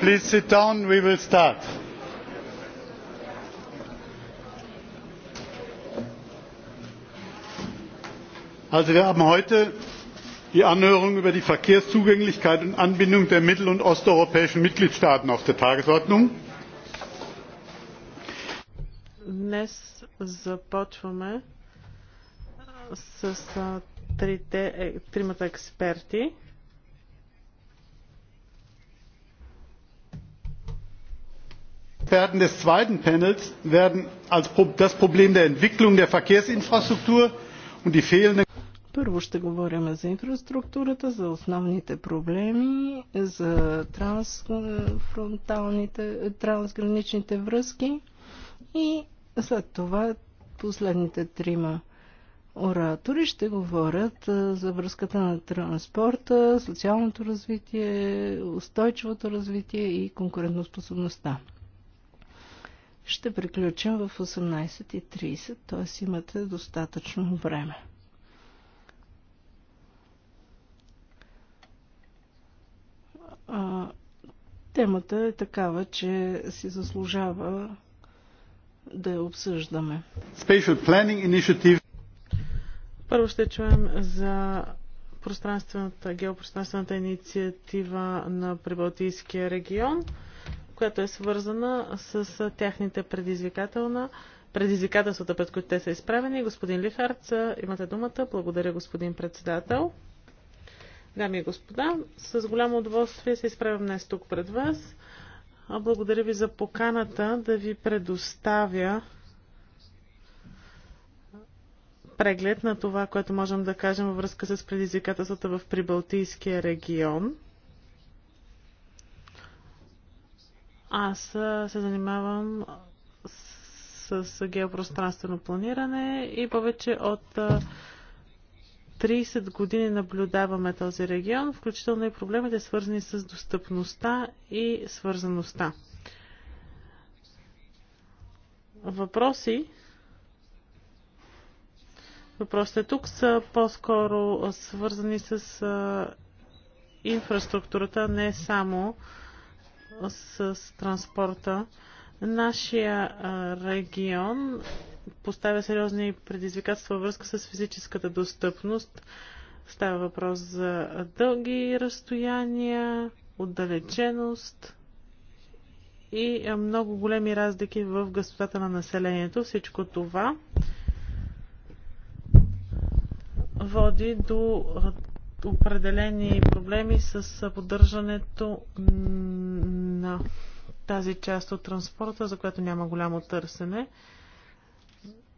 please sit down, we will start. Also wir haben heute die Anhörung über die Verkehrszugänglichkeit und Anbindung der mittel- und osteuropäischen Mitgliedstaaten auf der Tagesordnung. Днес започваме с трите, тримата експерти. experten des zweiten panels werden als das Problem der Entwicklung der Verkehrsinfrastruktur und die fehlende първо ще говорим за инфраструктурата, за основните проблеми, за трансфронталните, трансграничните връзки и след това последните трима оратори ще говорят за връзката на транспорта, социалното развитие, устойчивото развитие и конкурентоспособността ще приключим в 18.30, т.е. имате достатъчно време. А, темата е такава, че си заслужава да я обсъждаме. Първо ще чуем за пространствената, геопространствената инициатива на Прибалтийския регион която е свързана с тяхните предизвикателна предизвикателствата, пред които те са изправени. Господин Лихард, имате думата. Благодаря, господин председател. Дами и господа, с голямо удоволствие се изправям днес тук пред вас. Благодаря ви за поканата да ви предоставя преглед на това, което можем да кажем във връзка с предизвикателствата в Прибалтийския регион – Аз се занимавам с, с геопространствено планиране и повече от 30 години наблюдаваме този регион, включително и проблемите свързани с достъпността и свързаността. Въпроси, въпросите тук са по-скоро свързани с инфраструктурата, не само с транспорта. Нашия регион поставя сериозни предизвикателства във връзка с физическата достъпност. Става въпрос за дълги разстояния, отдалеченост и много големи разлики в гъстотата на населението. Всичко това води до определени проблеми с поддържането на тази част от транспорта, за която няма голямо търсене.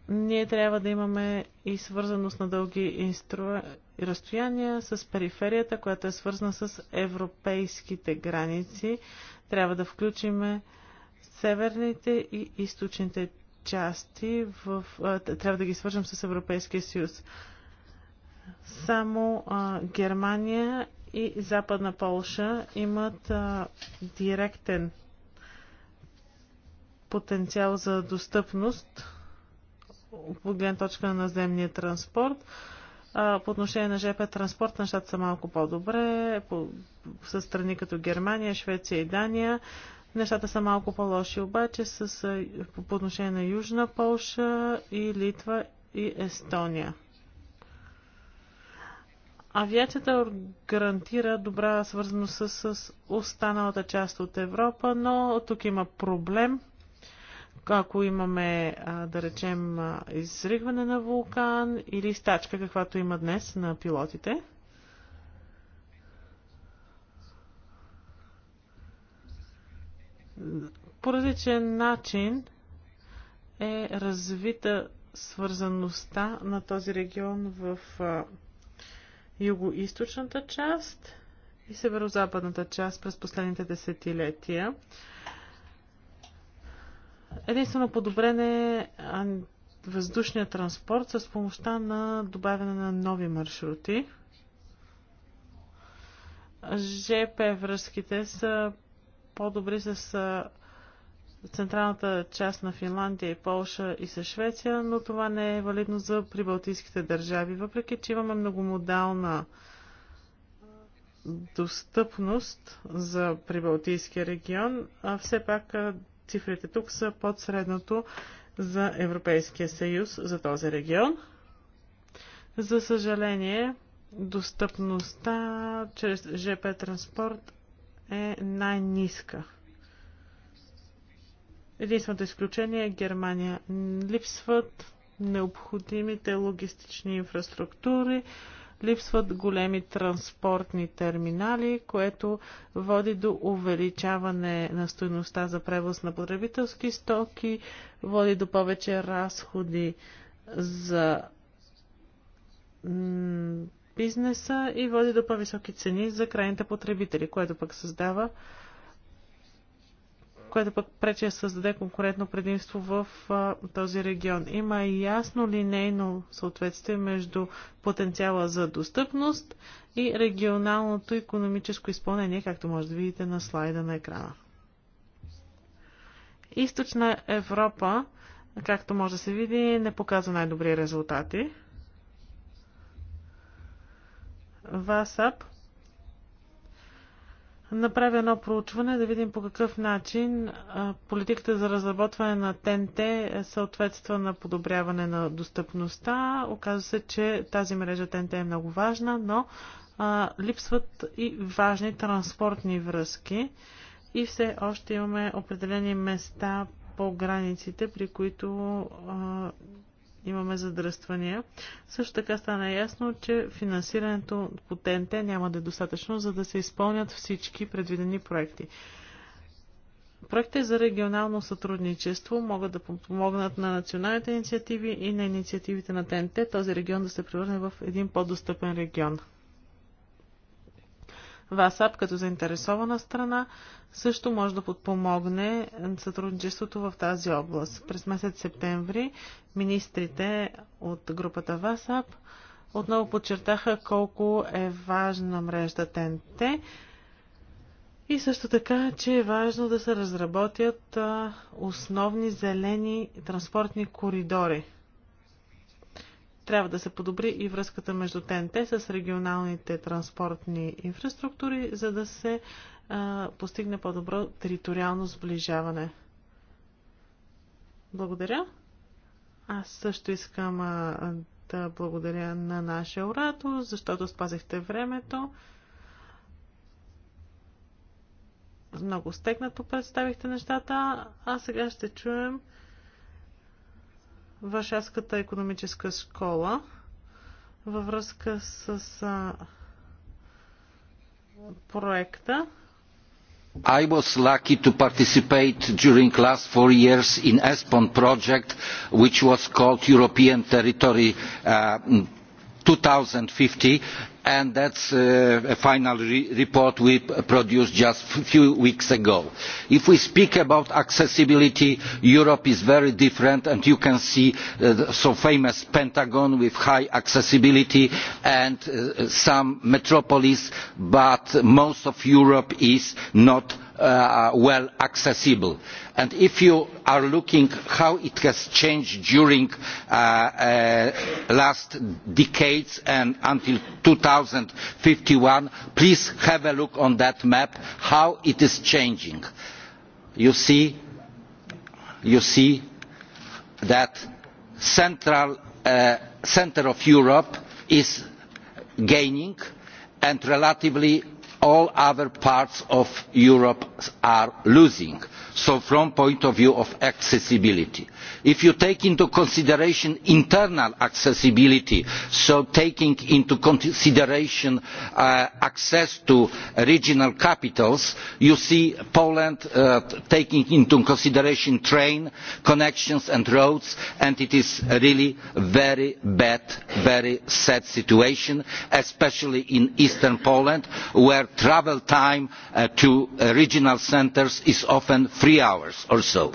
Ние трябва да имаме и свързаност на дълги инстру... разстояния с периферията, която е свързана с европейските граници. Трябва да включиме северните и източните части, в... трябва да ги свържем с Европейския съюз. Само а, Германия и Западна Полша имат а, директен потенциал за достъпност от гледна точка на земния транспорт. А, по отношение на ЖП транспорт нещата са малко по-добре. По, с страни като Германия, Швеция и Дания. Нещата са малко по-лоши обаче с, по отношение на Южна Полша и Литва и Естония. Авиацията гарантира добра свързаност с, с останалата част от Европа, но тук има проблем. Ако имаме, да речем, изригване на вулкан или стачка, каквато има днес на пилотите. По различен начин е развита свързаността на този регион в Югоизточната част и северо-западната част през последните десетилетия. Единствено подобрен е въздушният транспорт с помощта на добавяне на нови маршрути. ЖП връзките са по-добри с централната част на Финландия и Полша и със Швеция, но това не е валидно за прибалтийските държави. Въпреки, че имаме многомодална достъпност за прибалтийския регион, а все пак цифрите тук са под средното за Европейския съюз за този регион. За съжаление, достъпността чрез ЖП транспорт е най-ниска. Единственото изключение е Германия. Липсват необходимите логистични инфраструктури, липсват големи транспортни терминали, което води до увеличаване на стоеността за превоз на потребителски стоки, води до повече разходи за бизнеса и води до по-високи цени за крайните потребители, което пък създава което пък пречи да създаде конкурентно предимство в а, този регион. Има и ясно линейно съответствие между потенциала за достъпност и регионалното економическо изпълнение, както може да видите на слайда на екрана. Източна Европа, както може да се види, не показва най-добри резултати. ВАСАП направи едно проучване да видим по какъв начин политиката за разработване на ТНТ съответства на подобряване на достъпността. Оказва се, че тази мрежа ТНТ е много важна, но а, липсват и важни транспортни връзки и все още имаме определени места по границите, при които а, имаме задръствания. Също така стана ясно, че финансирането по ТНТ няма да е достатъчно, за да се изпълнят всички предвидени проекти. Проекти е за регионално сътрудничество могат да помогнат на националните инициативи и на инициативите на ТНТ този регион да се превърне в един по-достъпен регион. ВАСАП като заинтересована страна също може да подпомогне сътрудничеството в тази област. През месец септември министрите от групата ВАСАП отново подчертаха колко е важна мрежда ТНТ и също така, че е важно да се разработят основни зелени транспортни коридори. Трябва да се подобри и връзката между ТНТ с регионалните транспортни инфраструктури, за да се а, постигне по-добро териториално сближаване. Благодаря. Аз също искам а, да благодаря на нашия оратор, защото спазихте времето. Много стегнато представихте нещата, а сега ще чуем Варшавската економическа школа във връзка с а, проекта. I was lucky to participate during last four years in ESPON project, which was called European Territory uh, thousand and that is a final report we produced just a few weeks ago. if we speak about accessibility europe is very different and you can see the so famous pentagon with high accessibility and some metropolis but most of europe is not well accessible and if you are looking at how it has changed during the last decades and until two thousand and fifty one please have a look at that map how it is changing. you see that the centre of europe is gaining and relatively all other parts of europe are losing so from the point of view of accessibility if you take into consideration internal accessibility so taking into consideration access to regional capitals you see poland taking into consideration train connections and roads and it is really a very bad very sad situation especially in eastern poland where travel time to regional centres is often three hours or so.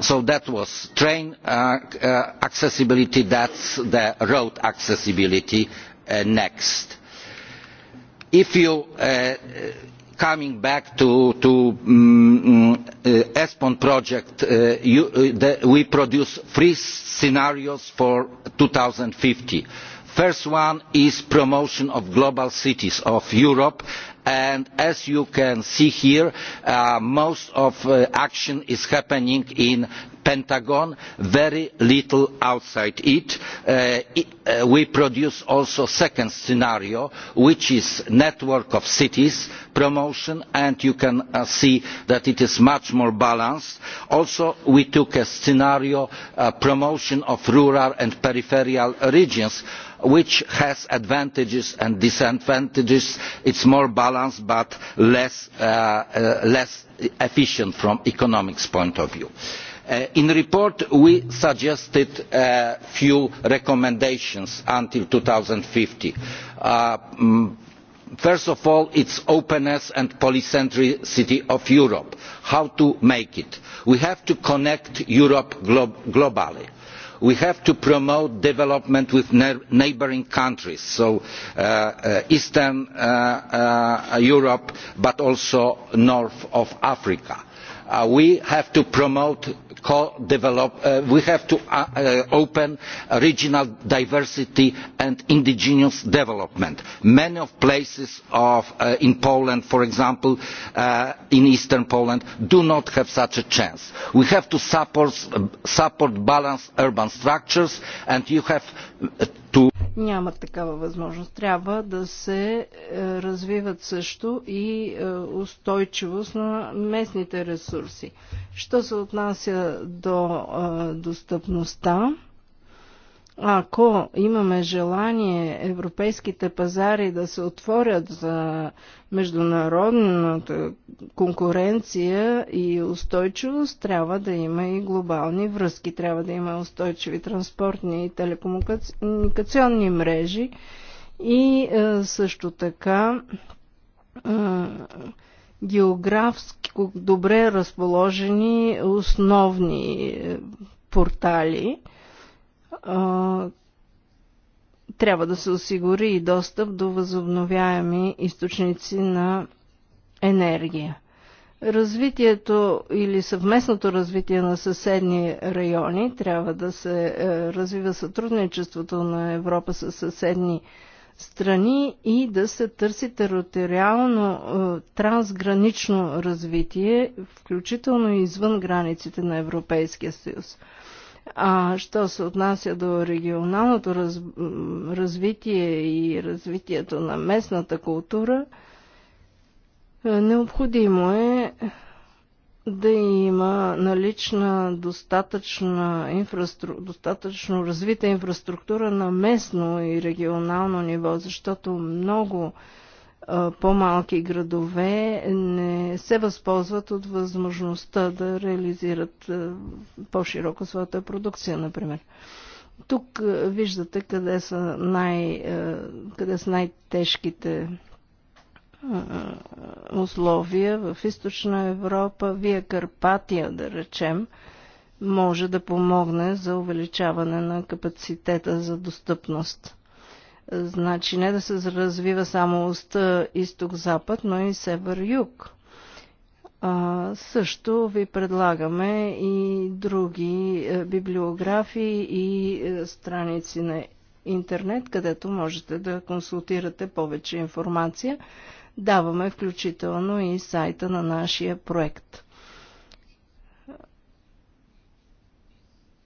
So that was train accessibility, that is the road accessibility next. If you, coming back to the ESPON project, we produce three scenarios for fifty first one is the promotion of global cities of europe and as you can see here most of the action is happening in the pentagon very little outside it. we produce also a second scenario which is a network of cities promotion and you can see that it is much more balanced. also we took a scenario promotion of rural and peripheral regions which has advantages and disadvantages. It is more balanced but less, efficient from an economic point of view. in the report we suggested a few recommendations until two thousand and fifty first of all its openness and polycentricity of europe how to make it. we have to connect europe globally we have to promote development with neighbouring countries so eastern europe but also north of africa. we have to promote we have to open regional diversity and indigenous development. many places in poland for example in eastern poland do not have such a chance. we have to support balanced urban structures and you have to нямат такава възможност. Трябва да се развиват също и устойчивост на местните ресурси. Що се отнася до достъпността. Ако имаме желание европейските пазари да се отворят за международната конкуренция и устойчивост, трябва да има и глобални връзки, трябва да има устойчиви транспортни и телекомуникационни мрежи и също така географски добре разположени основни е, портали. Трябва да се осигури и достъп до възобновяеми източници на енергия. Развитието или съвместното развитие на съседни райони трябва да се е, развива сътрудничеството на Европа с съседни райони страни и да се търси териториално е, трансгранично развитие, включително и извън границите на Европейския съюз. А що се отнася до регионалното раз... развитие и развитието на местната култура, е, необходимо е да има налична достатъчна инфраструк... достатъчно развита инфраструктура на местно и регионално ниво, защото много по-малки градове не се възползват от възможността да реализират по-широко своята продукция, например. Тук виждате къде са, най, къде са най-тежките условия в източна Европа, вие Карпатия, да речем, може да помогне за увеличаване на капацитета за достъпност. Значи не да се развива само уста изток-запад, но и север-юг. също ви предлагаме и други е, библиографии и е, страници на интернет, където можете да консултирате повече информация даваме включително и сайта на нашия проект.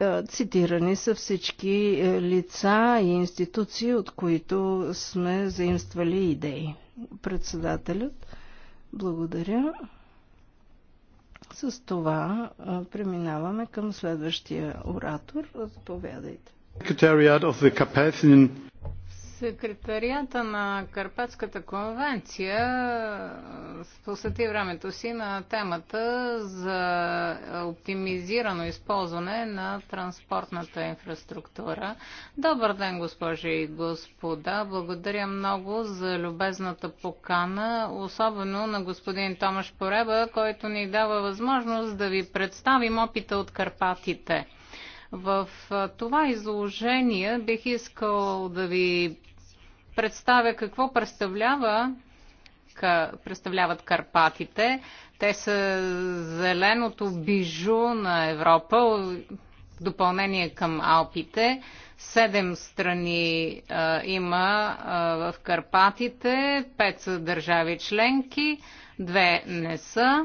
Е, цитирани са всички е, лица и институции, от които сме заимствали идеи. Председателят, благодаря. С това е, преминаваме към следващия оратор. Заповядайте. Secretariat of the Секретарията на Карпатската конвенция е, посвети времето си на темата за оптимизирано използване на транспортната инфраструктура. Добър ден, госпожи и господа. Благодаря много за любезната покана, особено на господин Томаш Пореба, който ни дава възможност да ви представим опита от Карпатите. В е, това изложение бих искал да ви представя какво представлява представляват Карпатите. Те са зеленото бижу на Европа, в допълнение към Алпите. Седем страни а, има а, в Карпатите, пет са държави членки, две не са.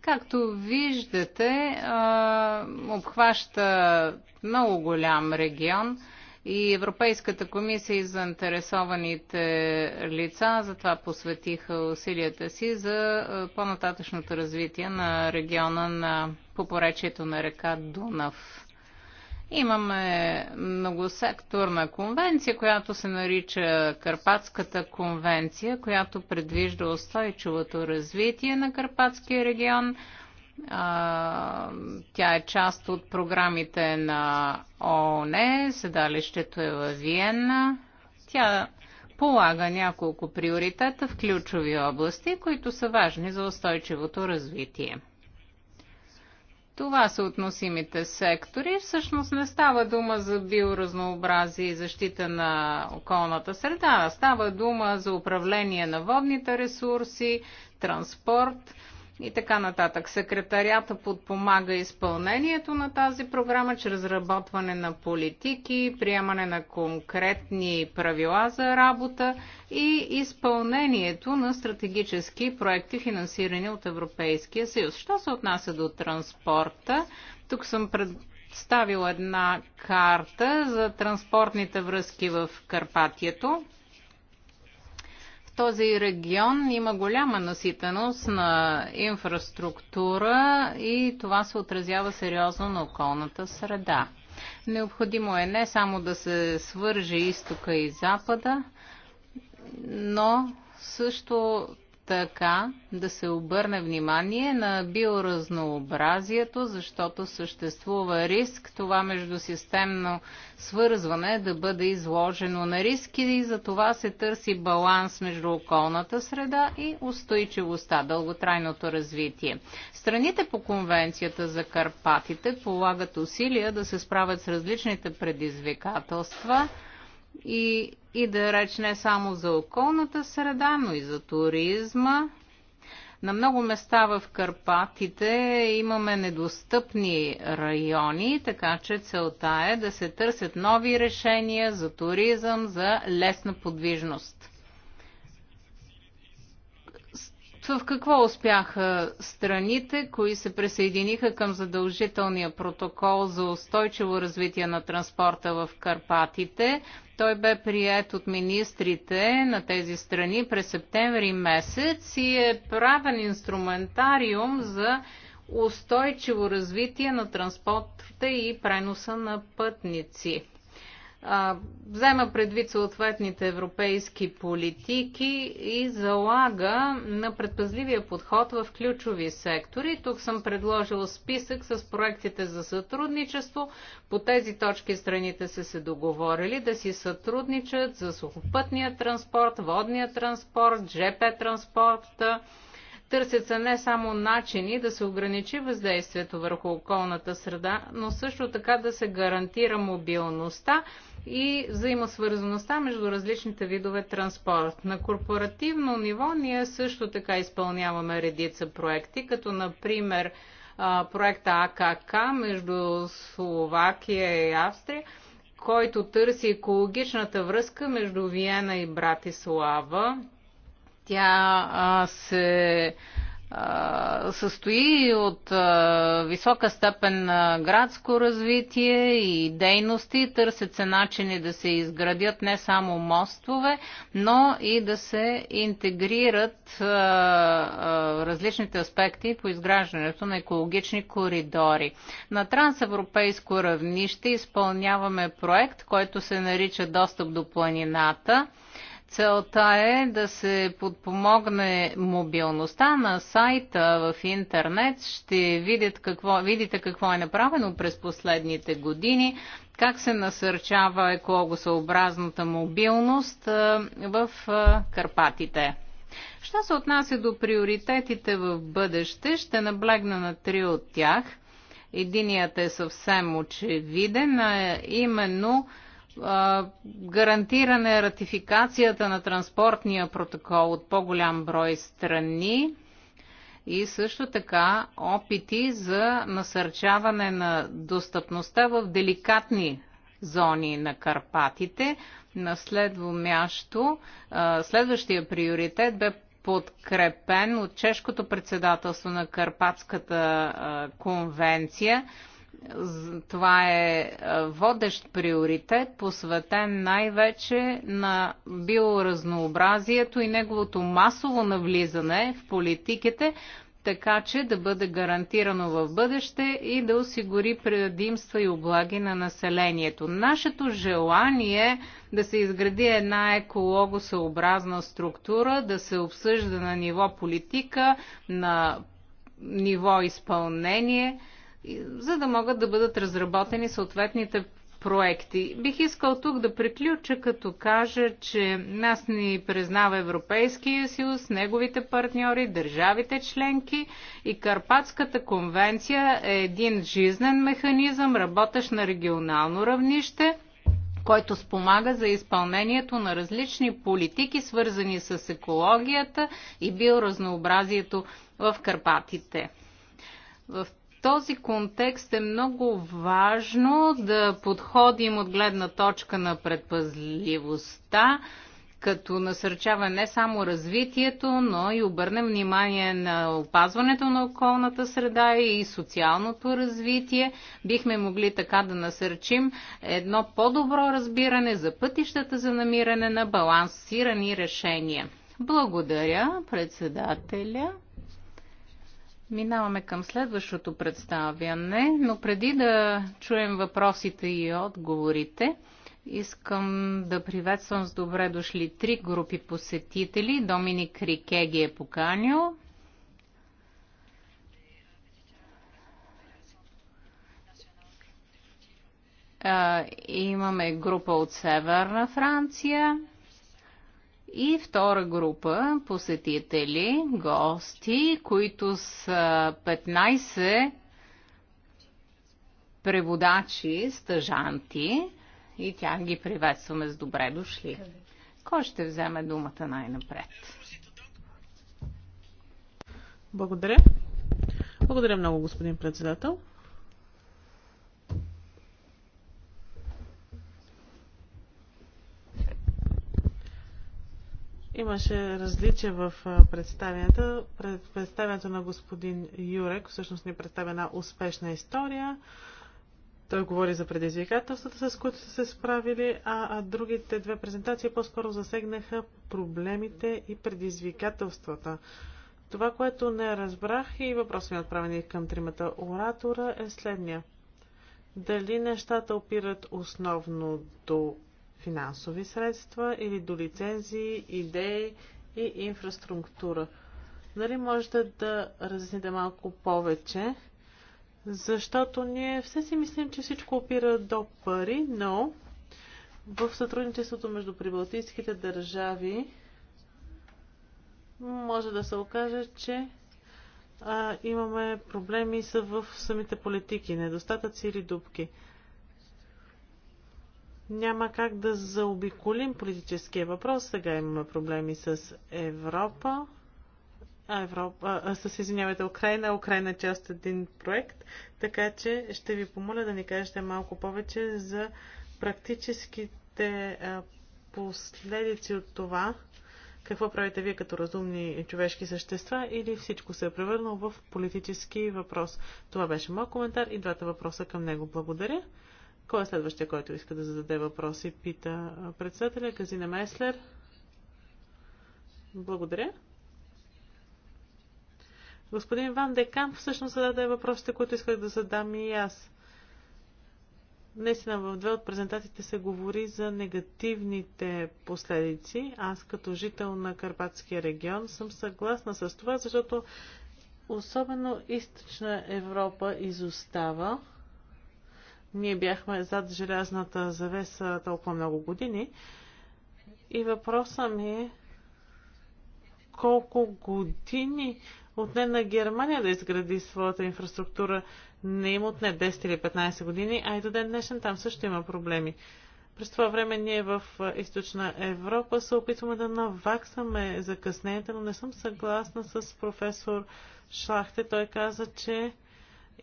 Както виждате, а, обхваща много голям регион. А, и Европейската комисия и заинтересованите лица затова посветиха усилията си за е, по-нататъчното развитие на региона на попоречието на река Дунав. Имаме многосекторна конвенция, която се нарича Карпатската конвенция, която предвижда устойчивото развитие на Карпатския регион – а, тя е част от програмите на ООН, седалището е в Виена. Тя полага няколко приоритета в ключови области, които са важни за устойчивото развитие. Това са относимите сектори. Всъщност не става дума за биоразнообразие и защита на околната среда, а става дума за управление на водните ресурси, транспорт, и така нататък. Секретарията подпомага изпълнението на тази програма чрез разработване на политики, приемане на конкретни правила за работа и изпълнението на стратегически проекти, финансирани от Европейския съюз. Що се отнася до транспорта? Тук съм пред ставил една карта за транспортните връзки в Карпатието този регион има голяма наситеност на инфраструктура и това се отразява сериозно на околната среда. Необходимо е не само да се свържи изтока и запада, но също така да се обърне внимание на биоразнообразието, защото съществува риск това междусистемно свързване да бъде изложено на риски и за това се търси баланс между околната среда и устойчивостта, дълготрайното развитие. Страните по конвенцията за Карпатите полагат усилия да се справят с различните предизвикателства – и, и да реч не само за околната среда, но и за туризма. На много места в Карпатите имаме недостъпни райони, така че целта е да се търсят нови решения за туризъм, за лесна подвижност. В какво успяха страните, кои се присъединиха към задължителния протокол за устойчиво развитие на транспорта в Карпатите? Той бе прият от министрите на тези страни през септември месец и е правен инструментариум за устойчиво развитие на транспорта и преноса на пътници взема предвид съответните европейски политики и залага на предпазливия подход в ключови сектори. Тук съм предложил списък с проектите за сътрудничество. По тези точки страните са се договорили да си сътрудничат за сухопътния транспорт, водния транспорт, ЖП транспорта Търсят се не само начини да се ограничи въздействието върху околната среда, но също така да се гарантира мобилността и взаимосвързаността между различните видове транспорт. На корпоративно ниво ние също така изпълняваме редица проекти, като например проекта АКК между Словакия и Австрия, който търси екологичната връзка между Виена и Братислава тя а, се а, състои от а, висока степен на градско развитие и дейности. Търсят се начини да се изградят не само мостове, но и да се интегрират а, а, различните аспекти по изграждането на екологични коридори. На трансевропейско равнище изпълняваме проект, който се нарича Достъп до планината Целта е да се подпомогне мобилността на сайта в интернет. Ще видят какво, видите какво е направено през последните години, как се насърчава екологосъобразната мобилност в Карпатите. Що се отнася до приоритетите в бъдеще, ще наблегна на три от тях. Единият е съвсем очевиден, а именно гарантиране ратификацията на транспортния протокол от по-голям брой страни и също така опити за насърчаване на достъпността в деликатни зони на Карпатите. На следво място, следващия приоритет бе подкрепен от чешкото председателство на Карпатската конвенция това е, е водещ приоритет, посветен най-вече на биоразнообразието и неговото масово навлизане в политиките, така че да бъде гарантирано в бъдеще и да осигури предимства и облаги на населението. Нашето желание е да се изгради една екологосъобразна структура, да се обсъжда на ниво политика, на ниво изпълнение – за да могат да бъдат разработени съответните проекти. Бих искал тук да приключа, като кажа, че нас ни признава Европейския съюз, неговите партньори, държавите членки и Карпатската конвенция е един жизнен механизъм, работещ на регионално равнище който спомага за изпълнението на различни политики, свързани с екологията и биоразнообразието в Карпатите. В този контекст е много важно да подходим от гледна точка на предпазливостта, като насърчава не само развитието, но и обърнем внимание на опазването на околната среда и социалното развитие. Бихме могли така да насърчим едно по-добро разбиране за пътищата за намиране на балансирани решения. Благодаря, председателя. Минаваме към следващото представяне, но преди да чуем въпросите и отговорите, искам да приветствам с добре дошли три групи посетители. Доминик Рикеги е поканил. Имаме група от Северна Франция и втора група посетители, гости, които са 15 преводачи, стъжанти и тях ги приветстваме с добре дошли. Кой ще вземе думата най-напред? Благодаря. Благодаря много, господин председател. Имаше различия в представянето. Представянето на господин Юрек всъщност ни представя една успешна история. Той говори за предизвикателствата, с които са се справили, а, а другите две презентации по-скоро засегнаха проблемите и предизвикателствата. Това, което не разбрах и въпросът ми е отправен към тримата оратора е следния. Дали нещата опират основно до финансови средства или до лицензии, идеи и инфраструктура. Нали можете да разясните малко повече? Защото ние все си мислим, че всичко опира до пари, но в сътрудничеството между прибалтийските държави може да се окаже, че а, имаме проблеми са в самите политики, недостатъци или дупки. Няма как да заобиколим политическия въпрос. Сега имаме проблеми с Европа. А, Европа, а, с, извинявайте, Украина. Украина е част от един проект, така че ще ви помоля да ни кажете малко повече за практическите а, последици от това, какво правите вие като разумни човешки същества или всичко се е превърнало в политически въпрос. Това беше моят коментар и двата въпроса към него. Благодаря. Кой е следващия, който иска да зададе въпроси? Пита председателя Казина Майслер. Благодаря. Господин Ван Декам всъщност зададе въпросите, които исках да задам и аз. Наистина в две от презентациите се говори за негативните последици. Аз като жител на Карпатския регион съм съгласна с това, защото особено източна Европа изостава. Ние бяхме зад желязната завеса толкова много години. И въпросът ми е колко години отне на Германия да изгради своята инфраструктура. Не им отне 10 или 15 години, а и до ден днешен там също има проблеми. През това време ние в източна Европа се опитваме да наваксаме закъснението, но не съм съгласна с професор Шлахте. Той каза, че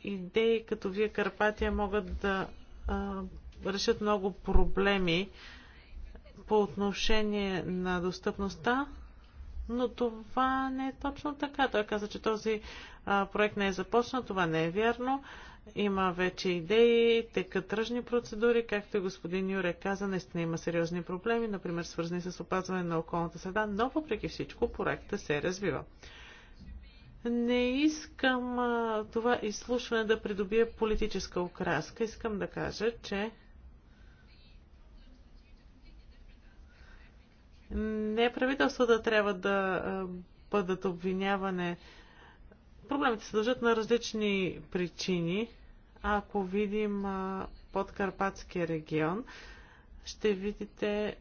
идеи като вие, Карпатия, могат да а, решат много проблеми по отношение на достъпността, но това не е точно така. Той каза, че този а, проект не е започнал, това не е вярно. Има вече идеи, тека тръжни процедури, както и господин Юре каза, наистина има сериозни проблеми, например свързани с опазване на околната среда, но въпреки всичко проектът се е развива. Не искам а, това изслушване да придобие политическа окраска. Искам да кажа, че не правителствата трябва да а, бъдат обвиняване. Проблемите се дължат на различни причини. ако видим а, подкарпатския регион, ще видите,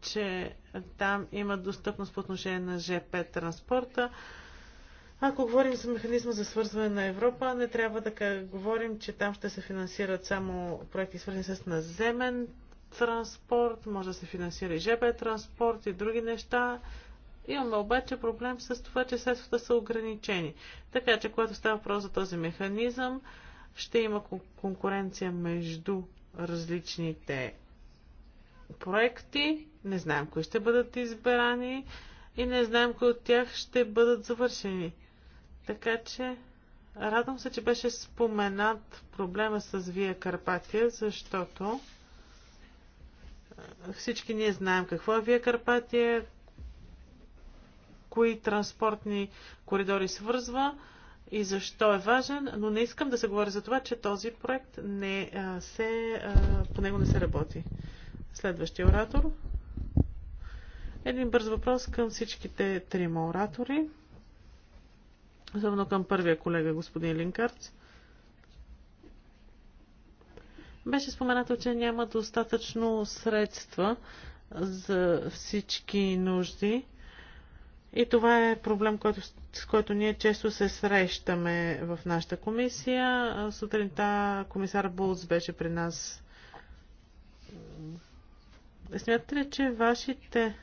че там има достъпност по отношение на ЖП транспорта. А, ако говорим за механизма за свързване на Европа, не трябва да говорим, че там ще се финансират само проекти свързани с наземен транспорт, може да се финансира и ЖП транспорт и други неща. Имаме обаче проблем с това, че средствата са ограничени. Така че, когато става въпрос за този механизъм, ще има конкуренция между различните проекти. Не знаем кои ще бъдат избрани и не знаем кои от тях ще бъдат завършени. Така че радвам се, че беше споменат проблема с Вия Карпатия, защото всички ние знаем какво е Вия Карпатия, кои транспортни коридори свързва и защо е важен, но не искам да се говори за това, че този проект не се, по него не се работи. Следващия оратор. Един бърз въпрос към всичките трима оратори. Особено към първия колега, господин Линкарц. Беше споменато, че няма достатъчно средства за всички нужди. И това е проблем, който, с който ние често се срещаме в нашата комисия. Сутринта комисар Булц беше при нас. Смятате ли, че вашите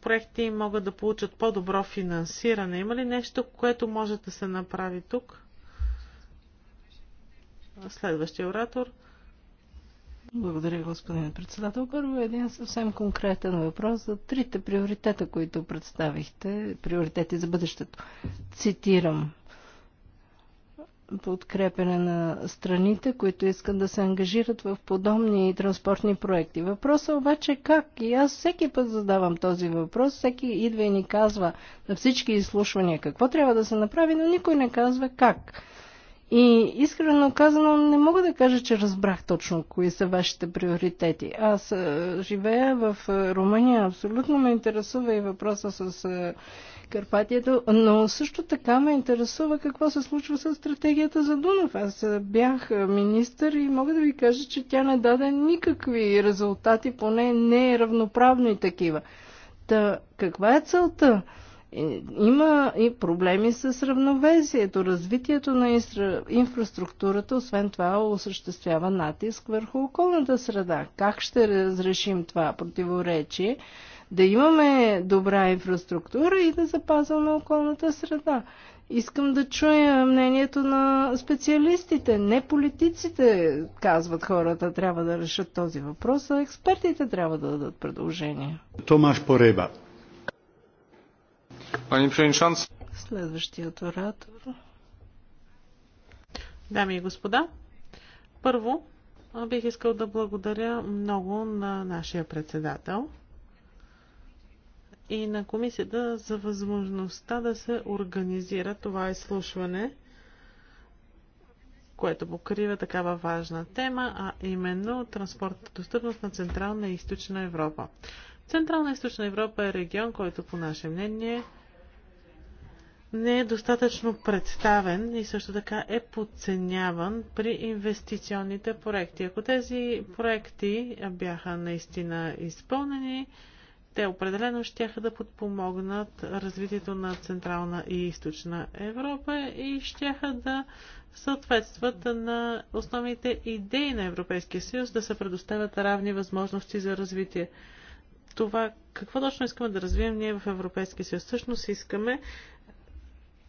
проекти могат да получат по-добро финансиране. Има ли нещо, което може да се направи тук? Следващия оратор. Благодаря, господин председател. Първо един съвсем конкретен въпрос за трите приоритета, които представихте, приоритети за бъдещето. Цитирам подкрепене на страните, които искат да се ангажират в подобни транспортни проекти. Въпросът е обаче как? И аз всеки път задавам този въпрос, всеки идва и ни казва на всички изслушвания какво трябва да се направи, но никой не казва как. И искрено казано, не мога да кажа, че разбрах точно кои са вашите приоритети. Аз живея в Румъния, абсолютно ме интересува и въпроса с Карпатието, но също така ме интересува какво се случва с стратегията за Дунав. Аз бях министър и мога да ви кажа, че тя не даде никакви резултати, поне не е и такива. Та, каква е целта? Има и проблеми с равновесието. Развитието на инфраструктурата, освен това, осъществява натиск върху околната среда. Как ще разрешим това противоречие? да имаме добра инфраструктура и да запазваме околната среда. Искам да чуя мнението на специалистите, не политиците, казват хората, трябва да решат този въпрос, а експертите трябва да дадат предложение. Томаш Пореба. Пани Следващият оратор. Дами и господа, първо бих искал да благодаря много на нашия председател – и на комисията за възможността да се организира това изслушване, което покрива такава важна тема, а именно транспортната достъпност на Централна и Източна Европа. Централна и Източна Европа е регион, който по наше мнение не е достатъчно представен и също така е подценяван при инвестиционните проекти. Ако тези проекти бяха наистина изпълнени, те определено ще да подпомогнат развитието на Централна и Източна Европа и ще да съответстват на основните идеи на Европейския съюз да се предоставят равни възможности за развитие. Това какво точно искаме да развием ние в Европейския съюз? Всъщност искаме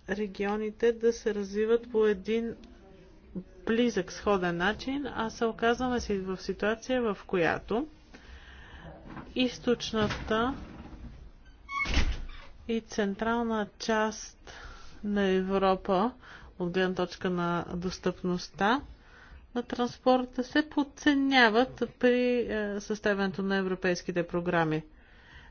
регионите да се развиват по един близък, сходен начин, а се оказваме си в ситуация, в която източната и централна част на Европа от гледна точка на достъпността на транспорта се подценяват при е, съставянето на европейските програми.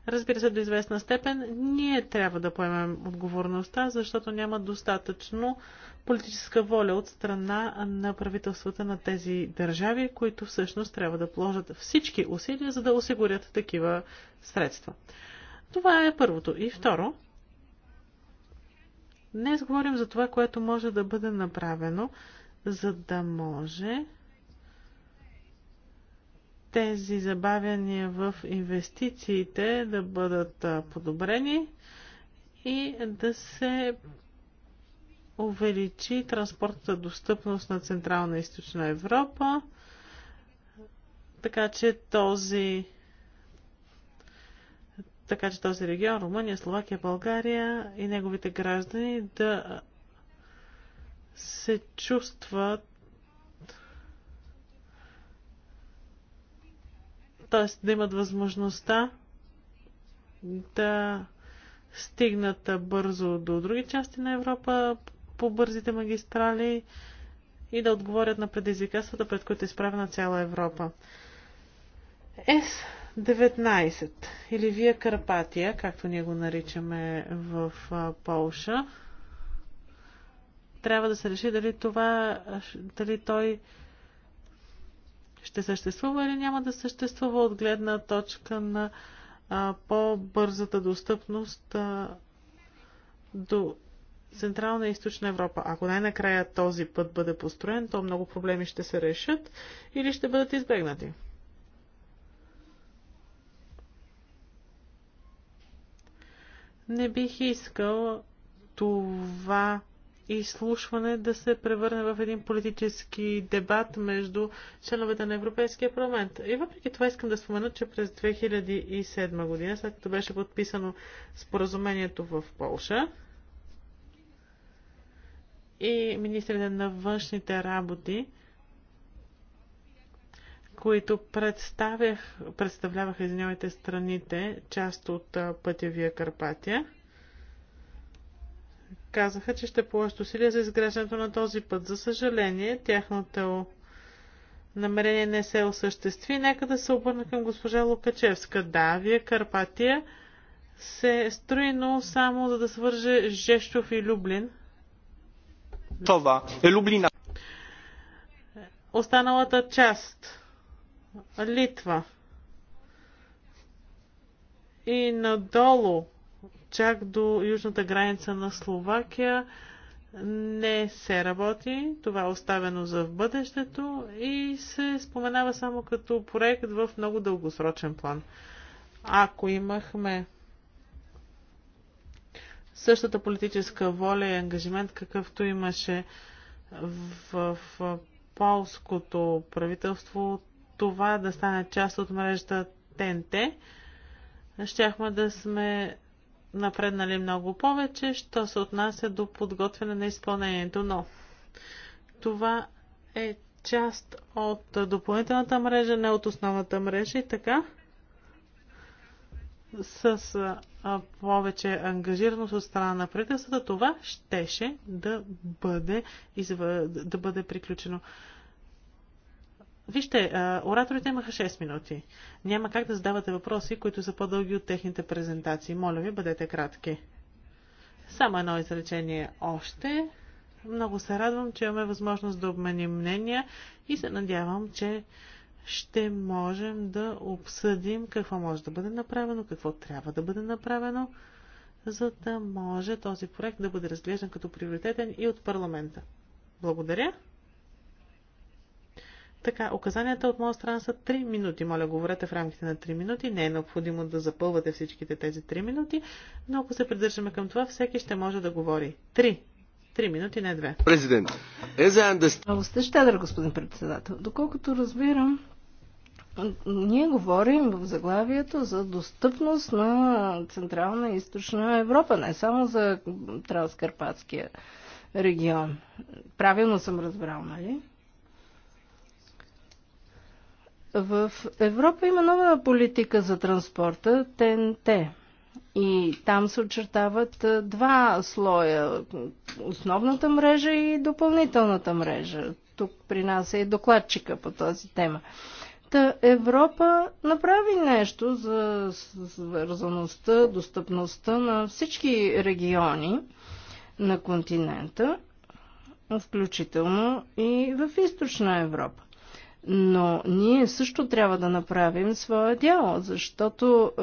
Разбира се, до известна степен ние трябва да поемем отговорността, защото няма достатъчно политическа воля от страна на правителствата на тези държави, които всъщност трябва да положат всички усилия, за да осигурят такива средства. Това е първото. И второ, днес говорим за това, което може да бъде направено, за да може тези забавяния в инвестициите да бъдат подобрени и да се увеличи транспортната достъпност на Централна и Източна Европа, така че този така че този регион, Румъния, Словакия, България и неговите граждани да се чувстват т.е. да имат възможността да стигнат бързо до други части на Европа по бързите магистрали и да отговорят на предизвикателствата, пред които е изправена цяла Европа. С-19 или Вия Карпатия, както ние го наричаме в Полша, трябва да се реши дали, това, дали той ще съществува или няма да съществува от гледна точка на по-бързата достъпност а, до Централна и Източна Европа. Ако най-накрая този път бъде построен, то много проблеми ще се решат или ще бъдат избегнати. Не бих искал това изслушване да се превърне в един политически дебат между членовете на Европейския парламент. И въпреки това искам да спомена, че през 2007 година, след като беше подписано споразумението в Полша, и министрите на външните работи, които представляваха извинявайте страните, част от пътевия Карпатия, казаха, че ще положат усилия за изграждането на този път. За съжаление, тяхното намерение не се осъществи. Нека да се обърна към госпожа Лукачевска. Да, вие Карпатия се строи, но само за да свърже Жещов и Люблин – това е Люблина. Останалата част. Литва. И надолу, чак до южната граница на Словакия, не се работи, това е оставено за в бъдещето и се споменава само като проект в много дългосрочен план. Ако имахме същата политическа воля и ангажимент, какъвто имаше в, в полското правителство, това да стане част от мрежата ТНТ. Щяхме да сме напреднали много повече, що се отнася до подготвяне на изпълнението, но това е част от допълнителната мрежа, не от основната мрежа и така с а, повече ангажираност от страна на правителството, това щеше да бъде, да бъде приключено. Вижте, а, ораторите имаха 6 минути. Няма как да задавате въпроси, които са по-дълги от техните презентации. Моля ви, бъдете кратки. Само едно изречение още. Много се радвам, че имаме възможност да обменим мнения и се надявам, че ще можем да обсъдим какво може да бъде направено, какво трябва да бъде направено, за да може този проект да бъде разглеждан като приоритетен и от парламента. Благодаря. Така, указанията от моя страна са 3 минути. Моля, говорете в рамките на 3 минути. Не е необходимо да запълвате всичките тези 3 минути, но ако се придържаме към това, всеки ще може да говори. 3. 3 минути, не 2. Президент, е за Много сте щедър, господин председател. Доколкото разбирам, ние говорим в заглавието за достъпност на Централна и Източна Европа, не само за Транскарпатския регион. Правилно съм разбрал, нали? В Европа има нова политика за транспорта ТНТ. И там се очертават два слоя основната мрежа и допълнителната мрежа. Тук при нас е докладчика по тази тема. Та Европа направи нещо за свързаността, достъпността на всички региони на континента, включително и в източна Европа. Но ние също трябва да направим своя дял, защото е,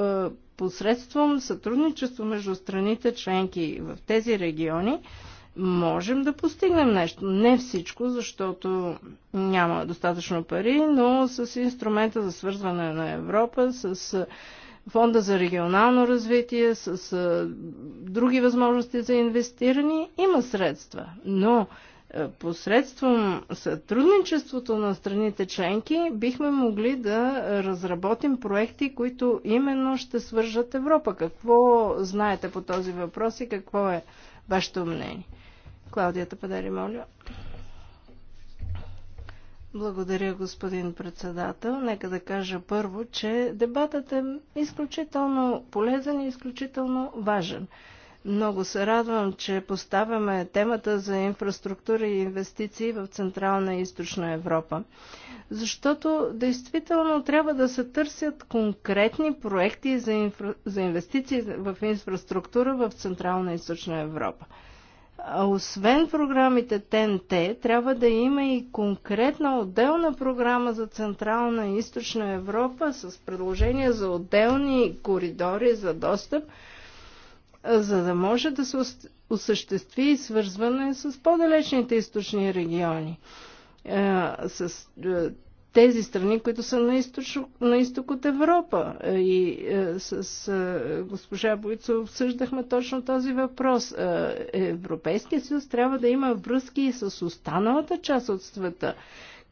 посредством сътрудничество между страните членки в тези региони, можем да постигнем нещо. Не всичко, защото няма достатъчно пари, но с инструмента за свързване на Европа, с фонда за регионално развитие, с други възможности за инвестиране, има средства. Но посредством сътрудничеството на страните членки бихме могли да разработим проекти, които именно ще свържат Европа. Какво знаете по този въпрос и какво е вашето мнение? Клаудията Падери, моля. Благодаря, господин председател. Нека да кажа първо, че дебатът е изключително полезен и изключително важен. Много се радвам, че поставяме темата за инфраструктура и инвестиции в Централна и Източна Европа. Защото действително трябва да се търсят конкретни проекти за, инфра... за инвестиции в инфраструктура в Централна и Източна Европа. А освен програмите ТНТ, трябва да има и конкретна отделна програма за Централна и Източна Европа с предложения за отделни коридори за достъп, за да може да се осъществи и свързване с по-далечните източни региони. Е, с е, тези страни, които са на, източно, на изток от Европа. Е, и е, с е, госпожа Бойцо обсъждахме точно този въпрос. Е, Европейския съюз трябва да има връзки и с останалата част от света,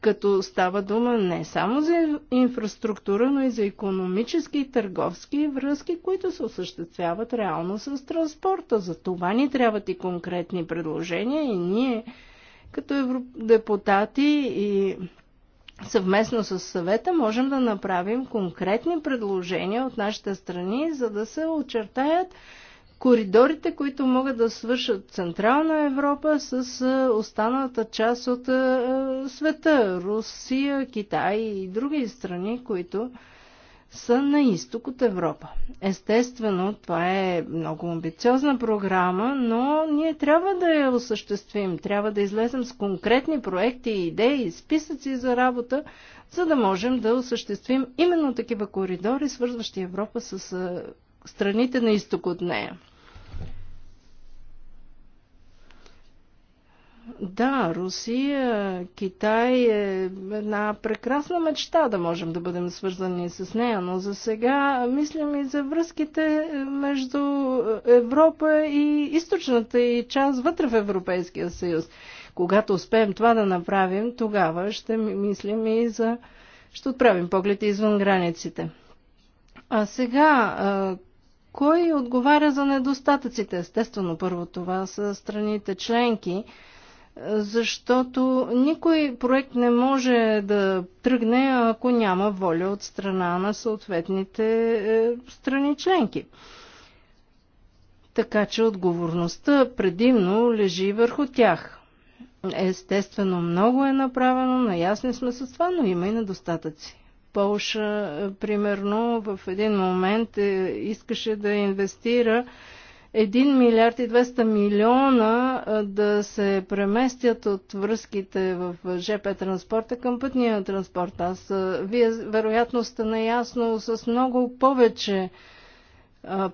като става дума не само за инфраструктура, но и за економически и търговски връзки, които се осъществяват реално с транспорта. За това ни трябват и конкретни предложения и ние като евро... депутати и съвместно с съвета можем да направим конкретни предложения от нашите страни, за да се очертаят коридорите, които могат да свършат Централна Европа с е, останалата част от е, света Русия, Китай и други страни, които са на изток от Европа. Естествено, това е много амбициозна програма, но ние трябва да я осъществим. Трябва да излезем с конкретни проекти, идеи, списъци за работа, за да можем да осъществим именно такива коридори, свързващи Европа с страните на изток от нея. Да, Русия, Китай е една прекрасна мечта да можем да бъдем свързани с нея, но за сега мислям и за връзките между Европа и източната и част вътре в Европейския съюз. Когато успеем това да направим, тогава ще мислим и за... ще отправим поглед извън границите. А сега кой отговаря за недостатъците? Естествено, първо това са страните членки защото никой проект не може да тръгне, ако няма воля от страна на съответните е, страни членки. Така че отговорността предимно лежи върху тях. Естествено, много е направено, наясни сме с това, но има и недостатъци. Полша, е, примерно, в един момент е, искаше да инвестира 1 милиард и 200 милиона да се преместят от връзките в ЖП транспорта към пътния транспорт. Аз, вие вероятно сте наясно с много повече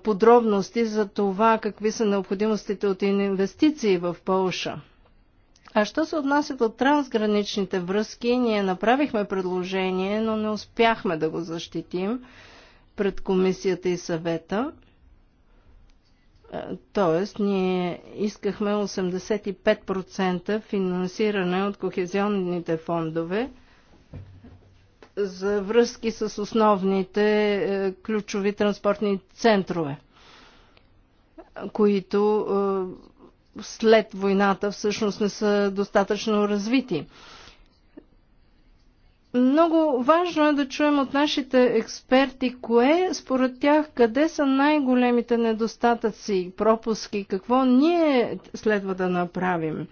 подробности за това какви са необходимостите от инвестиции в Полша. А що се отнася до трансграничните връзки, ние направихме предложение, но не успяхме да го защитим пред комисията и съвета. Тоест, ние искахме 85% финансиране от кохезионните фондове за връзки с основните е, ключови транспортни центрове, които е, след войната всъщност не са достатъчно развити. Много важно е да чуем от нашите експерти, кое според тях, къде са най-големите недостатъци, пропуски, какво ние следва да направим.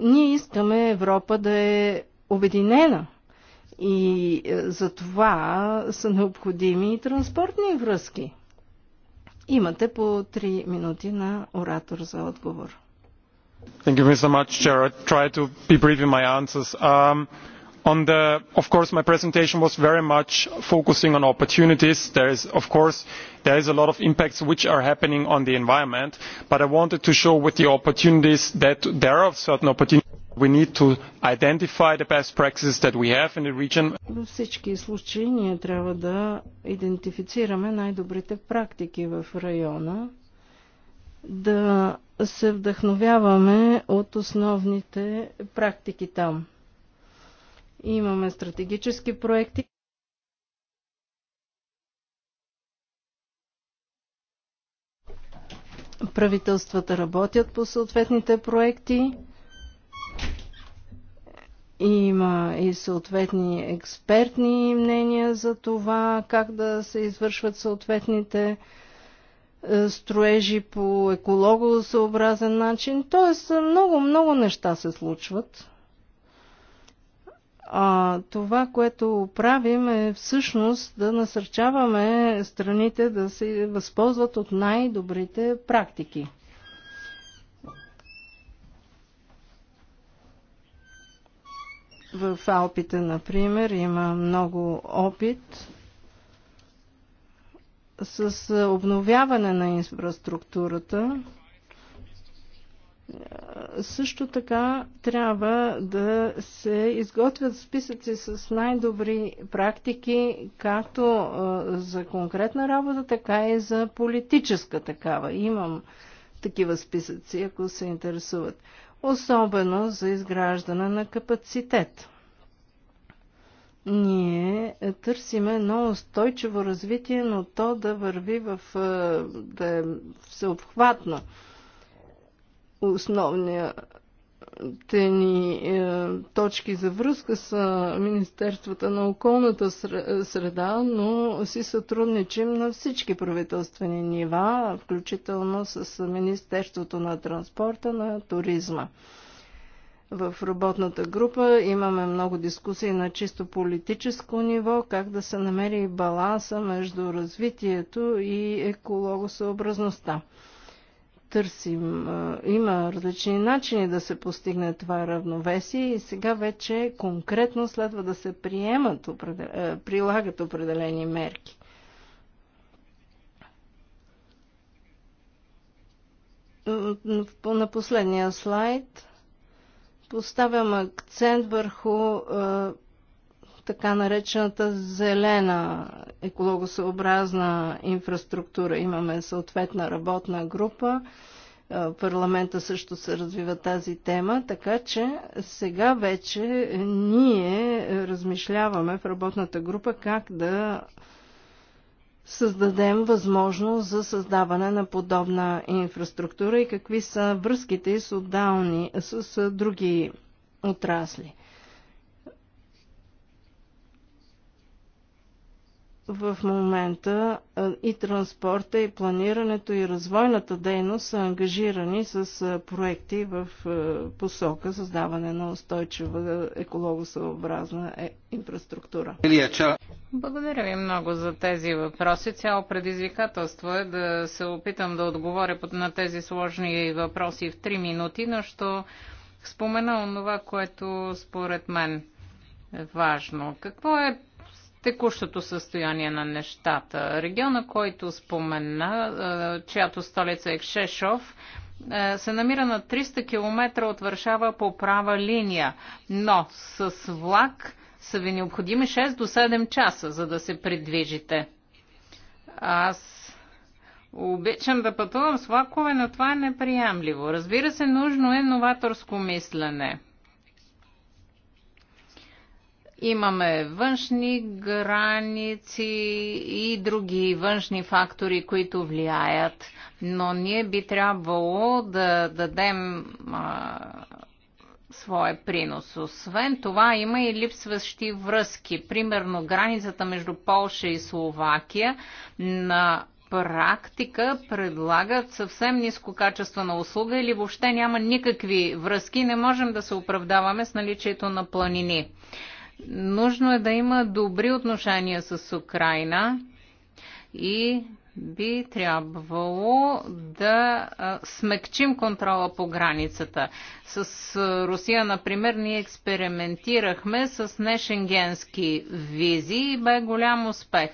Ние искаме Европа да е обединена и е, за това са необходими и транспортни връзки. Имате по 3 минути на оратор за отговор. Thank you so much, Chair. I try to be brief in my answers. Um, of course my presentation was very much focusing on opportunities. There of course there is a lot of impacts which are happening on the environment but i wanted to show with the opportunities that there are certain opportunities we need to identify the best practices that we have in the region. Във всички случаи ние трябва да идентифицираме най-добрите практики в района, да се вдъхновяваме от основните практики там. Имаме стратегически проекти. Правителствата работят по съответните проекти. Има и съответни експертни мнения за това как да се извършват съответните е, строежи по екологосъобразен начин. Тоест много, много неща се случват. А, това, което правим е всъщност да насърчаваме страните да се възползват от най-добрите практики. В Алпите, например, има много опит с обновяване на инфраструктурата. Също така трябва да се изготвят списъци с най-добри практики, както за конкретна работа, така и за политическа такава. Имам такива списъци, ако се интересуват. Особено за изграждане на капацитет. Ние търсиме едно устойчиво развитие, но то да върви в, да е всеобхватно основните ни е, точки за връзка с Министерствата на околната среда, но си сътрудничим на всички правителствени нива, включително с Министерството на транспорта, на туризма в работната група. Имаме много дискусии на чисто политическо ниво, как да се намери баланса между развитието и екологосъобразността търсим. Има различни начини да се постигне това равновесие и сега вече конкретно следва да се приемат, прилагат определени мерки. На последния слайд поставям акцент върху така наречената зелена екологосъобразна инфраструктура. Имаме съответна работна група. Е, парламента също се развива тази тема, така че сега вече ние размишляваме в работната група как да създадем възможност за създаване на подобна инфраструктура и какви са връзките с, отдални, с, с други отрасли. в момента и транспорта, и планирането, и развойната дейност са ангажирани с проекти в посока създаване на устойчива екологосъобразна е, инфраструктура. Благодаря ви много за тези въпроси. Цяло предизвикателство е да се опитам да отговоря на тези сложни въпроси в 3 минути, но ще спомена онова, което според мен е важно. Какво е текущото състояние на нещата. Региона, който спомена, е, чиято столица е Кшешов, е, се намира на 300 км от Варшава по права линия, но с влак са ви необходими 6 до 7 часа, за да се придвижите. Аз Обичам да пътувам с влакове, но това е неприемливо. Разбира се, нужно е новаторско мислене. Имаме външни граници и други външни фактори, които влияят, но ние би трябвало да дадем а, своя принос. Освен това има и липсващи връзки. Примерно границата между Полша и Словакия на практика предлагат съвсем ниско качество на услуга или въобще няма никакви връзки. Не можем да се оправдаваме с наличието на планини. Нужно е да има добри отношения с Украина и би трябвало да смекчим контрола по границата. С Русия, например, ние експериментирахме с нешенгенски визи и бе голям успех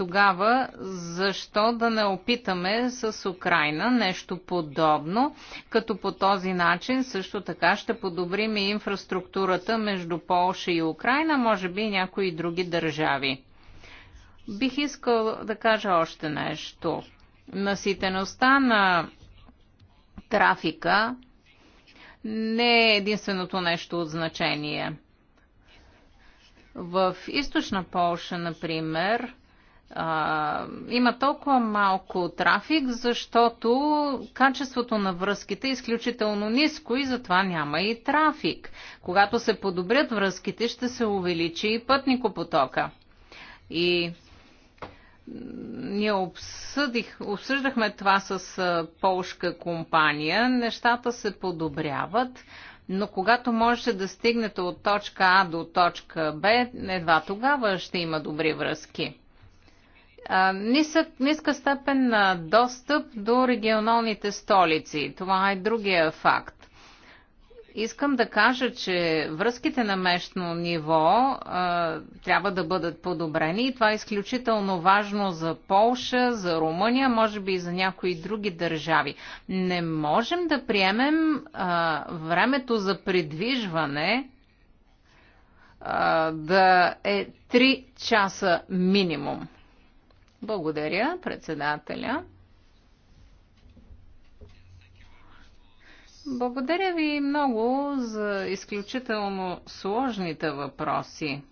тогава защо да не опитаме с Украина нещо подобно, като по този начин също така ще подобрим и инфраструктурата между Полша и Украина, може би и някои други държави. Бих искал да кажа още нещо. Наситеността на трафика не е единственото нещо от значение. В източна Полша, например, а, има толкова малко трафик, защото качеството на връзките е изключително ниско и затова няма и трафик. Когато се подобрят връзките, ще се увеличи и пътникопотока. И ние обсъдих, обсъждахме това с полшка компания. Нещата се подобряват, но когато можете да стигнете от точка А до точка Б, едва тогава ще има добри връзки. Нисък, ниска степен на достъп до регионалните столици. Това е другия факт. Искам да кажа, че връзките на местно ниво а, трябва да бъдат подобрени и това е изключително важно за Полша, за Румъния, може би и за някои други държави. Не можем да приемем а, времето за придвижване а, да е 3 часа минимум. Благодаря, председателя. Благодаря ви много за изключително сложните въпроси.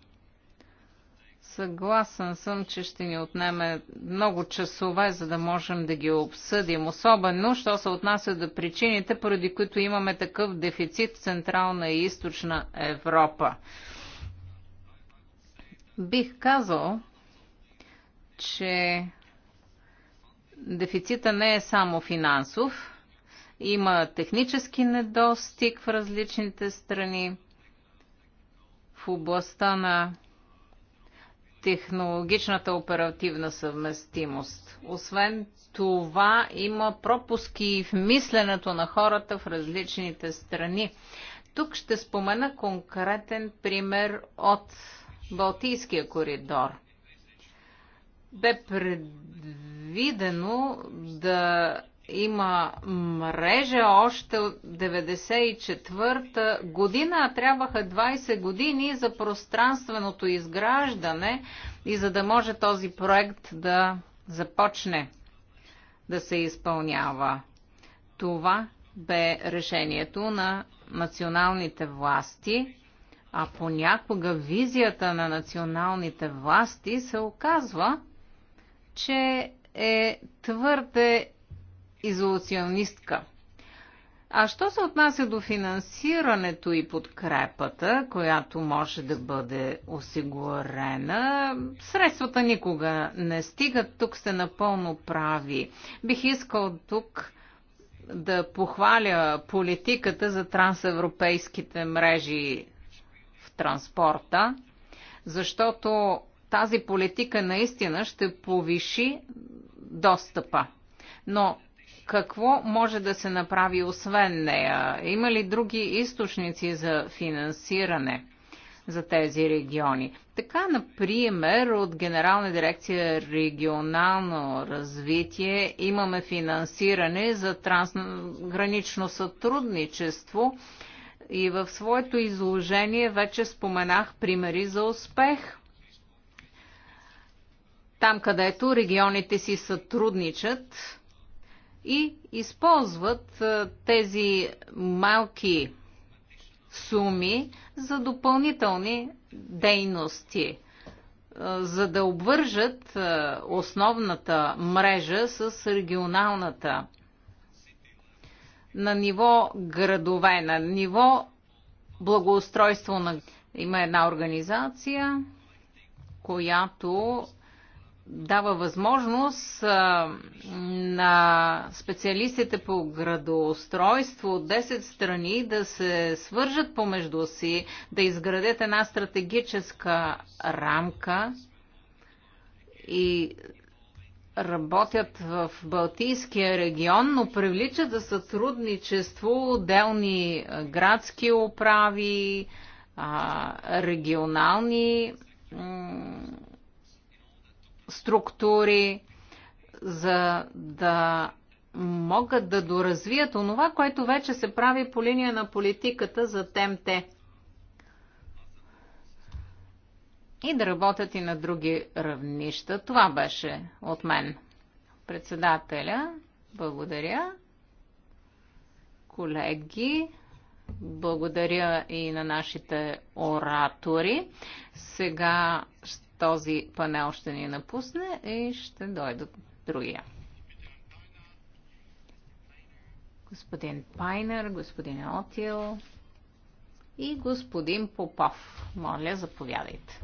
Съгласен съм, че ще ни отнеме много часове, за да можем да ги обсъдим. Особено, що се отнася до причините, поради които имаме такъв дефицит в Централна и Източна Европа. Бих казал, че дефицита не е само финансов. Има технически недостиг в различните страни в областта на технологичната оперативна съвместимост. Освен това, има пропуски в мисленето на хората в различните страни. Тук ще спомена конкретен пример от Балтийския коридор – бе предвидено да има мрежа още от 94-та година, трябваха 20 години за пространственото изграждане и за да може този проект да започне да се изпълнява. Това бе решението на националните власти, а понякога визията на националните власти се оказва че е твърде изолационистка. А що се отнася до финансирането и подкрепата, която може да бъде осигурена, средствата никога не стигат. Тук сте напълно прави. Бих искал тук да похваля политиката за трансевропейските мрежи в транспорта, защото тази политика наистина ще повиши достъпа. Но какво може да се направи освен нея? Има ли други източници за финансиране за тези региони? Така, например, от Генерална дирекция регионално развитие имаме финансиране за трансгранично сътрудничество и в своето изложение вече споменах примери за успех там където регионите си сътрудничат и използват е, тези малки суми за допълнителни дейности, е, за да обвържат е, основната мрежа с регионалната на ниво градове, на ниво благоустройство на... Има една организация, която дава възможност а, на специалистите по градоустройство от 10 страни да се свържат помежду си, да изградят една стратегическа рамка и работят в Балтийския регион, но привличат за сътрудничество отделни градски управи, а, регионални структури, за да могат да доразвият онова, което вече се прави по линия на политиката за ТМТ. И да работят и на други равнища. Това беше от мен. Председателя, благодаря. Колеги, благодаря и на нашите оратори. Сега ще този панел ще ни напусне и ще дойде другия. Господин Пайнер, господин Отил и господин Попов. Моля, заповядайте.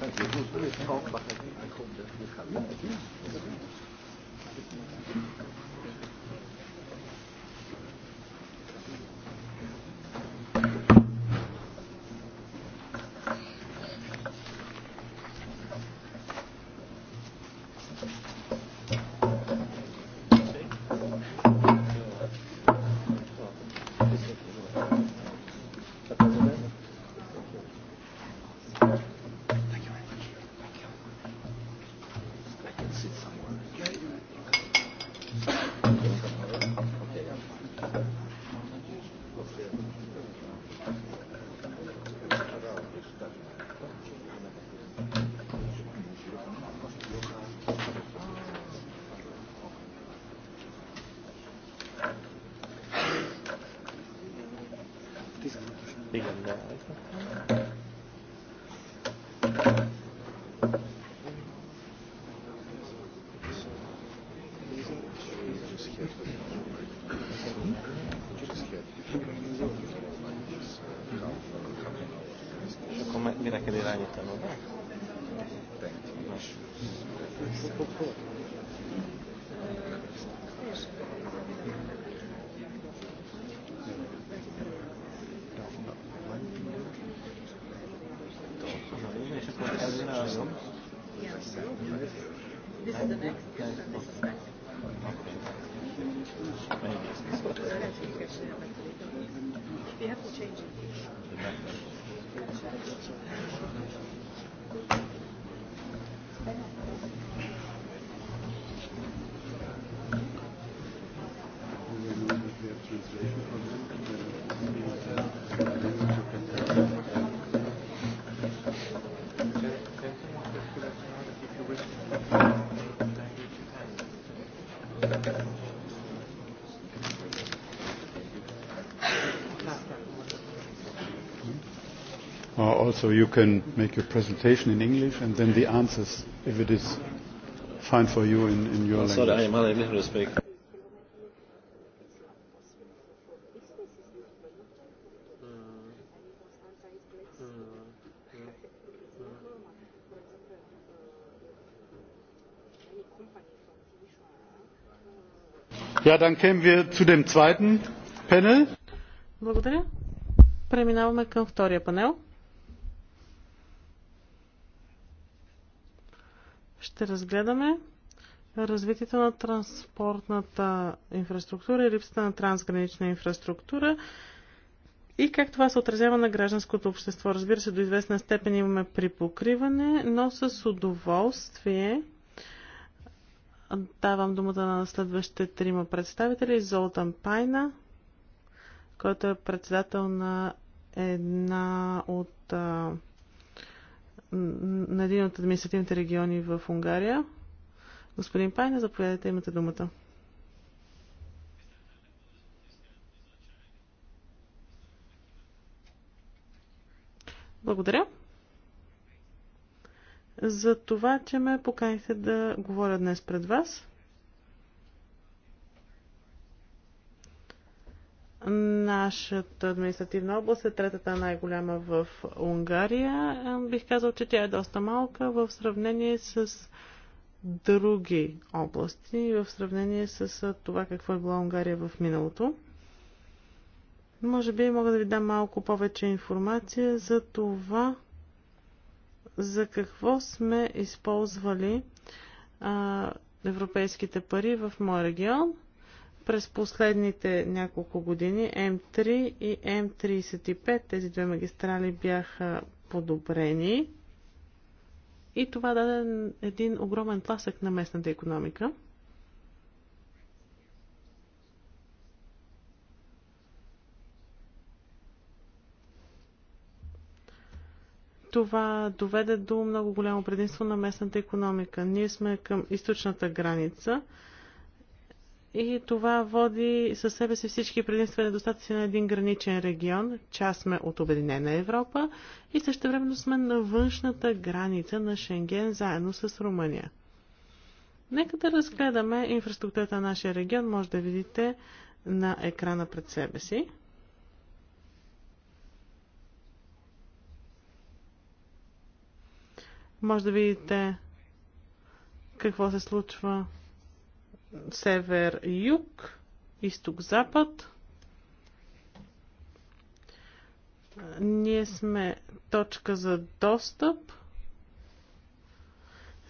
Thank you. so you can make your presentation in English and then the answers, if it is fine for you in, in your language. Sorry, I am unable to speak. Ja, dann kämen wir zu dem zweiten Panel. Благодаря. Преминаваме към втория панел. ще разгледаме развитието на транспортната инфраструктура и липсата на трансгранична инфраструктура и как това се отразява на гражданското общество. Разбира се, до известна степен имаме припокриване, но с удоволствие давам думата на следващите трима представители. Золтан Пайна, който е председател на една от на един от административните региони в Унгария. Господин Пайна, заповядайте, имате думата. Благодаря за това, че ме поканихте да говоря днес пред вас. Нашата административна област е третата най-голяма в Унгария. Е, бих казал, че тя е доста малка в сравнение с други области и в сравнение с това какво е била Унгария в миналото. Може би мога да ви дам малко повече информация за това, за какво сме използвали а, европейските пари в моя регион. През последните няколко години М3 и М35, тези две магистрали бяха подобрени и това даде един огромен тласък на местната економика. това доведе до много голямо предимство на местната економика. Ние сме към източната граница и това води със себе си всички предимства и недостатъци на един граничен регион. Част сме от Обединена Европа и също времено сме на външната граница на Шенген заедно с Румъния. Нека да разгледаме инфраструктурата на нашия регион. Може да видите на екрана пред себе си. Може да видите какво се случва север-юг, изток-запад. Ние сме точка за достъп.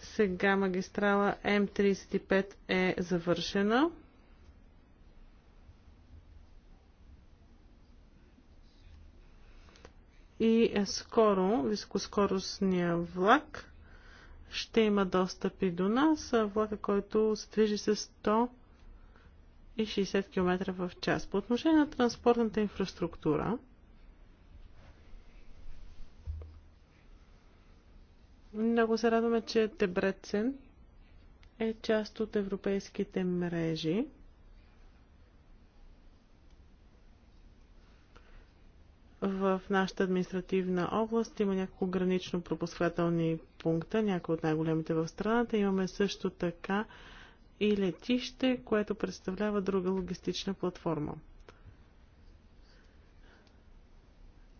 Сега магистрала М35 е завършена. И е скоро, високоскоростния влак ще има достъп и до нас. Влака, който се движи с 160 км в час. По отношение на транспортната инфраструктура, много се радваме, че Тебрецен е част от европейските мрежи. В нашата административна област има няколко гранично пропускателни пункта, някои от най-големите в страната. Имаме също така и летище, което представлява друга логистична платформа.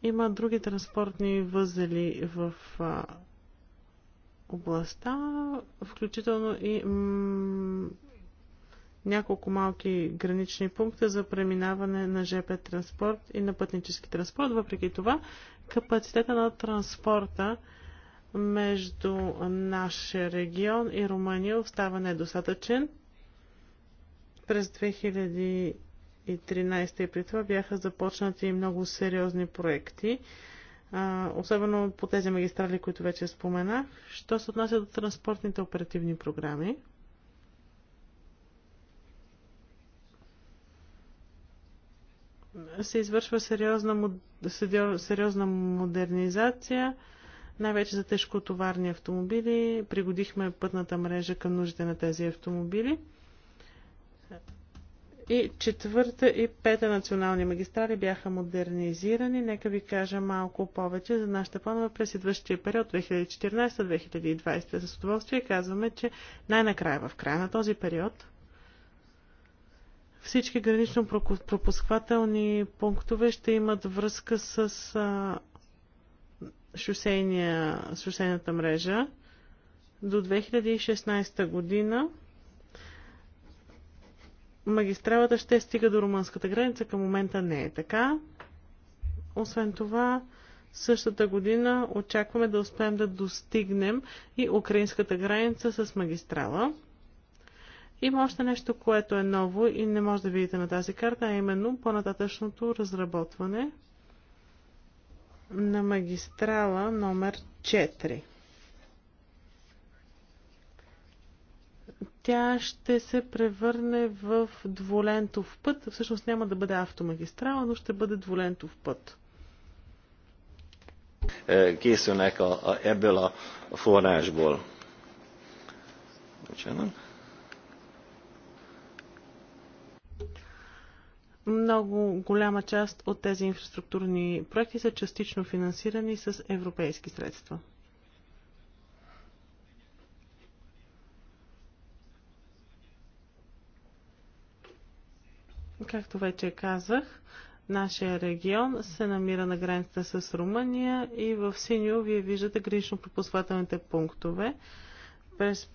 Има други транспортни възели в областта, включително и няколко малки гранични пункта за преминаване на ЖП транспорт и на пътнически транспорт. Въпреки това, капацитета на транспорта между нашия регион и Румъния остава недостатъчен. През 2013 и при това бяха започнати много сериозни проекти, особено по тези магистрали, които вече споменах. Що се отнася до транспортните оперативни програми? се извършва сериозна, сериозна модернизация, най-вече за тежкотоварни автомобили. Пригодихме пътната мрежа към нуждите на тези автомобили. И четвърта и пета национални магистрали бяха модернизирани. Нека ви кажа малко повече за нашите планове през идващия период 2014-2020. С удоволствие казваме, че най-накрая в края на този период всички гранично пропусквателни пунктове ще имат връзка с шосейния, шосейната мрежа. До 2016 година магистралата ще стига до румънската граница. Към момента не е така. Освен това, същата година очакваме да успеем да достигнем и украинската граница с магистрала. Има още нещо, което е ново и не може да видите на тази карта, а именно по-нататъчното разработване на магистрала номер 4. Тя ще се превърне в дволентов път. Всъщност няма да бъде автомагистрала, но ще бъде дволентов път. Е, készülnek a, a, ebből a forrásból. Bocsánat. Много голяма част от тези инфраструктурни проекти са частично финансирани с европейски средства. Както вече казах, нашия регион се намира на границата с Румъния и в синьо вие виждате гранично пропускателните пунктове. През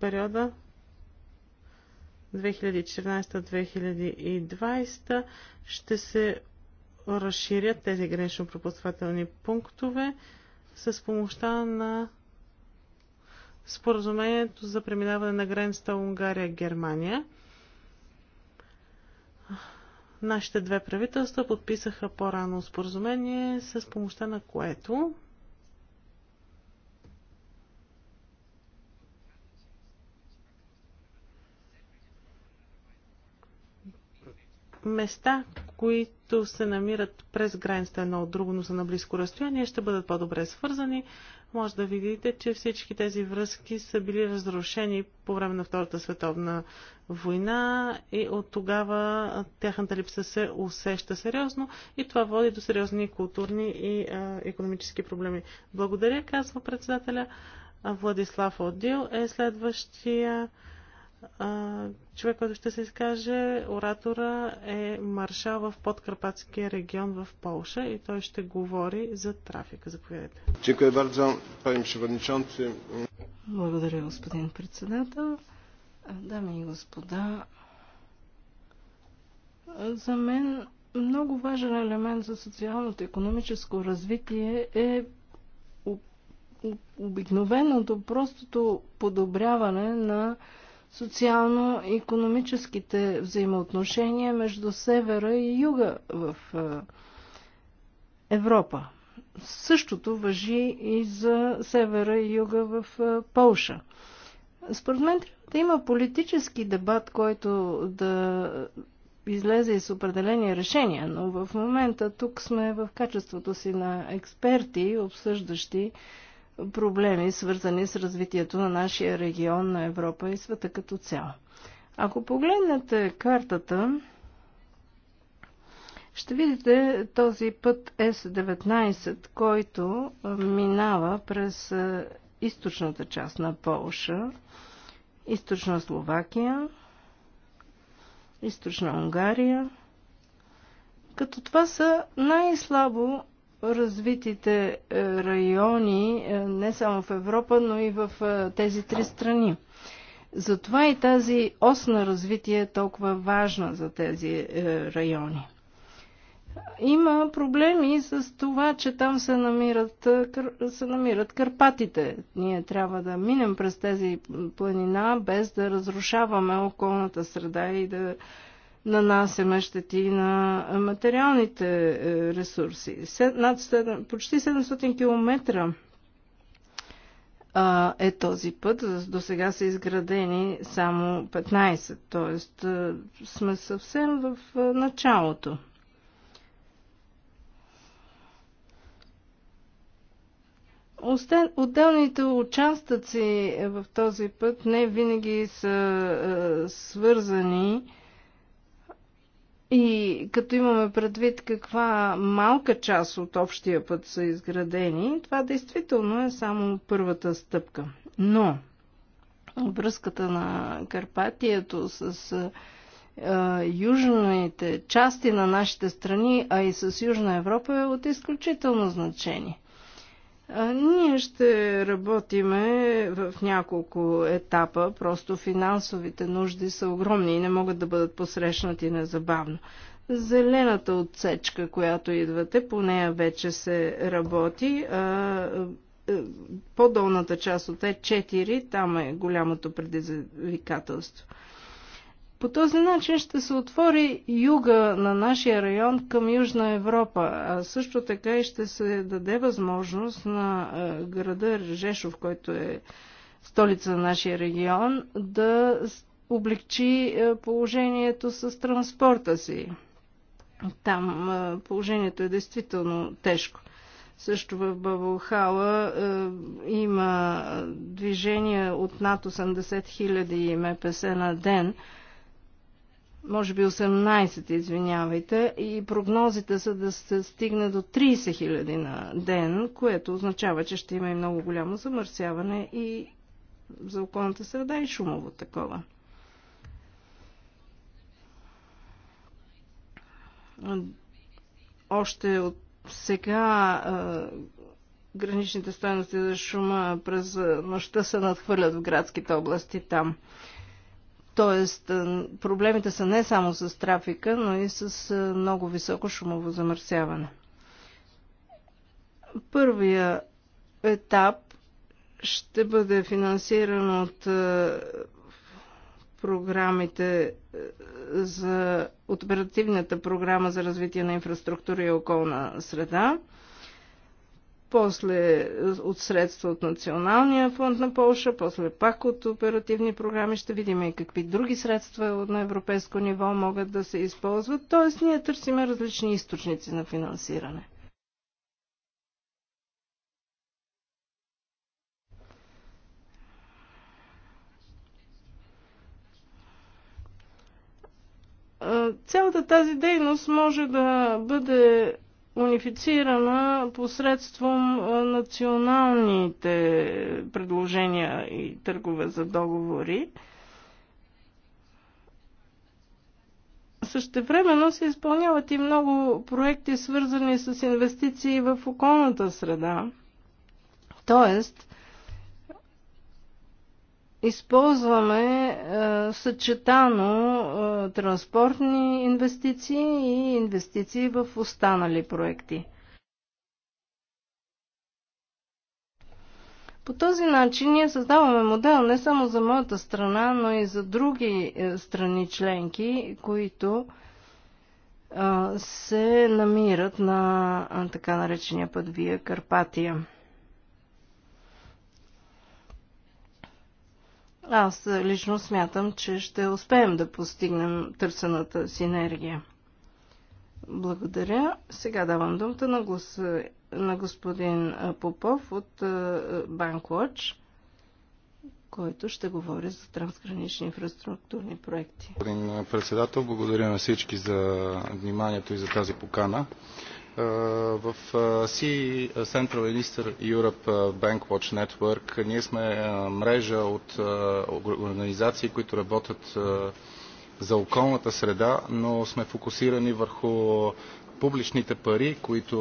периода 2014-2020 ще се разширят тези гранично-пропускателни пунктове с помощта на споразумението за преминаване на границата Унгария-Германия. Нашите две правителства подписаха по-рано споразумение, с помощта на което места, които се намират през границата едно от друго, но са на близко разстояние, ще бъдат по-добре свързани. Може да видите, че всички тези връзки са били разрушени по време на Втората световна война и от тогава тяхната липса се усеща сериозно и това води до сериозни културни и а, економически проблеми. Благодаря, казва председателя. Владислав Одил е следващия човек, който ще се изкаже, оратора е маршал в подкарпатския регион в Полша и той ще говори за трафика. Заповядайте. Благодаря, господин председател. Дами и господа, за мен много важен елемент за социалното и економическо развитие е обикновеното, простото подобряване на социално-економическите взаимоотношения между севера и юга в е, Европа. Същото въжи и за севера и юга в е, Полша. Според мен трябва да има политически дебат, който да излезе и с определени решения, но в момента тук сме в качеството си на експерти, обсъждащи проблеми, свързани с развитието на нашия регион, на Европа и света като цяло. Ако погледнете картата, ще видите този път С-19, който минава през е, източната част на Полша, източна Словакия, източна Унгария, като това са най-слабо развитите е, райони, е, не само в Европа, но и в е, тези три страни. Затова и тази ос на развитие е толкова важна за тези райони. Има проблеми с това, че там се намират, се намират Карпатите. Ние трябва да минем през тези планина, без да разрушаваме околната среда и да нанасяме щети на материалните е, ресурси. Над 7, почти 700 км е този път. До сега са изградени само 15, т.е. сме съвсем в е, началото. Отделните участъци е, в този път не винаги са свързани и като имаме предвид каква малка част от общия път са изградени, това действително е само първата стъпка. Но връзката на Карпатието с а, южните части на нашите страни, а и с Южна Европа е от изключително значение. Ние ще работиме в няколко етапа, просто финансовите нужди са огромни и не могат да бъдат посрещнати незабавно. Зелената отсечка, която идвате, по нея вече се работи. По-долната част от Е4, там е голямото предизвикателство. По този начин ще се отвори юга на нашия район към Южна Европа, а също така и ще се даде възможност на града Режешов, който е столица на нашия регион, да облегчи положението с транспорта си. Там положението е действително тежко. Също в Бабухала е, има движение от над 80 000 МПС на ден може би 18, извинявайте, и прогнозите са да се стигне до 30 хиляди на ден, което означава, че ще има и много голямо замърсяване и за околната среда и шумово такова. Още от сега граничните стоености за шума през нощта се надхвърлят в градските области там. Тоест, е, проблемите са не само с трафика, но и с е, много високо шумово замърсяване. Първия етап ще бъде финансиран от е, програмите за от оперативната програма за развитие на инфраструктура и околна среда после е, от средства от Националния фонд на Полша, после пак от оперативни програми ще видим и какви други средства на европейско ниво могат да се използват. Тоест ние търсиме различни източници на финансиране. Е, цялата тази дейност може да бъде унифицирана посредством националните предложения и търгове за договори. Същевременно се изпълняват и много проекти, свързани с инвестиции в околната среда. Тоест, използваме а, е, съчетано а, е, транспортни инвестиции и инвестиции в останали проекти. По този начин ние създаваме модел не само за моята страна, но и за други е, страни членки, които се намират на така наречения път Вия Карпатия. Аз лично смятам, че ще успеем да постигнем търсената синергия. Благодаря. Сега давам думата на, глас, на господин Попов от е, BankWatch, който ще говори за трансгранични инфраструктурни проекти. Господин председател, благодаря на всички за вниманието и за тази покана. Е, в Sea е, е, Central and Eastern Europe Bank Watch Network ние сме мрежа от организации, които работят за околната среда, но сме фокусирани върху публичните пари, които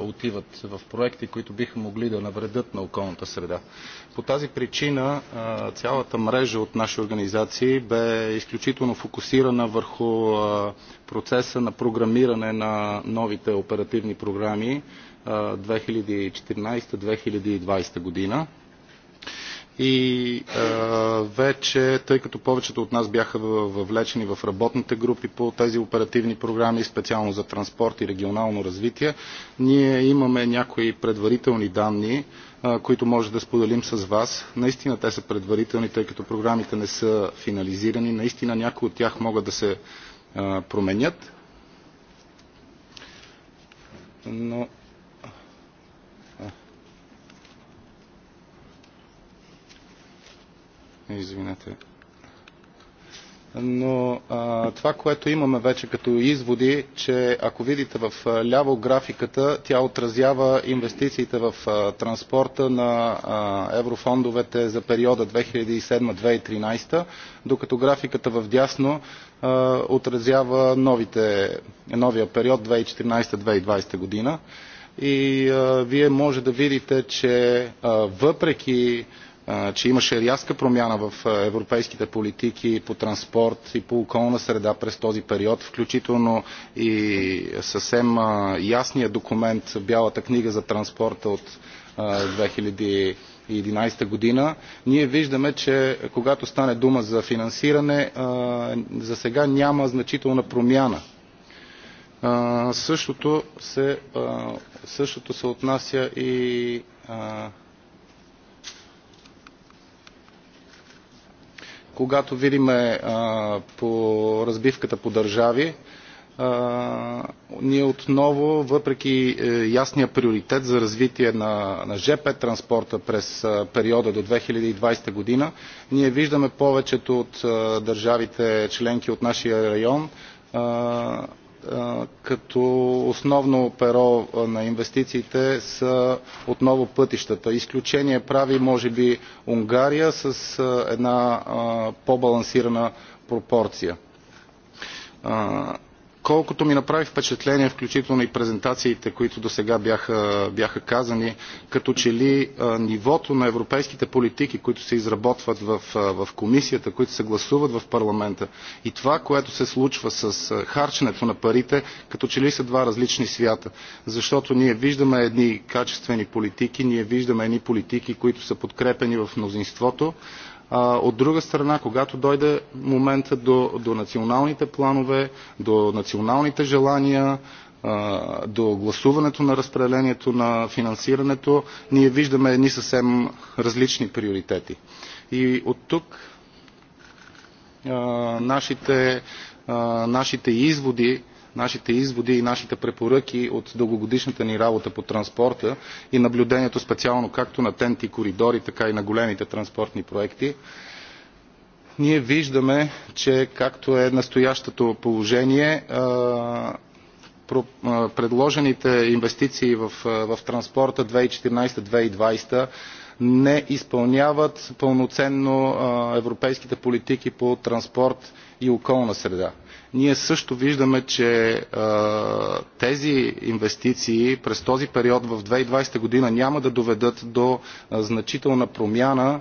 отиват в проекти, които биха могли да навредят на околната среда. По тази причина цялата мрежа от наши организации бе изключително фокусирана върху процеса на програмиране на новите оперативни програми 2014-2020 година и а, вече, тъй като повечето от нас бяха въвлечени в работните групи по тези оперативни програми, специално за транспорт и регионално развитие, ние имаме някои предварителни данни, а, които може да споделим с вас. Наистина те са предварителни, тъй като програмите не са финализирани. Наистина някои от тях могат да се а, променят. Но извинете. Но а, това, което имаме вече като изводи, че ако видите в ляво графиката, тя отразява инвестициите в а, транспорта на а, еврофондовете за периода 2007-2013, докато графиката в дясно а, отразява новите, новия период 2014-2020 година. И а, вие може да видите, че а, въпреки а, че имаше рязка промяна в европейските политики по транспорт и по околна среда през този период, включително и съвсем ясния документ Бялата книга за транспорта от 2011 година, ние виждаме, че когато стане дума за финансиране, за сега няма значителна промяна. Същото се, същото се отнася и когато видим по разбивката по държави, ние отново, въпреки е, ясния приоритет за развитие на, на ЖП транспорта през периода до 2020 година, ние виждаме повечето от държавите членки от нашия район като основно перо на инвестициите са отново пътищата. Изключение прави може би Унгария с една по-балансирана пропорция колкото ми направи впечатление, включително и презентациите, които до сега бяха, бяха казани, като че ли а, нивото на европейските политики, които се изработват в, а, в комисията, които се гласуват в парламента и това, което се случва с а, харченето на парите, като че ли са два различни свята. Защото ние виждаме едни качествени политики, ние виждаме едни политики, които са подкрепени в мнозинството, от друга страна, когато дойде момента до, до националните планове, до националните желания, до гласуването на разпределението на финансирането, ние виждаме едни съвсем различни приоритети. И от тук нашите, нашите изводи нашите изводи и нашите препоръки от дългогодишната ни работа по транспорта и наблюдението специално както на тенти коридори, така и на големите транспортни проекти, ние виждаме, че както е настоящото положение, предложените инвестиции в, в транспорта 2014-2020 не изпълняват пълноценно европейските политики по транспорт и околна среда ние също виждаме, че тези инвестиции през този период в 2020 година няма да доведат до значителна промяна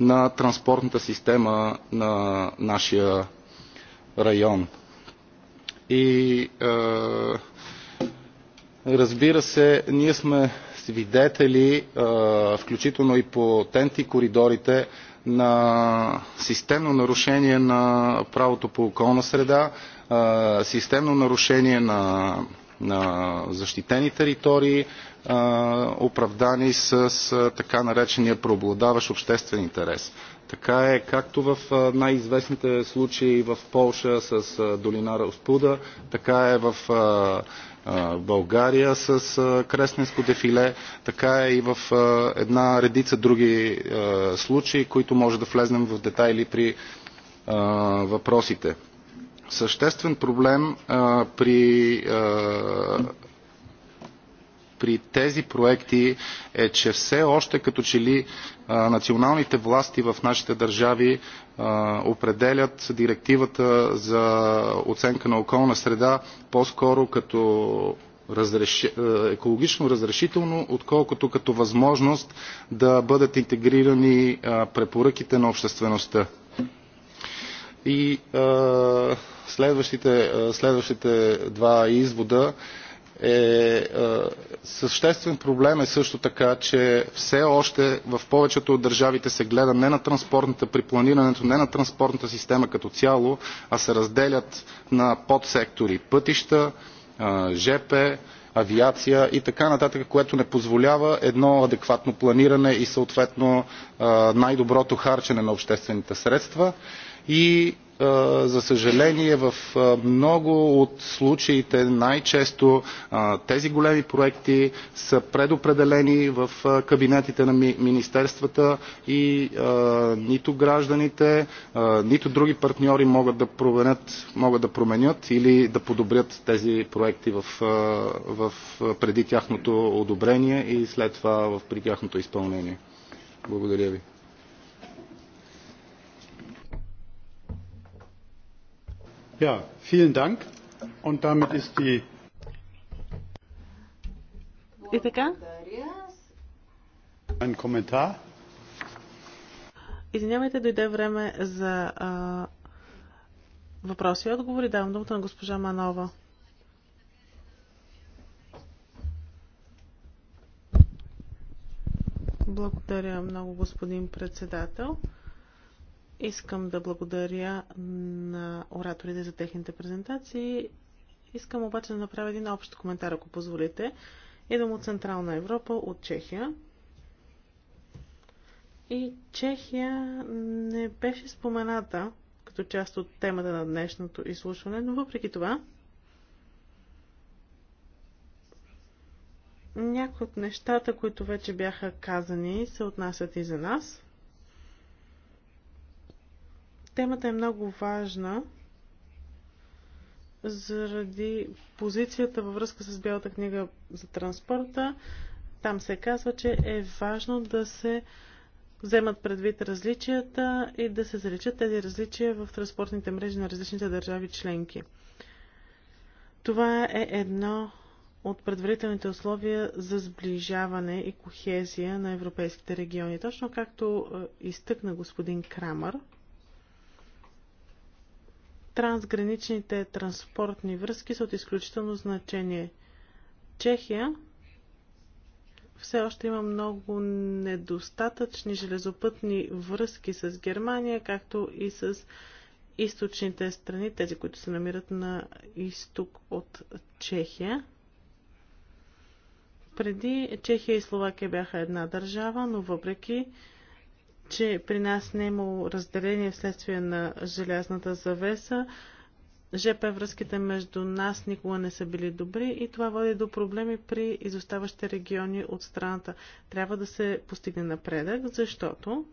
на транспортната система на нашия район. И разбира се, ние сме свидетели, включително и по тенти коридорите, на системно нарушение на правото по околна среда, системно нарушение на, на защитени територии, оправдани с така наречения преобладаващ обществен интерес. Така е както в най-известните случаи в Полша с долина Распуда, така е в България с Кресненско дефиле, така е и в една редица други случаи, които може да влезнем в детайли при въпросите. Съществен проблем при при тези проекти е, че все още като че ли националните власти в нашите държави определят директивата за оценка на околна среда по-скоро като разреши, екологично разрешително, отколкото като възможност да бъдат интегрирани препоръките на обществеността. И следващите, следващите два извода е, е, съществен проблем е също така, че все още в повечето от държавите се гледа не на транспортната при планирането, не на транспортната система като цяло, а се разделят на подсектори пътища, е, ЖП, авиация и така нататък, което не позволява едно адекватно планиране и съответно е, най-доброто харчене на обществените средства и за съжаление в много от случаите най-често тези големи проекти са предопределени в кабинетите на министерствата и нито гражданите, нито други партньори могат да променят, могат да променят или да подобрят тези проекти в, в, преди тяхното одобрение и след това при тяхното изпълнение. Благодаря ви. Ja, vielen Dank. Und damit ist die. И така? Ein Kommentar. Извинявайте, дойде време за а, въпроси и отговори. Давам думата на госпожа Манова. Благодаря много, господин председател. Искам да благодаря на ораторите за техните презентации. Искам обаче да направя един общ коментар, ако позволите. Идвам от Централна Европа, от Чехия. И Чехия не беше спомената като част от темата на днешното изслушване, но въпреки това някои от нещата, които вече бяха казани, се отнасят и за нас. Темата е много важна заради позицията във връзка с Бялата книга за транспорта. Там се казва, че е важно да се вземат предвид различията и да се заличат тези различия в транспортните мрежи на различните държави членки. Това е едно от предварителните условия за сближаване и кохезия на европейските региони. Точно както е, изтъкна господин Крамър, трансграничните транспортни връзки са от изключително значение. Чехия все още има много недостатъчни железопътни връзки с Германия, както и с източните страни, тези, които се намират на изток от Чехия. Преди Чехия и Словакия бяха една държава, но въпреки че при нас не е имало разделение вследствие на желязната завеса. ЖП връзките между нас никога не са били добри и това води до проблеми при изоставащите региони от страната. Трябва да се постигне напредък, защото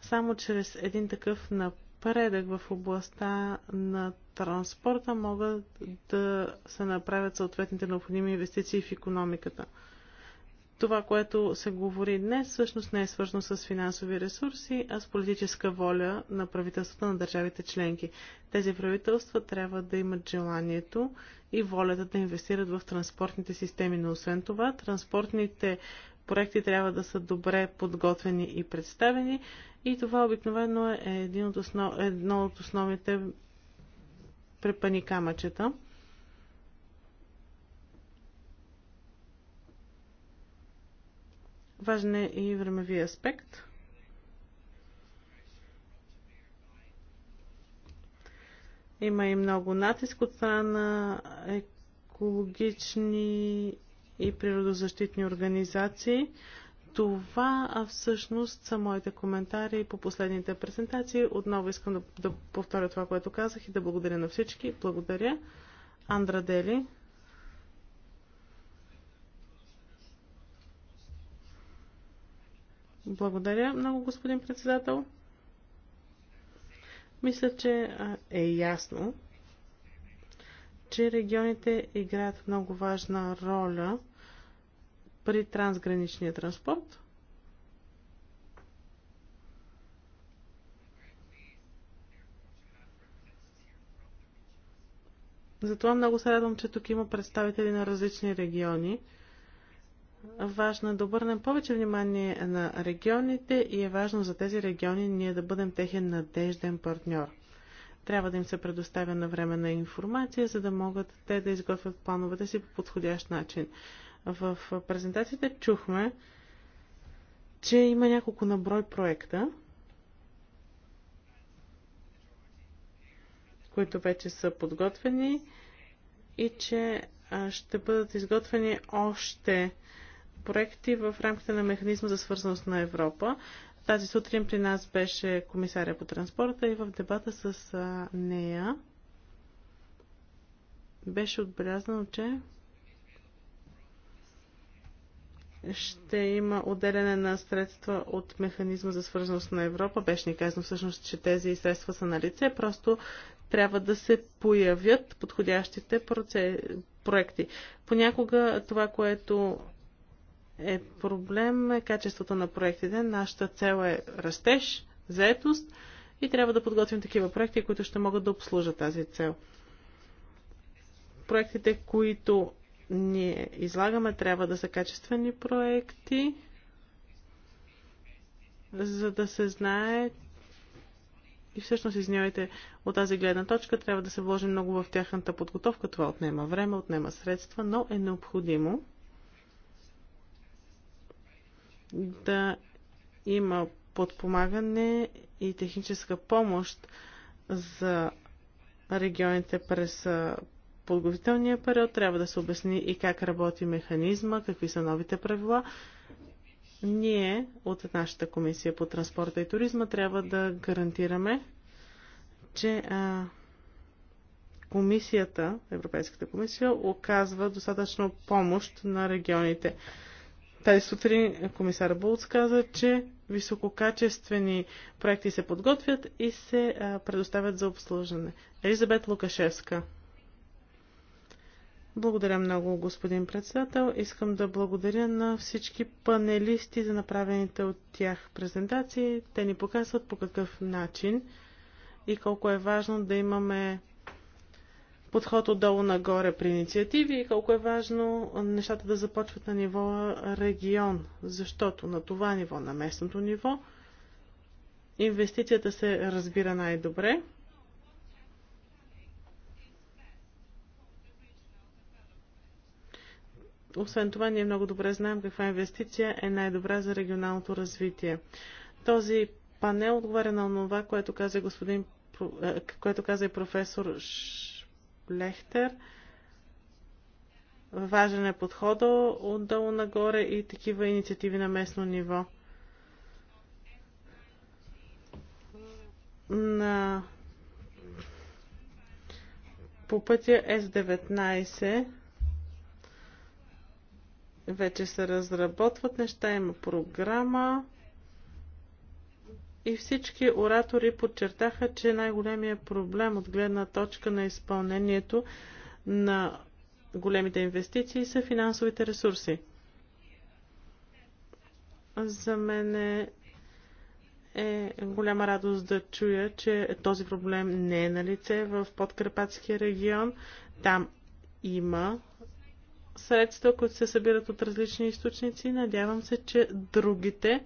само чрез един такъв напредък в областта на транспорта могат да се направят съответните необходими инвестиции в економиката това, което се говори днес, всъщност не е свързано с финансови ресурси, а с политическа воля на правителствата на държавите членки. Тези правителства трябва да имат желанието и волята да инвестират в транспортните системи, но освен това, транспортните проекти трябва да са добре подготвени и представени и това обикновено е един от основ... едно от основните препани камъчета – Важен е и времеви аспект. Има и много натиск от страна на екологични и природозащитни организации. Това всъщност са моите коментари по последните презентации. Отново искам да, да повторя това, което казах и да благодаря на всички. Благодаря. Андра Дели. Благодаря много, господин председател. Мисля, че е ясно, че регионите играят много важна роля при трансграничния транспорт. Затова много се радвам, че тук има представители на различни региони важно е да обърнем повече внимание на регионите и е важно за тези региони ние да бъдем техен надежден партньор. Трябва да им се предоставя на време на информация, за да могат те да изготвят плановете си по подходящ начин. В презентацията чухме, че има няколко наброй проекта, които вече са подготвени и че ще бъдат изготвени още проекти в рамките на механизма за свързаност на Европа. Тази сутрин при нас беше комисаря по транспорта и в дебата с нея беше отбелязано, че ще има отделяне на средства от механизма за свързаност на Европа. Беше ни казано всъщност, че тези средства са на лице, просто трябва да се появят подходящите проекти. Понякога това, което е проблем е качеството на проектите. Нашата цел е растеж, заетост и трябва да подготвим такива проекти, които ще могат да обслужат тази цел. Проектите, които ние излагаме, трябва да са качествени проекти, за да се знае и всъщност, изнявайте от тази гледна точка трябва да се вложи много в тяхната подготовка. Това отнема време, отнема средства, но е необходимо да има подпомагане и техническа помощ за регионите през подготовителния период. Трябва да се обясни и как работи механизма, какви са новите правила. Ние от нашата комисия по транспорта и туризма трябва да гарантираме, че а, комисията, Европейската комисия, оказва достатъчно помощ на регионите. Тази сутрин комисар Булц каза, че висококачествени проекти се подготвят и се предоставят за обслужване. Елизабет Лукашевска. Благодаря много, господин председател. Искам да благодаря на всички панелисти за направените от тях презентации. Те ни показват по какъв начин и колко е важно да имаме подход отдолу нагоре при инициативи и колко е важно нещата да започват на ниво регион, защото на това ниво, на местното ниво, инвестицията се разбира най-добре. Освен това, ние много добре знаем каква инвестиция е най-добра за регионалното развитие. Този панел отговаря на това, което каза господин е, което каза и професор Ш... Лехтер. Важен е подхода отдолу нагоре и такива инициативи на местно ниво. На по пътя S19 вече се разработват неща, има програма и всички оратори подчертаха, че най-големият проблем от гледна точка на изпълнението на големите инвестиции са финансовите ресурси. За мен е, е голяма радост да чуя, че този проблем не е на лице в подкарпатския регион. Там има средства, които се събират от различни източници. Надявам се, че другите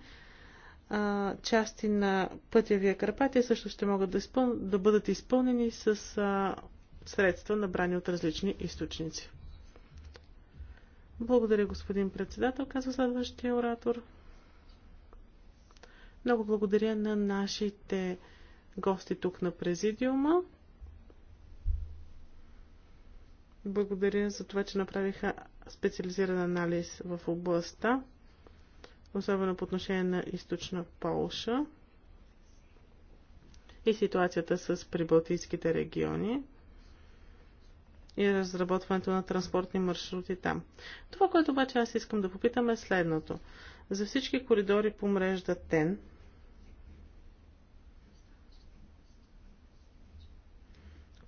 а, части на пътевия Карпатия също ще могат да, изпъл... да бъдат изпълнени с а, средства, набрани от различни източници. Благодаря, господин председател, казва следващия оратор. Много благодаря на нашите гости тук на президиума. Благодаря за това, че направиха специализиран анализ в областта особено по отношение на източна Полша и ситуацията с прибалтийските региони и разработването на транспортни маршрути там. Това, което обаче аз искам да попитам е следното. За всички коридори по мрежда ТЕН,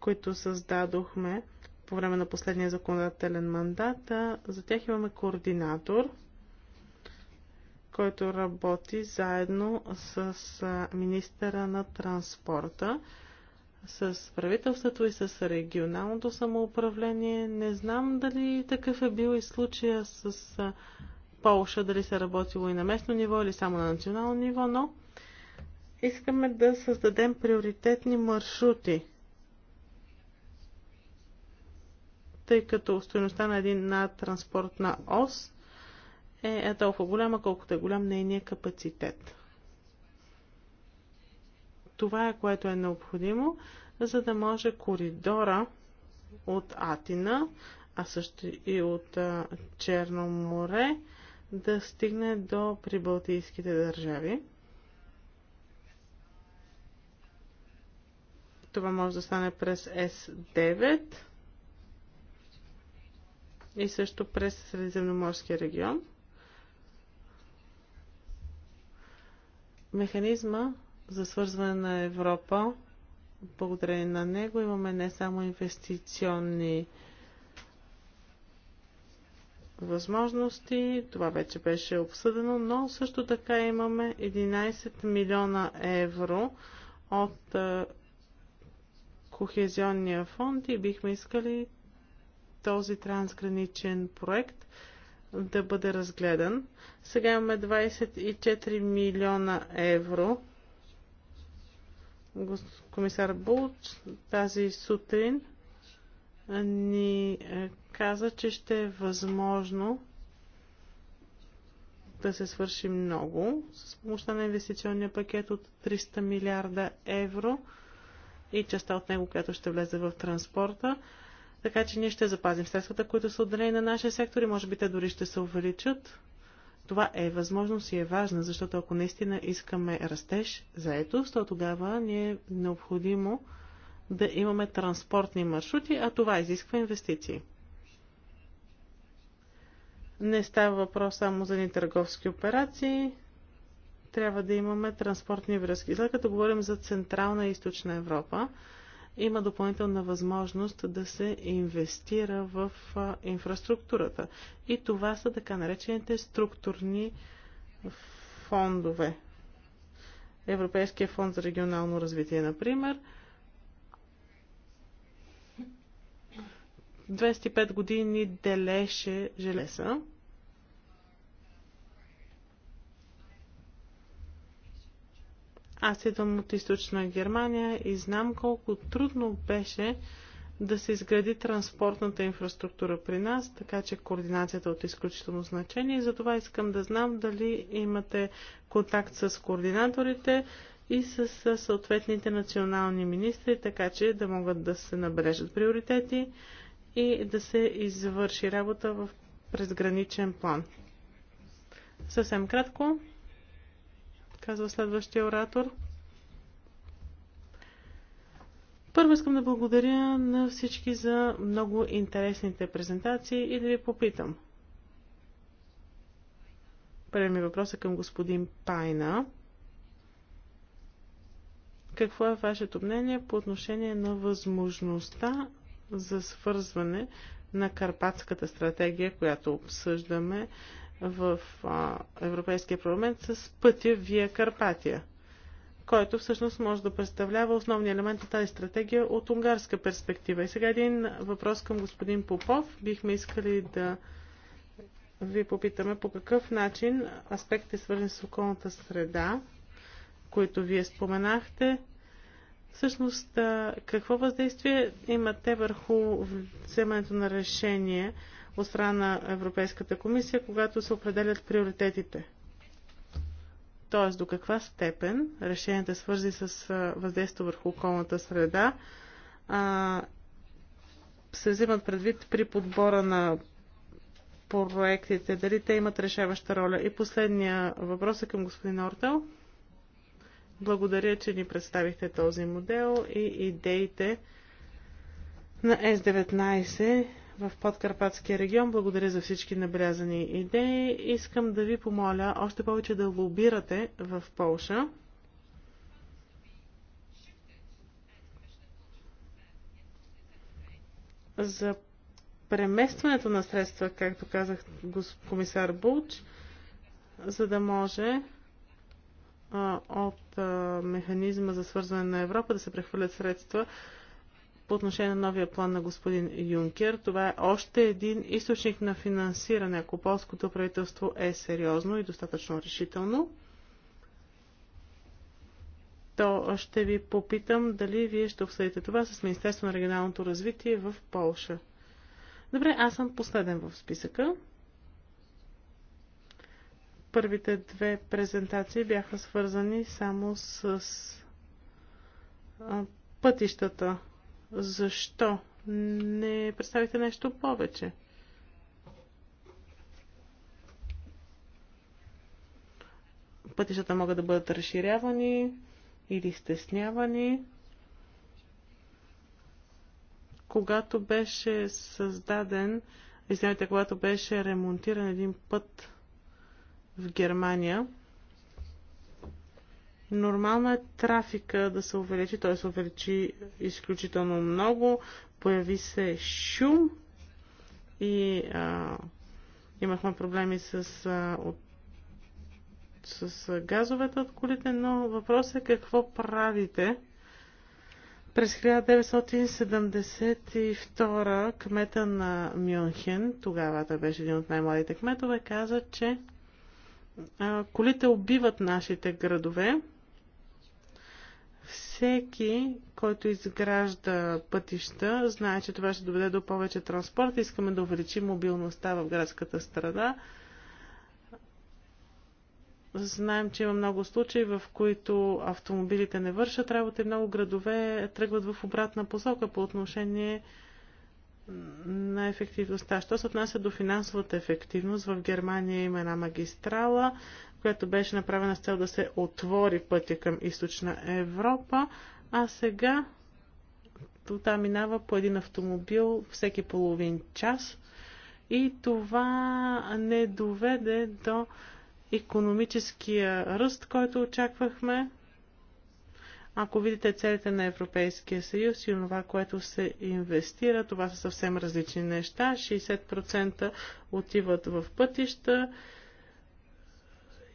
които създадохме по време на последния законодателен мандат, за тях имаме координатор – който работи заедно с министъра на транспорта, с правителството и с регионалното самоуправление. Не знам дали такъв е бил и случая с Полша, дали се е работило и на местно ниво или само на национално ниво, но искаме да създадем приоритетни маршрути тъй като стоеността на един транспорт транспортна ос е, е толкова голяма, колкото е голям нейният капацитет. Това е което е необходимо, за да може коридора от Атина, а също и от Черно море, да стигне до прибалтийските държави. Това може да стане през С9 и също през Средиземноморския регион. Механизма за свързване на Европа, благодарение на него имаме не само инвестиционни възможности, това вече беше обсъдено, но също така имаме 11 милиона евро от Кохезионния фонд и бихме искали този трансграничен проект – да бъде разгледан. Сега имаме 24 милиона евро. Комисар Булт тази сутрин ни е, каза, че ще е възможно да се свърши много с помощта на инвестиционния пакет от 300 милиарда евро и частта от него, която ще влезе в транспорта. Така че ние ще запазим средствата, които са отделени на нашия сектор и може би те дори ще се увеличат. Това е възможност и е важно, защото ако наистина искаме растеж, ето, то тогава ни е необходимо да имаме транспортни маршрути, а това изисква инвестиции. Не става въпрос само за ни търговски операции, трябва да имаме транспортни връзки. След като говорим за Централна и Източна Европа, има допълнителна възможност да се инвестира в инфраструктурата. И това са така наречените структурни фондове. Европейския фонд за регионално развитие, например, 25 години делеше железа. Аз идвам от източна Германия и знам колко трудно беше да се изгради транспортната инфраструктура при нас, така че координацията е от изключително значение затова искам да знам дали имате контакт с координаторите и с съответните национални министри, така че да могат да се набележат приоритети и да се извърши работа в презграничен план. Съвсем кратко казва следващия оратор. Първо искам да благодаря на всички за много интересните презентации и да ви попитам. Първият ми въпрос е към господин Пайна. Какво е вашето мнение по отношение на възможността за свързване на Карпатската стратегия, която обсъждаме в а, Европейския парламент с пътя Вия Карпатия, който всъщност може да представлява основния елемент на тази стратегия от унгарска перспектива. И сега един въпрос към господин Попов. Бихме искали да ви попитаме по какъв начин аспектите свързани с околната среда, които вие споменахте, всъщност какво въздействие имате върху вземането на решение от страна на Европейската комисия, когато се определят приоритетите. Тоест, до каква степен решенията свързи с въздействието върху околната среда а, се взимат предвид при подбора на проектите, дали те имат решаваща роля. И последния въпрос е към господин Ортел. Благодаря, че ни представихте този модел и идеите на S19 в Подкарпатския регион. Благодаря за всички набелязани идеи. Искам да ви помоля още повече да лобирате в Полша. За преместването на средства, както казах комисар Булч, за да може от механизма за свързване на Европа да се прехвърлят средства по отношение на новия план на господин Юнкер. Това е още един източник на финансиране, ако полското правителство е сериозно и достатъчно решително. То ще ви попитам дали вие ще обсъдите това с Министерство на регионалното развитие в Полша. Добре, аз съм последен в списъка. Първите две презентации бяха свързани само с пътищата защо не представите нещо повече? Пътищата могат да бъдат разширявани или стеснявани. Когато беше създаден, извинявайте, когато беше ремонтиран един път в Германия, Нормално е трафика да се увеличи, той се увеличи изключително много, появи се шум и а, имахме проблеми с, а, от, с а, газовете от колите, но въпросът е какво правите. През 1972 кмета на Мюнхен, тогава той беше един от най-младите кметове, каза, че а, колите убиват нашите градове всеки, който изгражда пътища, знае, че това ще доведе до повече транспорт. Искаме да увеличим мобилността в градската страна. Знаем, че има много случаи, в които автомобилите не вършат работа и много градове тръгват в обратна посока по отношение на ефективността. Що се отнася до финансовата ефективност, в Германия има една магистрала, която беше направена с цел да се отвори пътя към източна Европа, а сега това минава по един автомобил всеки половин час и това не доведе до економическия ръст, който очаквахме. Ако видите целите на Европейския съюз и това, което се инвестира, това са съвсем различни неща. 60% отиват в пътища,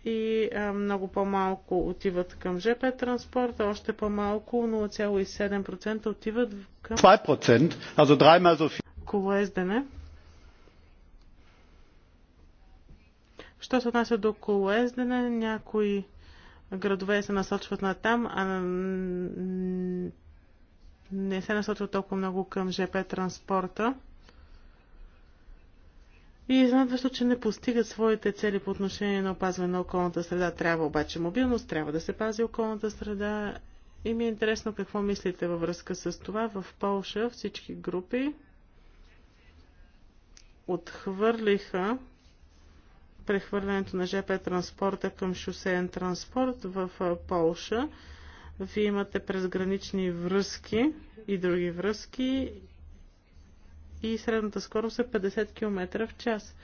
и много по-малко отиват към ЖП транспорта, още по-малко 0,7% отиват към 2%, also so колоездене. Що се отнася до колоездене, някои градове се насочват на там, а не се насочват толкова много към ЖП транспорта и изнадващо, че не постигат своите цели по отношение на опазване на околната среда. Трябва обаче мобилност, трябва да се пази околната среда. И ми е интересно какво мислите във връзка с това. В Полша всички групи отхвърлиха прехвърлянето на ЖП транспорта към шосеен транспорт в Полша. Вие имате презгранични връзки и други връзки и средната скорост е 50 км в час.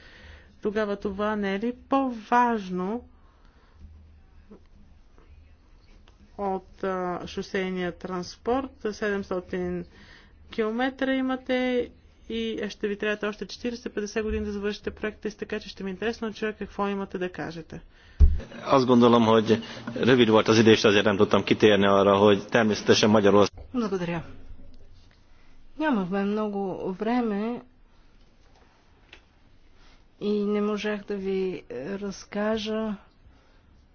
Тогава това не е ли по-важно от а, шосейния транспорт? 700 км имате и е, ще ви трябва още 40-50 години да завършите проекта така че ще ми е интересно от човек какво имате да кажете. Azt gondolom, hogy rövid volt az idő, és azért nem tudtam kitérni arra, hogy természetesen Magyarország. Благодаря. Нямахме много време и не можах да ви е, разкажа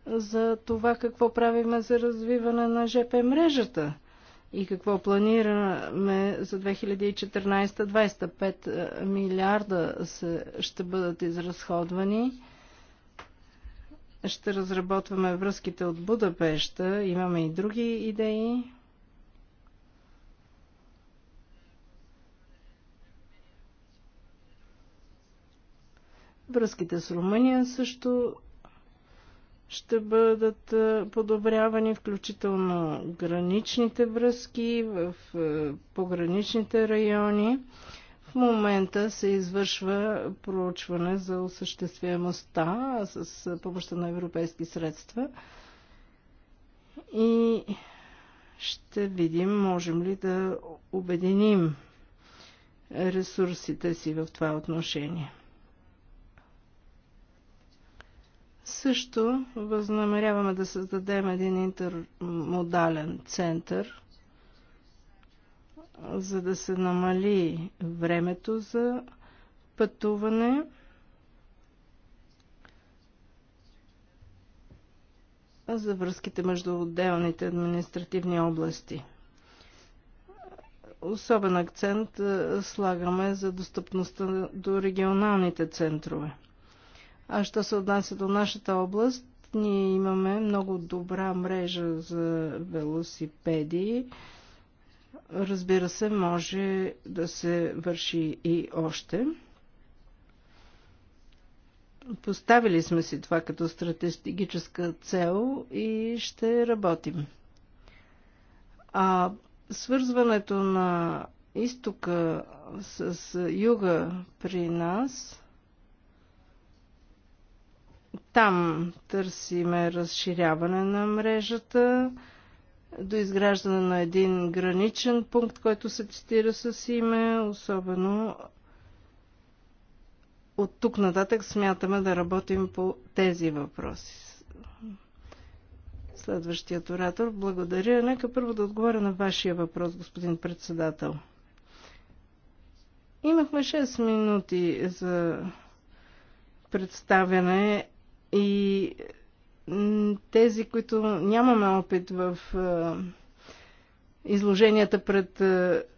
за това какво правиме за развиване на ЖП мрежата и какво планираме за 2014 25 е, милиарда се, ще бъдат изразходвани. Ще разработваме връзките от Будапешта. Имаме и други идеи. Връзките с Румъния също ще бъдат подобрявани, включително граничните връзки в пограничните райони. В момента се извършва проучване за осъществяемостта с помощта на европейски средства и ще видим можем ли да обединим ресурсите си в това отношение. Също възнамеряваме да създадем един интермодален център, за да се намали времето за пътуване. за връзките между отделните административни области. Особен акцент слагаме за достъпността до регионалните центрове. А що се отнася до нашата област, ние имаме много добра мрежа за велосипеди. Разбира се, може да се върши и още. Поставили сме си това като стратегическа цел и ще работим. А свързването на изтока с юга при нас – там търсиме разширяване на мрежата до изграждане на един граничен пункт, който се цитира с име, особено от тук нататък смятаме да работим по тези въпроси. Следващият оратор. Благодаря. Нека първо да отговоря на вашия въпрос, господин председател. Имахме 6 минути за представяне и тези, които нямаме опит в изложенията пред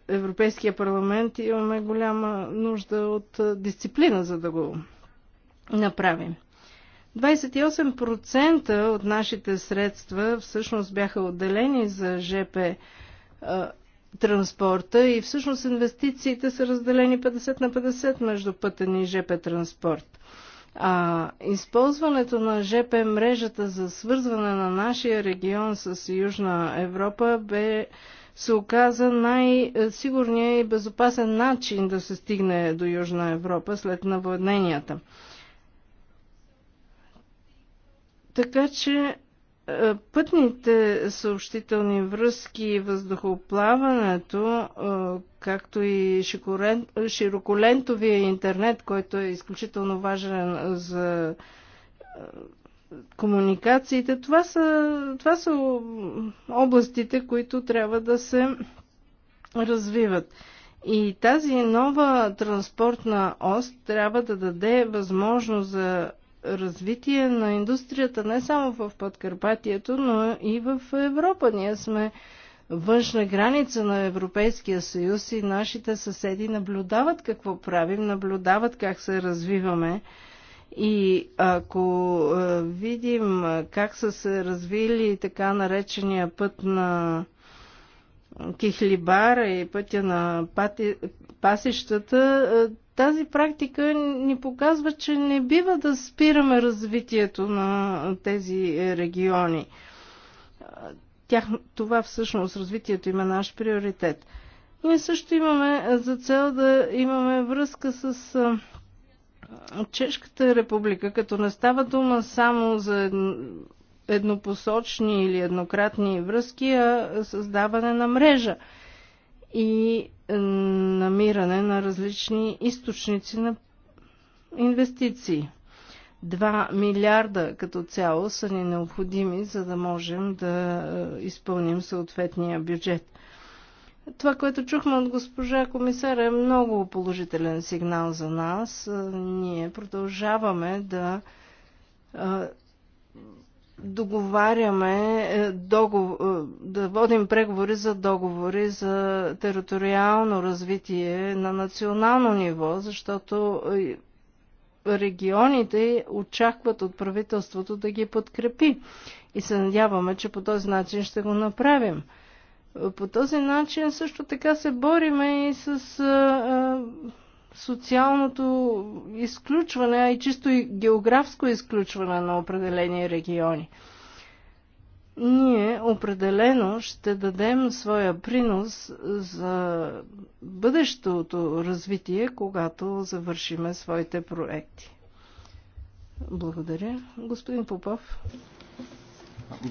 Европейския парламент, имаме голяма нужда от дисциплина, за да го направим. 28% от нашите средства всъщност бяха отделени за ЖП транспорта и всъщност инвестициите са разделени 50 на 50 между пътен и ЖП транспорт. А, използването на ЖП мрежата за свързване на нашия регион с Южна Европа бе се оказа най-сигурният и безопасен начин да се стигне до Южна Европа след наводненията. Така че е, пътните съобщителни връзки и въздухоплаването, е, както и широколентовия интернет, който е изключително важен за е, комуникациите, това са, това са областите, които трябва да се развиват. И тази нова транспортна ост трябва да даде възможност за развитие на индустрията не само в Подкарпатието, но и в Европа. Ние сме външна граница на Европейския съюз и нашите съседи наблюдават какво правим, наблюдават как се развиваме. И ако видим как са се развили така наречения път на Кихлибара и пътя на пати, пасищата, тази практика ни показва, че не бива да спираме развитието на тези региони. Тях, това всъщност, развитието им е наш приоритет. Ние също имаме за цел да имаме връзка с Чешката република, като не става дума само за еднопосочни или еднократни връзки, а създаване на мрежа. И намиране на различни източници на инвестиции. 2 милиарда като цяло са ни необходими, за да можем да е, изпълним съответния бюджет. Това, което чухме от госпожа комисара е много положителен сигнал за нас. Е, ние продължаваме да е, договаряме, е, договор, е, да водим преговори за договори за териториално развитие на национално ниво, защото е, регионите очакват от правителството да ги подкрепи. И се надяваме, че по този начин ще го направим. По този начин също така се бориме и с социалното изключване, а и чисто и географско изключване на определени региони. Ние определено ще дадем своя принос за бъдещото развитие, когато завършиме своите проекти. Благодаря. Господин Попов.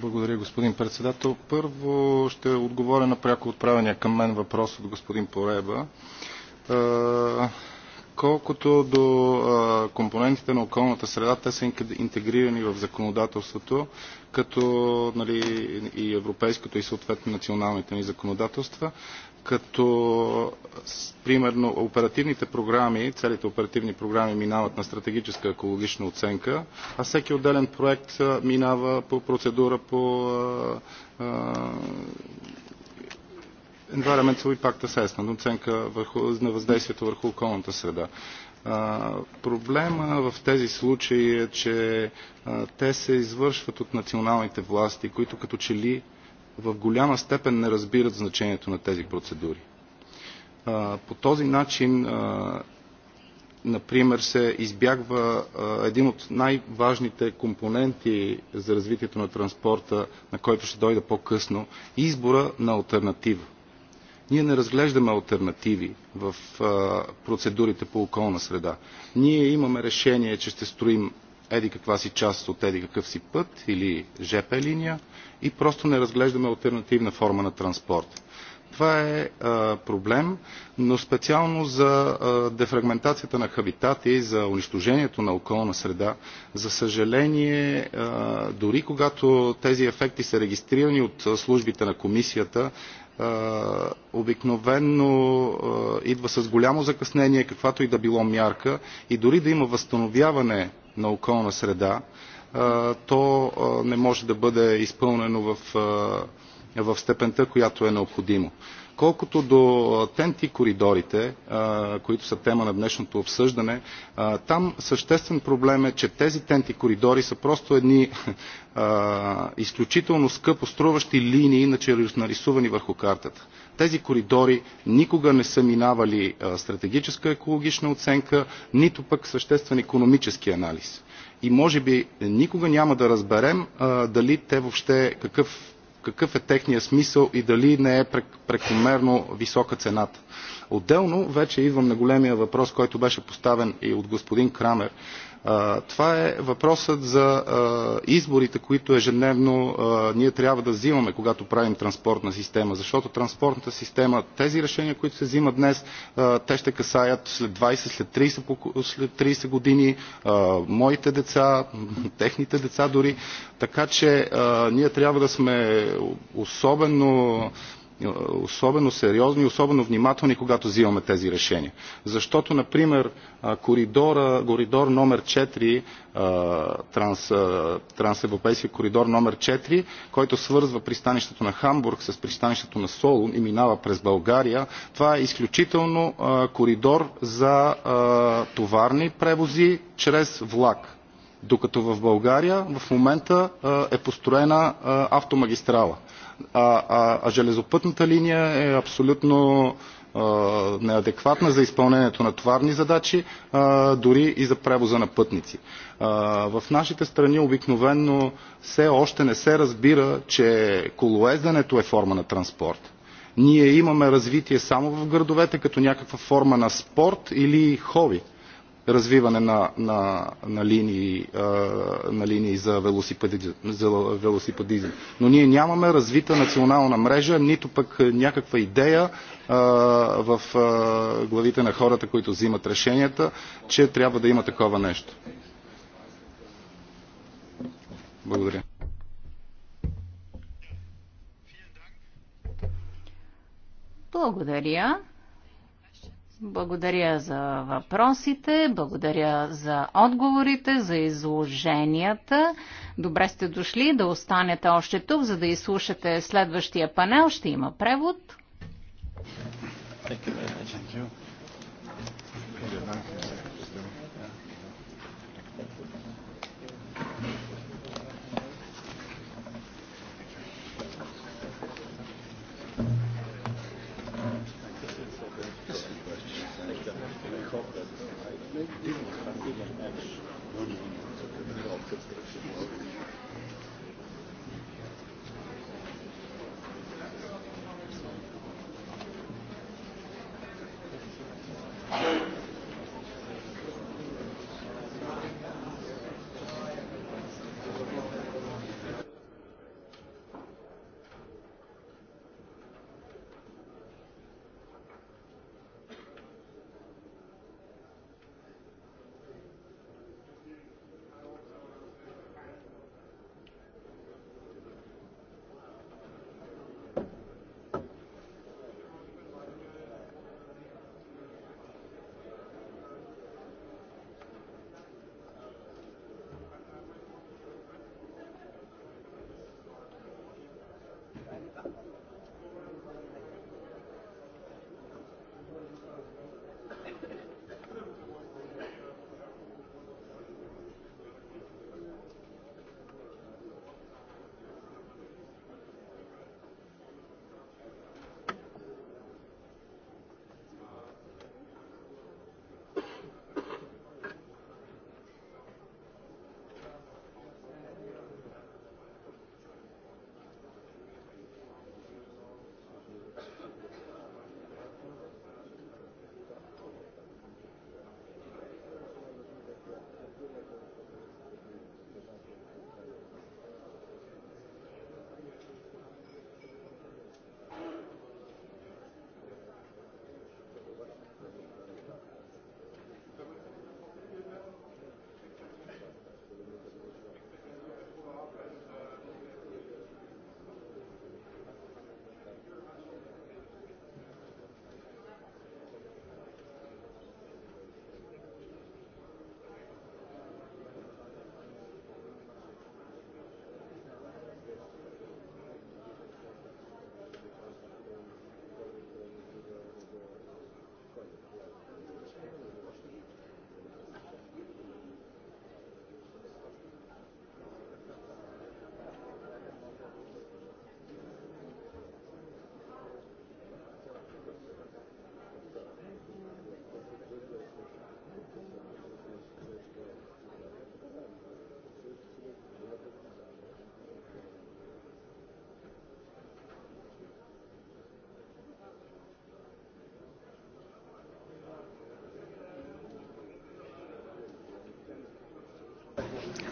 Благодаря, господин председател. Първо ще отговоря на пряко отправения към мен въпрос от господин Пореба Колкото до компонентите на околната среда, те са интегрирани в законодателството, като нали, и европейското и съответно националните ни законодателства, като примерно оперативните програми, целите оперативни програми минават на стратегическа екологична оценка, а всеки отделен проект минава по процедура по а, а, environmental Impact Assessment, оценка върху, на въздействието върху околната среда. А, проблема в тези случаи е, че а, те се извършват от националните власти, които като че ли в голяма степен не разбират значението на тези процедури. А, по този начин например, се избягва един от най-важните компоненти за развитието на транспорта, на който ще дойда по-късно, избора на альтернатива. Ние не разглеждаме альтернативи в процедурите по околна среда. Ние имаме решение, че ще строим еди каква си част от еди какъв си път или ЖП линия и просто не разглеждаме альтернативна форма на транспорт. Това е а, проблем, но специално за а, дефрагментацията на хабитати и за унищожението на околна среда, за съжаление, а, дори когато тези ефекти са регистрирани от службите на комисията, е, обикновенно е, идва с голямо закъснение, каквато и да било мярка и дори да има възстановяване на околна среда, е, то не може да бъде изпълнено в, в степента, която е необходимо. Колкото до тенти коридорите, които са тема на днешното обсъждане, там съществен проблем е, че тези тенти коридори са просто едни изключително скъпо струващи линии, нарисувани върху картата. Тези коридори никога не са минавали стратегическа екологична оценка, нито пък съществен економически анализ. И може би никога няма да разберем дали те въобще какъв какъв е техният смисъл и дали не е прекомерно висока цената. Отделно вече идвам на големия въпрос, който беше поставен и от господин Крамер това е въпросът за изборите, които ежедневно ние трябва да взимаме, когато правим транспортна система. Защото транспортната система, тези решения, които се взимат днес, те ще касаят след 20, след 30, след 30 години моите деца, техните деца дори. Така че ние трябва да сме особено е, особено сериозни и особено внимателни, когато взимаме тези решения. Защото, например, е, коридора, коридор номер 4, е, транс, трансевропейски коридор номер 4, който свързва пристанището на Хамбург с пристанището на Солун и минава през България, това е изключително коридор за товарни превози чрез влак. Докато в България в момента е построена автомагистрала а, а, а железопътната линия е абсолютно а, неадекватна за изпълнението на товарни задачи, а, дори и за превоза на пътници. А, в нашите страни обикновенно все още не се разбира, че колоезденето е форма на транспорт ние имаме развитие само в градовете като някаква форма на спорт или хоби развиване на, на, на, линии, на линии за, велосипедизъм, за велосипедизъм. Но ние нямаме развита национална мрежа, нито пък някаква идея в главите на хората, които взимат решенията, че трябва да има такова нещо. Благодаря. Благодаря. Благодаря за въпросите, благодаря за отговорите, за изложенията. Добре сте дошли да останете още тук, за да изслушате следващия панел. Ще има превод. Thank you very much. Thank you.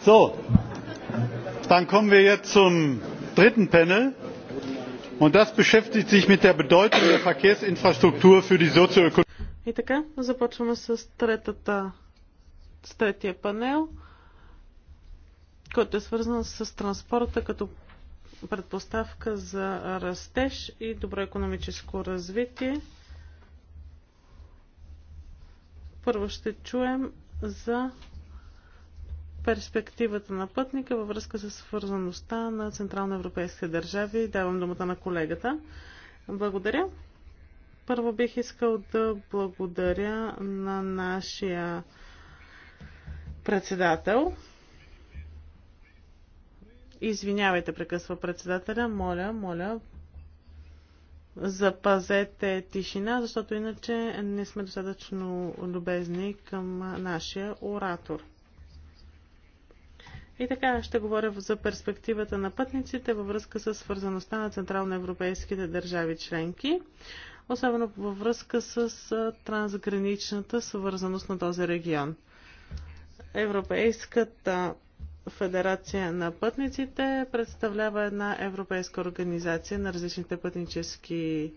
So, dann kommen wir jetzt zum dritten Panel. Und das beschäftigt sich mit der Bedeutung der Verkehrsinfrastruktur für die sozioökonomische. И така, започваме с, третата, с третия панел, който е свързан с транспорта като предпоставка за растеж и добро економическо развитие. Първо ще чуем за перспективата на пътника във връзка с свързаността на централноевропейските държави. Давам думата на колегата. Благодаря. Първо бих искал да благодаря на нашия председател. Извинявайте, прекъсва председателя. Моля, моля, запазете тишина, защото иначе не сме достатъчно любезни към нашия оратор. И така ще говоря за перспективата на пътниците във връзка с свързаността на централноевропейските държави членки, особено във връзка с трансграничната свързаност на този регион. Европейската Федерация на пътниците представлява една европейска организация на различните пътнически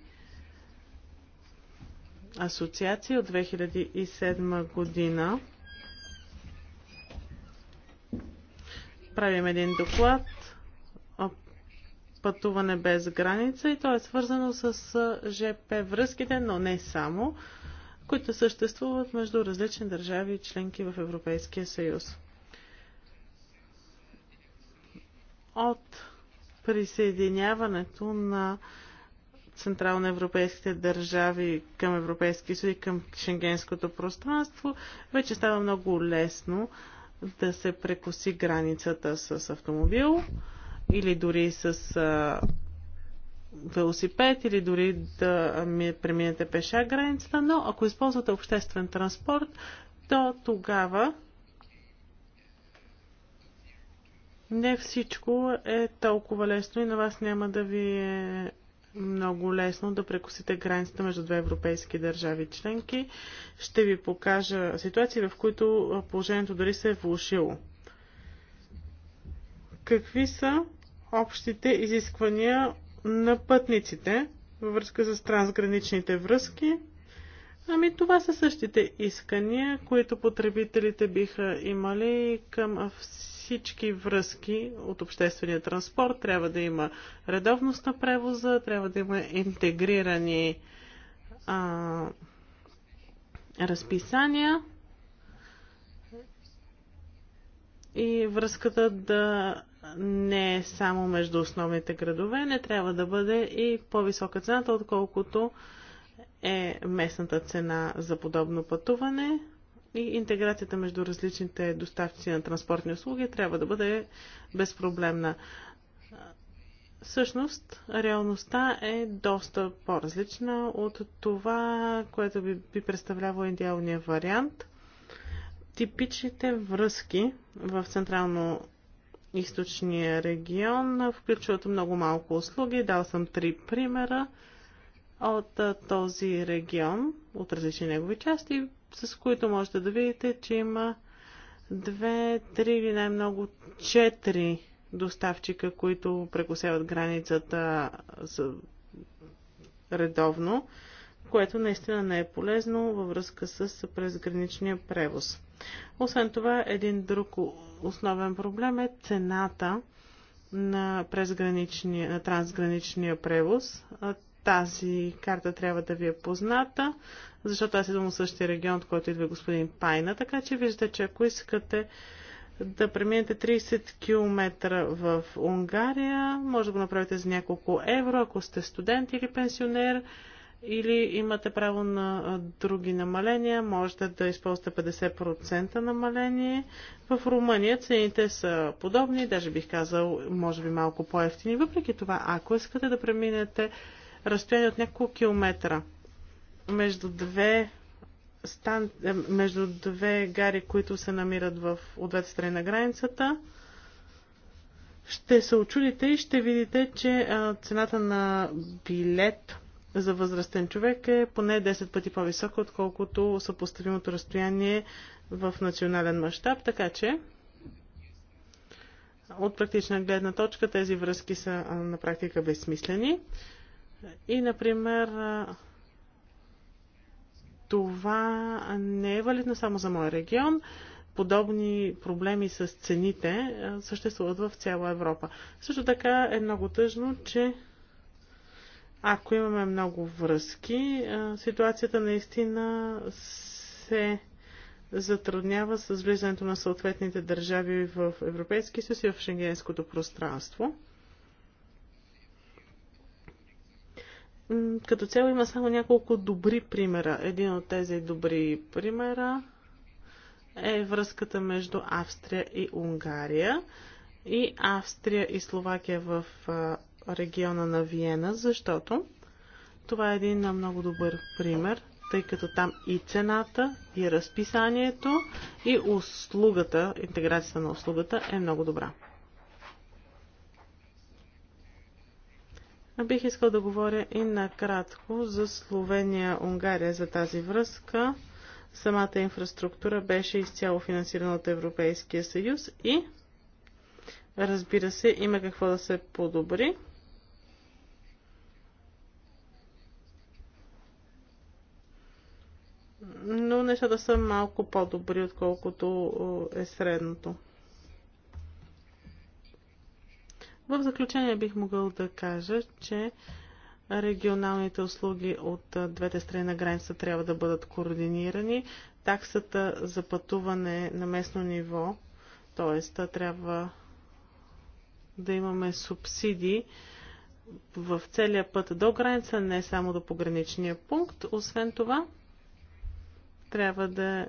асоциации от 2007 година. правим един доклад пътуване без граница и то е свързано с ЖП връзките, но не само, които съществуват между различни държави и членки в Европейския съюз. От присъединяването на централноевропейските държави към Европейския съюз и към Шенгенското пространство, вече става много лесно да се прекоси границата с автомобил или дори с а, велосипед или дори да преминете пеша границата, но ако използвате обществен транспорт, то тогава не всичко е толкова лесно и на вас няма да ви е много лесно да прекусите границата между две европейски държави членки. Ще ви покажа ситуации, в които положението дори се е влушило. Какви са общите изисквания на пътниците във връзка с трансграничните връзки? Ами това са същите искания, които потребителите биха имали към всички всички връзки от обществения транспорт. Трябва да има редовност на превоза, трябва да има интегрирани а, разписания и връзката да не е само между основните градове, не трябва да бъде и по-висока цената, отколкото е местната цена за подобно пътуване и интеграцията между различните доставчици на транспортни услуги трябва да бъде безпроблемна. Всъщност, реалността е доста по-различна от това, което би, би представлявало идеалния вариант. Типичните връзки в Централно източния регион включват много малко услуги. Дал съм три примера от този регион, от различни негови части с които можете да видите, че има две, три или най-много четири доставчика, които прекосяват границата редовно, което наистина не е полезно във връзка с презграничния превоз. Освен това, един друг основен проблем е цената на, на трансграничния превоз. Тази карта трябва да ви е позната, защото аз идвам от същия регион, от който идва господин Пайна, така че виждате, че ако искате да преминете 30 км в Унгария, може да го направите за няколко евро, ако сте студент или пенсионер или имате право на други намаления, можете да използвате 50% намаление. В Румъния цените са подобни, даже бих казал, може би малко по-ефтини. Въпреки това, ако искате да преминете разстояние от няколко километра между две стан... Е, между две гари, които се намират в от двете страни на границата. Ще се очудите и ще видите, че цената на билет за възрастен човек е поне 10 пъти по-висока, отколкото съпоставимото разстояние в национален мащаб. Така че, от практична гледна точка, тези връзки са на практика безсмислени. И, например, това не е валидно само за моя регион. Подобни проблеми с цените съществуват в цяла Европа. Също така е много тъжно, че ако имаме много връзки, ситуацията наистина се затруднява с влизането на съответните държави в Европейския съюз и в Шенгенското пространство. като цяло има само няколко добри примера. Един от тези добри примера е връзката между Австрия и Унгария и Австрия и Словакия в региона на Виена, защото това е един много добър пример, тъй като там и цената, и разписанието, и услугата, интеграцията на услугата е много добра. Бих искал да говоря и накратко за Словения-Унгария за тази връзка. Самата инфраструктура беше изцяло финансирана от Европейския съюз и разбира се, има какво да се подобри. Но нещата са малко по-добри, отколкото е средното. В заключение бих могъл да кажа, че регионалните услуги от двете страни на граница трябва да бъдат координирани. Таксата за пътуване на местно ниво, т.е. трябва да имаме субсидии в целия път до граница, не само до пограничния пункт. Освен това, трябва да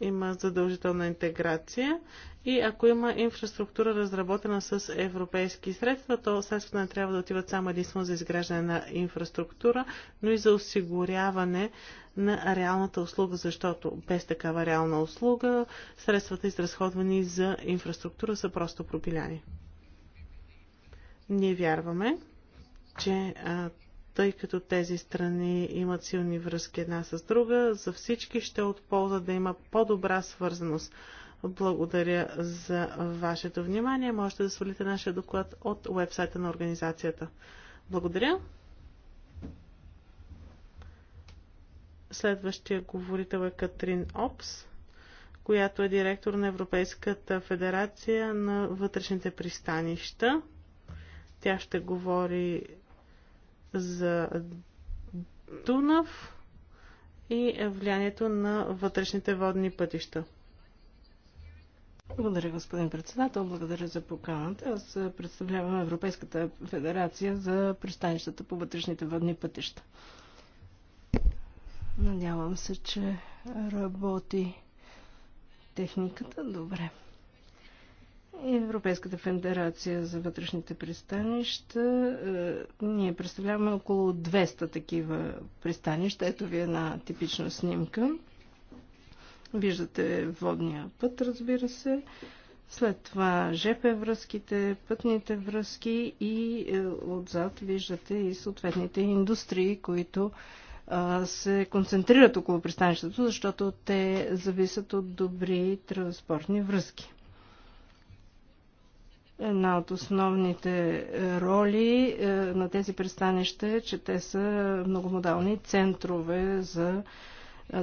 има задължителна интеграция и ако има инфраструктура разработена с европейски средства, то средствата не трябва да отиват само единствено за изграждане на инфраструктура, но и за осигуряване на реалната услуга, защото без такава реална услуга средствата изразходвани за инфраструктура са просто пропиляни. Ние вярваме, че а, тъй като тези страни имат силни връзки една с друга. За всички ще е от полза да има по-добра свързаност. Благодаря за вашето внимание. Можете да свалите нашия доклад от вебсайта на организацията. Благодаря. Следващия говорител е Катрин Опс, която е директор на Европейската федерация на вътрешните пристанища. Тя ще говори за Дунав и влиянието на вътрешните водни пътища. Благодаря, господин председател. Благодаря за поканата. Аз представлявам Европейската федерация за пристанищата по вътрешните водни пътища. Надявам се, че работи техниката добре. Европейската федерация за вътрешните пристанища. Е, ние представляваме около 200 такива пристанища. Ето ви една типична снимка. Виждате водния път, разбира се. След това ЖП връзките, пътните връзки и е, отзад виждате и съответните индустрии, които се концентрират около пристанището, защото те зависят от добри транспортни връзки. Една от основните е, роли е, на тези пристанища е, че те са многомодални центрове за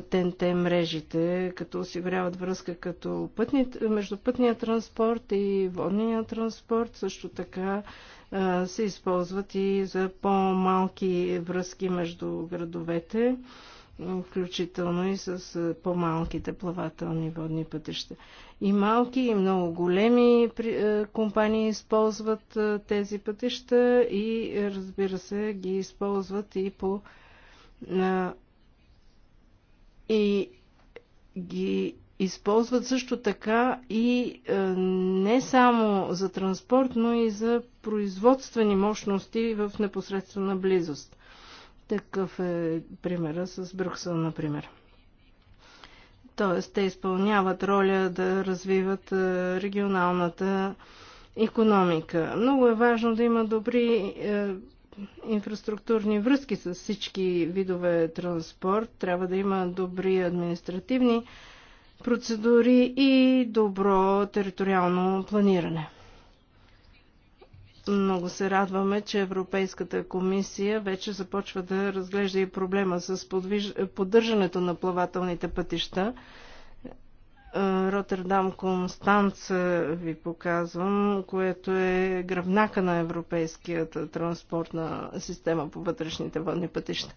ТНТ е, мрежите, като осигуряват връзка като пътни, между пътния транспорт и водния транспорт. Също така се използват и за по-малки връзки между градовете включително и с по-малките плавателни водни пътища. И малки, и много големи компании използват тези пътища и разбира се ги използват и по и ги използват също така и не само за транспорт, но и за производствени мощности в непосредствена близост. Такъв е примера с Брюксел, например. Тоест, те изпълняват роля да развиват е, регионалната економика. Много е важно да има добри е, инфраструктурни връзки с всички видове транспорт. Трябва да има добри административни процедури и добро териториално планиране. Много се радваме, че Европейската комисия вече започва да разглежда и проблема с подвиж... поддържането на плавателните пътища. Е, Роттердам Констанц ви показвам, което е гръбнака на европейската транспортна система по вътрешните водни пътища.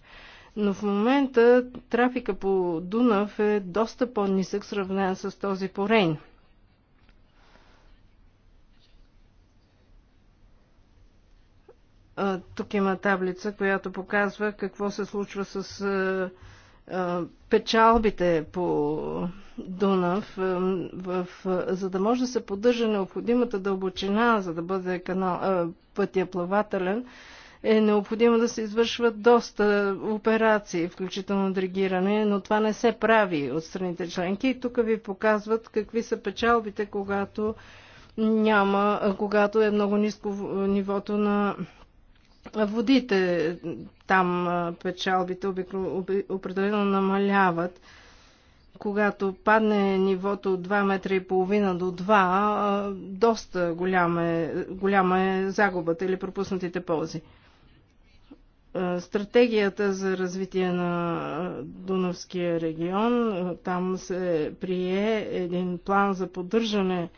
Но в момента трафика по Дунав е доста по-нисък, сравнен с този по Рейн. Тук има таблица, която показва какво се случва с печалбите по Дунав, в, за да може да се поддържа необходимата дълбочина, за да бъде канал, пътя плавателен, е необходимо да се извършват доста операции, включително дрегиране, но това не се прави от страните членки. И тук ви показват какви са печалбите, когато няма, когато е много ниско нивото на водите. Там печалбите определено намаляват. Когато падне нивото от 2 метра и половина до 2, доста голяма е, голяма е загубата или пропуснатите ползи. Стратегията за развитие на Дунавския регион, там се прие един план за поддържане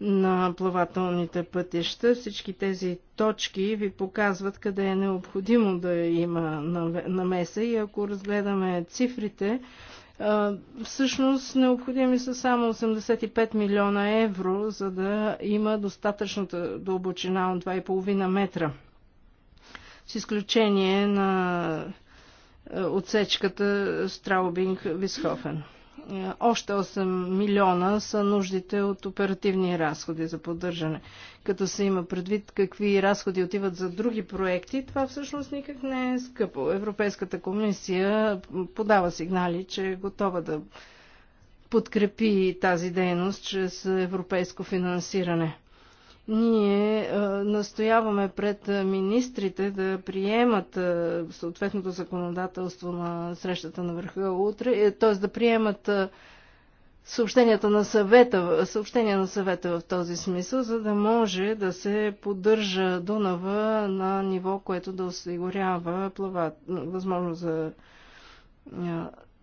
на плавателните пътища. Всички тези точки ви показват къде е необходимо да има намеса и ако разгледаме цифрите, всъщност необходими са само 85 милиона евро, за да има достатъчната дълбочина от 2,5 метра. С изключение на отсечката Страубинг-Висхофен. Е, още 8 милиона са нуждите от оперативни разходи за поддържане. Като се има предвид какви разходи отиват за други проекти, това всъщност никак не е скъпо. Европейската комисия подава сигнали, че е готова да подкрепи тази дейност чрез европейско финансиране. Ние е, настояваме пред е, министрите да приемат е, съответното законодателство на срещата на върха утре, т.е. да приемат съобщенията на съвета, съобщения на съвета в този смисъл, за да може да се поддържа Дунава на ниво, което да осигурява плава, възможност за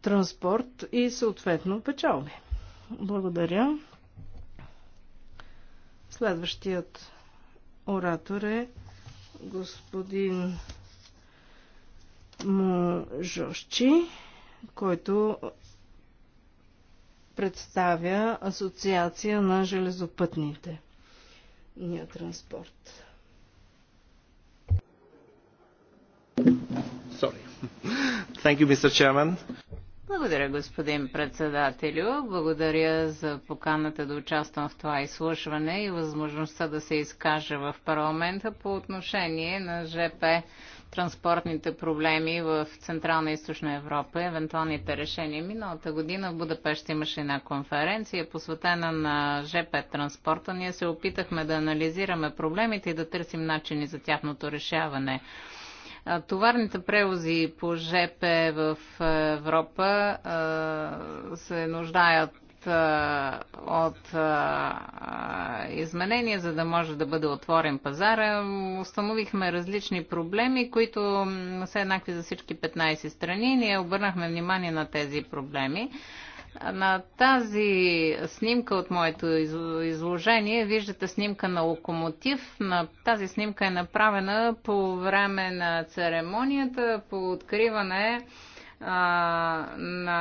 транспорт и съответно печалби. Благодаря. Следващият оратор е господин Можощи, който представя Асоциация на железопътните ния транспорт. Sorry. Thank you, Mr. Chairman. Благодаря, господин председателю. Благодаря за поканата да участвам в това изслушване и възможността да се изкажа в парламента по отношение на ЖП транспортните проблеми в Централна и Източна Европа, и евентуалните решения. Миналата година в Будапешт имаше една конференция, посветена на ЖП транспорта. Ние се опитахме да анализираме проблемите и да търсим начини за тяхното решаване. Товарните превози по ЖП в Европа се нуждаят от изменения, за да може да бъде отворен пазара. Установихме различни проблеми, които са еднакви за всички 15 страни. Ние обърнахме внимание на тези проблеми. На тази снимка от моето изложение виждате снимка на локомотив. На тази снимка е направена по време на церемонията по откриване на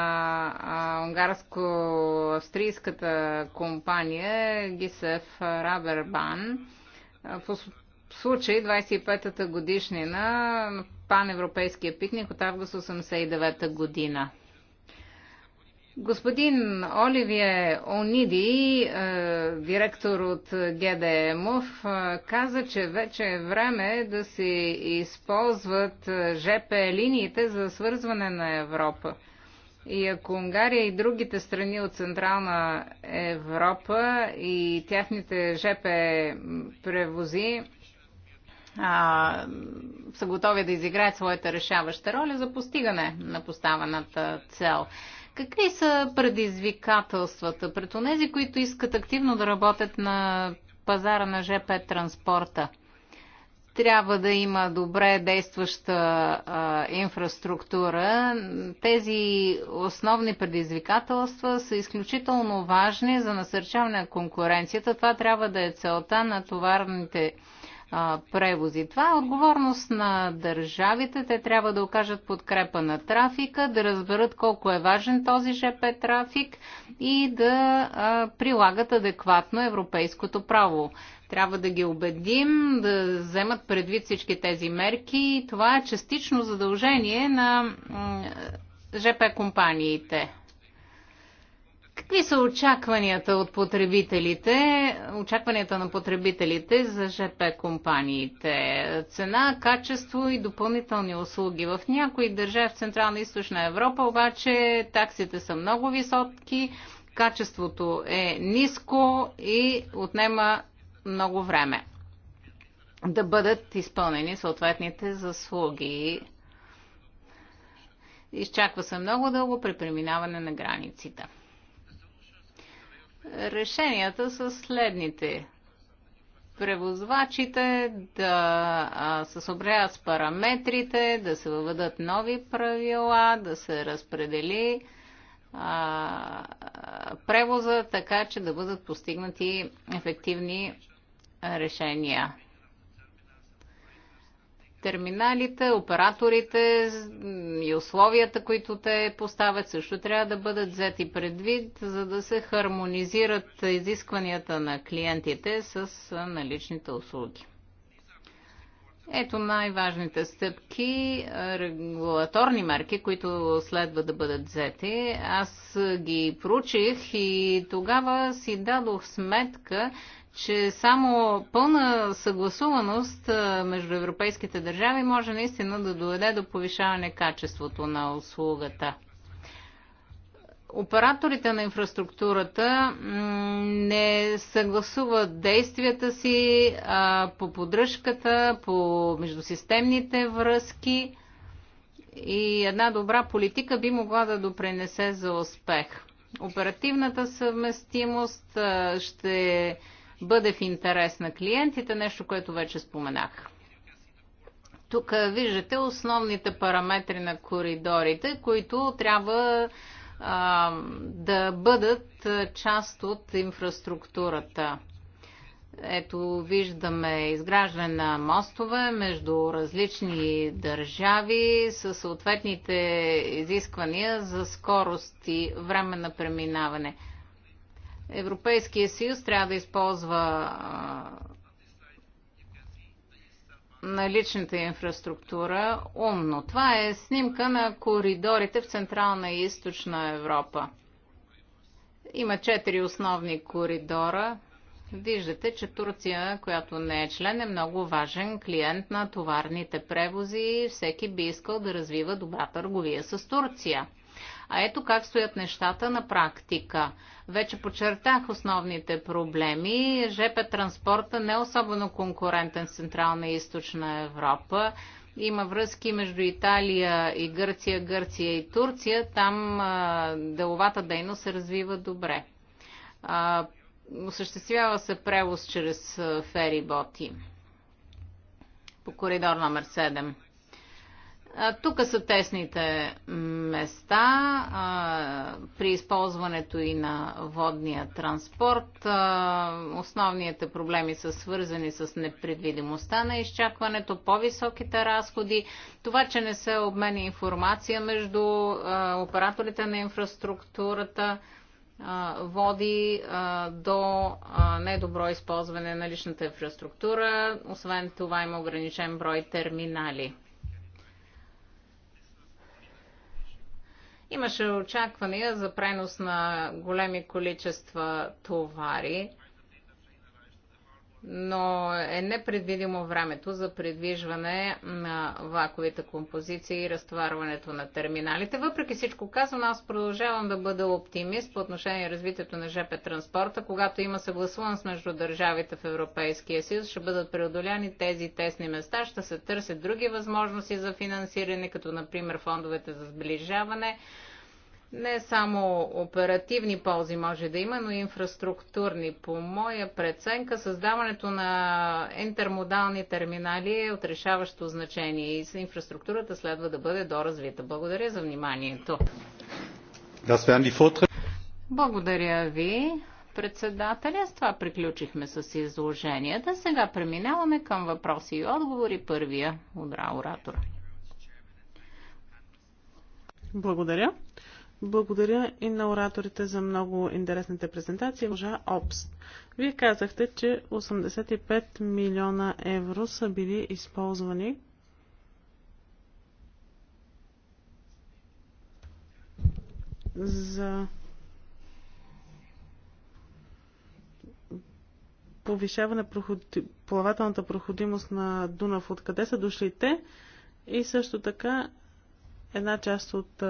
унгарско-австрийската компания Гисев Рабербан. В случай 25-та годишнина на паневропейския пикник от август 89-та година. Господин Оливие Ониди, е, директор от ГДМОВ, е, каза, че вече е време да се използват е, ЖП линиите за свързване на Европа. И ако Унгария и другите страни от Централна Европа и тяхните ЖП превози а, са готови да изиграят своята решаваща роля за постигане на поставената цел. Какви са предизвикателствата пред онези, които искат активно да работят на пазара на ЖП транспорта? трябва да има добре действаща а, инфраструктура. Тези основни предизвикателства са изключително важни за насърчаване на конкуренцията. Това трябва да е целта на товарните а, превози. Това е отговорност на държавите. Те трябва да окажат подкрепа на трафика, да разберат колко е важен този ЖП трафик и да а, прилагат адекватно европейското право. Трябва да ги убедим да вземат предвид всички тези мерки. Това е частично задължение на ЖП компаниите. Какви са очакванията от потребителите, очакванията на потребителите за ЖП компаниите? Цена, качество и допълнителни услуги. В някои държави в Централна и Източна Европа обаче таксите са много високи, качеството е ниско и отнема много време да бъдат изпълнени съответните заслуги. Изчаква се много дълго при преминаване на границите. Решенията са следните. Превозвачите да се съобразят с параметрите, да се въведат нови правила, да се разпредели а, превоза, така че да бъдат постигнати ефективни решения терминалите, операторите и условията, които те поставят, също трябва да бъдат взети предвид, за да се хармонизират изискванията на клиентите с наличните услуги. Ето най-важните стъпки, регулаторни мерки, които следва да бъдат взети. Аз ги проучих и тогава си дадох сметка, че само пълна съгласуваност между европейските държави може наистина да доведе до повишаване качеството на услугата. Операторите на инфраструктурата не съгласуват действията си по поддръжката, по междусистемните връзки и една добра политика би могла да допренесе за успех. Оперативната съвместимост ще бъде в интерес на клиентите, нещо, което вече споменах. Тук виждате основните параметри на коридорите, които трябва а, да бъдат част от инфраструктурата. Ето виждаме изграждане на мостове между различни държави със съответните изисквания за скорост и време на преминаване – Европейския съюз трябва да използва наличната инфраструктура умно. Това е снимка на коридорите в Централна и Източна Европа. Има четири основни коридора. Виждате, че Турция, която не е член, е много важен клиент на товарните превози и всеки би искал да развива добра търговия с Турция. А ето как стоят нещата на практика. Вече почертах основните проблеми. ЖП транспорта не е особено конкурентен в Централна и Източна Европа. Има връзки между Италия и Гърция, Гърция и Турция. Там а, деловата дейност се развива добре. А, осъществява се превоз чрез фериботи по коридор номер 7. Тук са тесните места а, при използването и на водния транспорт. А, основните проблеми са свързани с непредвидимостта на изчакването, по-високите разходи, това, че не се обменя информация между а, операторите на инфраструктурата води до недобро използване на личната инфраструктура. Освен това има ограничен брой терминали. Имаше очаквания за пренос на големи количества товари но е непредвидимо времето за предвижване на ваковите композиции и разтоварването на терминалите. Въпреки всичко казано, аз продължавам да бъда оптимист по отношение на развитието на ЖП транспорта. Когато има съгласуваност между държавите в Европейския съюз, ще бъдат преодоляни тези тесни места, ще се търсят други възможности за финансиране, като например фондовете за сближаване не само оперативни ползи може да има, но и инфраструктурни. По моя преценка, създаването на интермодални терминали е от решаващо значение и инфраструктурата следва да бъде доразвита. Благодаря за вниманието. Благодаря ви, председателя. С това приключихме с изложенията. Сега преминаваме към въпроси и отговори. Първия удра оратора. Благодаря. Благодаря и на ораторите за много интересните презентации. Можа Обст. Вие казахте, че 85 милиона евро са били използвани за повишаване проходи... плавателната проходимост на Дунав. Откъде са дошли те? И също така една част от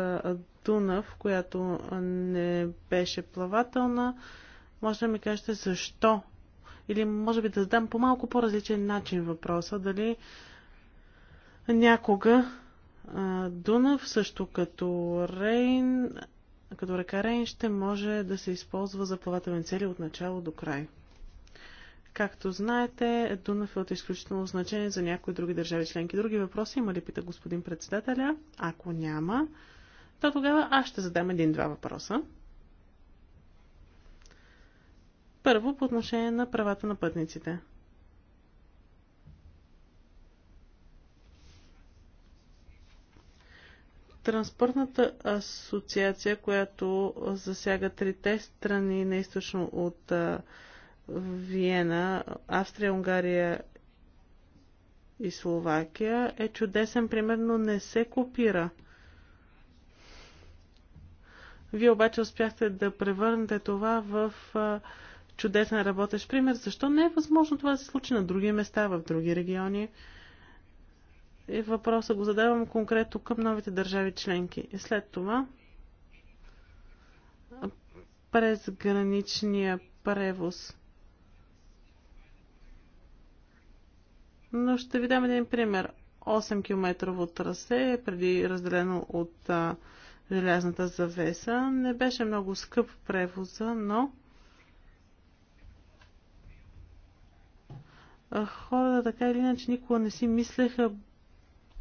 Дунав, която не беше плавателна. Може да ми кажете защо? Или може би да задам по малко по-различен начин въпроса, дали някога а, Дунав, също като Рейн, като река Рейн ще може да се използва за плавателни цели от начало до край. Както знаете, Дунав е от изключително значение за някои други държави членки. Други въпроси има ли, пита господин председателя? Ако няма, то тогава аз ще задам един-два въпроса. Първо, по отношение на правата на пътниците. Транспортната асоциация, която засяга трите страни на източно от Виена, Австрия, Унгария и Словакия, е чудесен пример, но не се копира. Вие обаче успяхте да превърнете това в чудесен работещ пример. Защо не е възможно това да се случи на други места, в други региони? И въпроса го задавам конкретно към новите държави членки. И след това през граничния превоз. Но ще ви дам един пример. 8 км трасе е преди разделено от желязната завеса. Не беше много скъп превоза, но хората така или иначе никога не си мислеха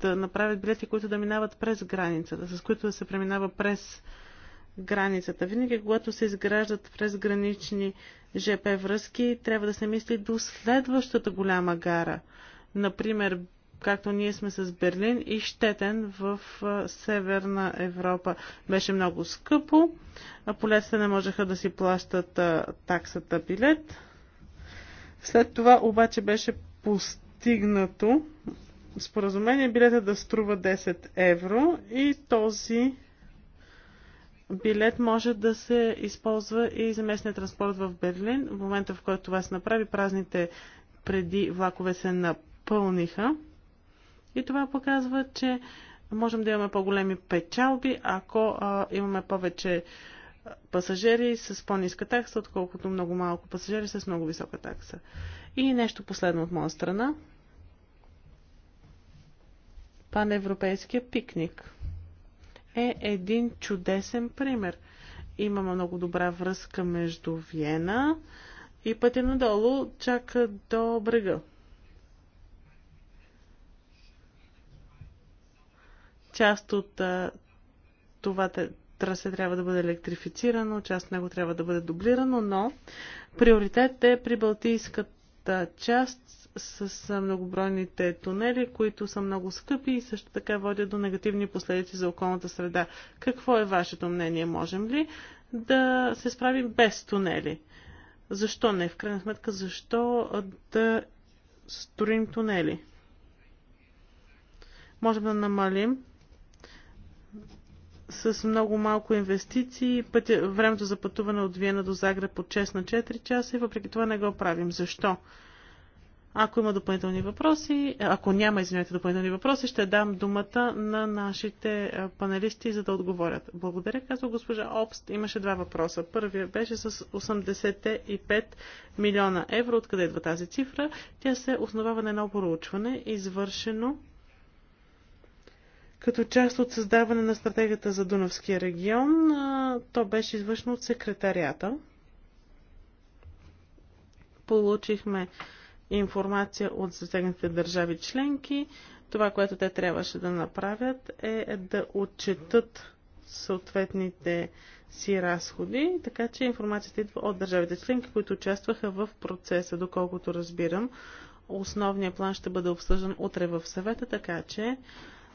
да направят билети, които да минават през границата, с които да се преминава през границата. Винаги, когато се изграждат през гранични ЖП връзки, трябва да се мисли до следващата голяма гара. Например, както ние сме с Берлин и Щетен в Северна Европа. Беше много скъпо, а полеците не можеха да си плащат таксата билет. След това обаче беше постигнато споразумение билета да струва 10 евро и този билет може да се използва и за местния транспорт в Берлин. В момента в който това се направи, празните преди влакове се напълниха. И това показва, че можем да имаме по-големи печалби, ако а, имаме повече пасажери с по-ниска такса, отколкото много малко пасажери с много висока такса. И нещо последно от моя страна. Паневропейския пикник е един чудесен пример. Имаме много добра връзка между Виена и пътя надолу, чака до брега. Част от а, това трасе трябва да бъде електрифицирано, част от него трябва да бъде дублирано, но приоритет е при Балтийската част с многобройните тунели, които са много скъпи и също така водят до негативни последици за околната среда. Какво е вашето мнение? Можем ли да се справим без тунели? Защо не? В крайна сметка, защо да строим тунели? Можем да намалим с много малко инвестиции. Пътя, времето за пътуване от Виена до Загреб от 6 на 4 часа и въпреки това не го правим. Защо? Ако има допълнителни въпроси, ако няма, извинете, допълнителни въпроси, ще дам думата на нашите панелисти, за да отговорят. Благодаря, казва госпожа Обст. Имаше два въпроса. Първият беше с 85 милиона евро. Откъде идва тази цифра? Тя се основава на едно проучване, извършено като част от създаване на стратегията за Дунавския регион, то беше извършено от секретарията. Получихме информация от засегнатите държави членки. Това, което те трябваше да направят е да отчетат съответните си разходи, така че информацията идва от държавите членки, които участваха в процеса, доколкото разбирам. Основният план ще бъде обсъждан утре в съвета, така че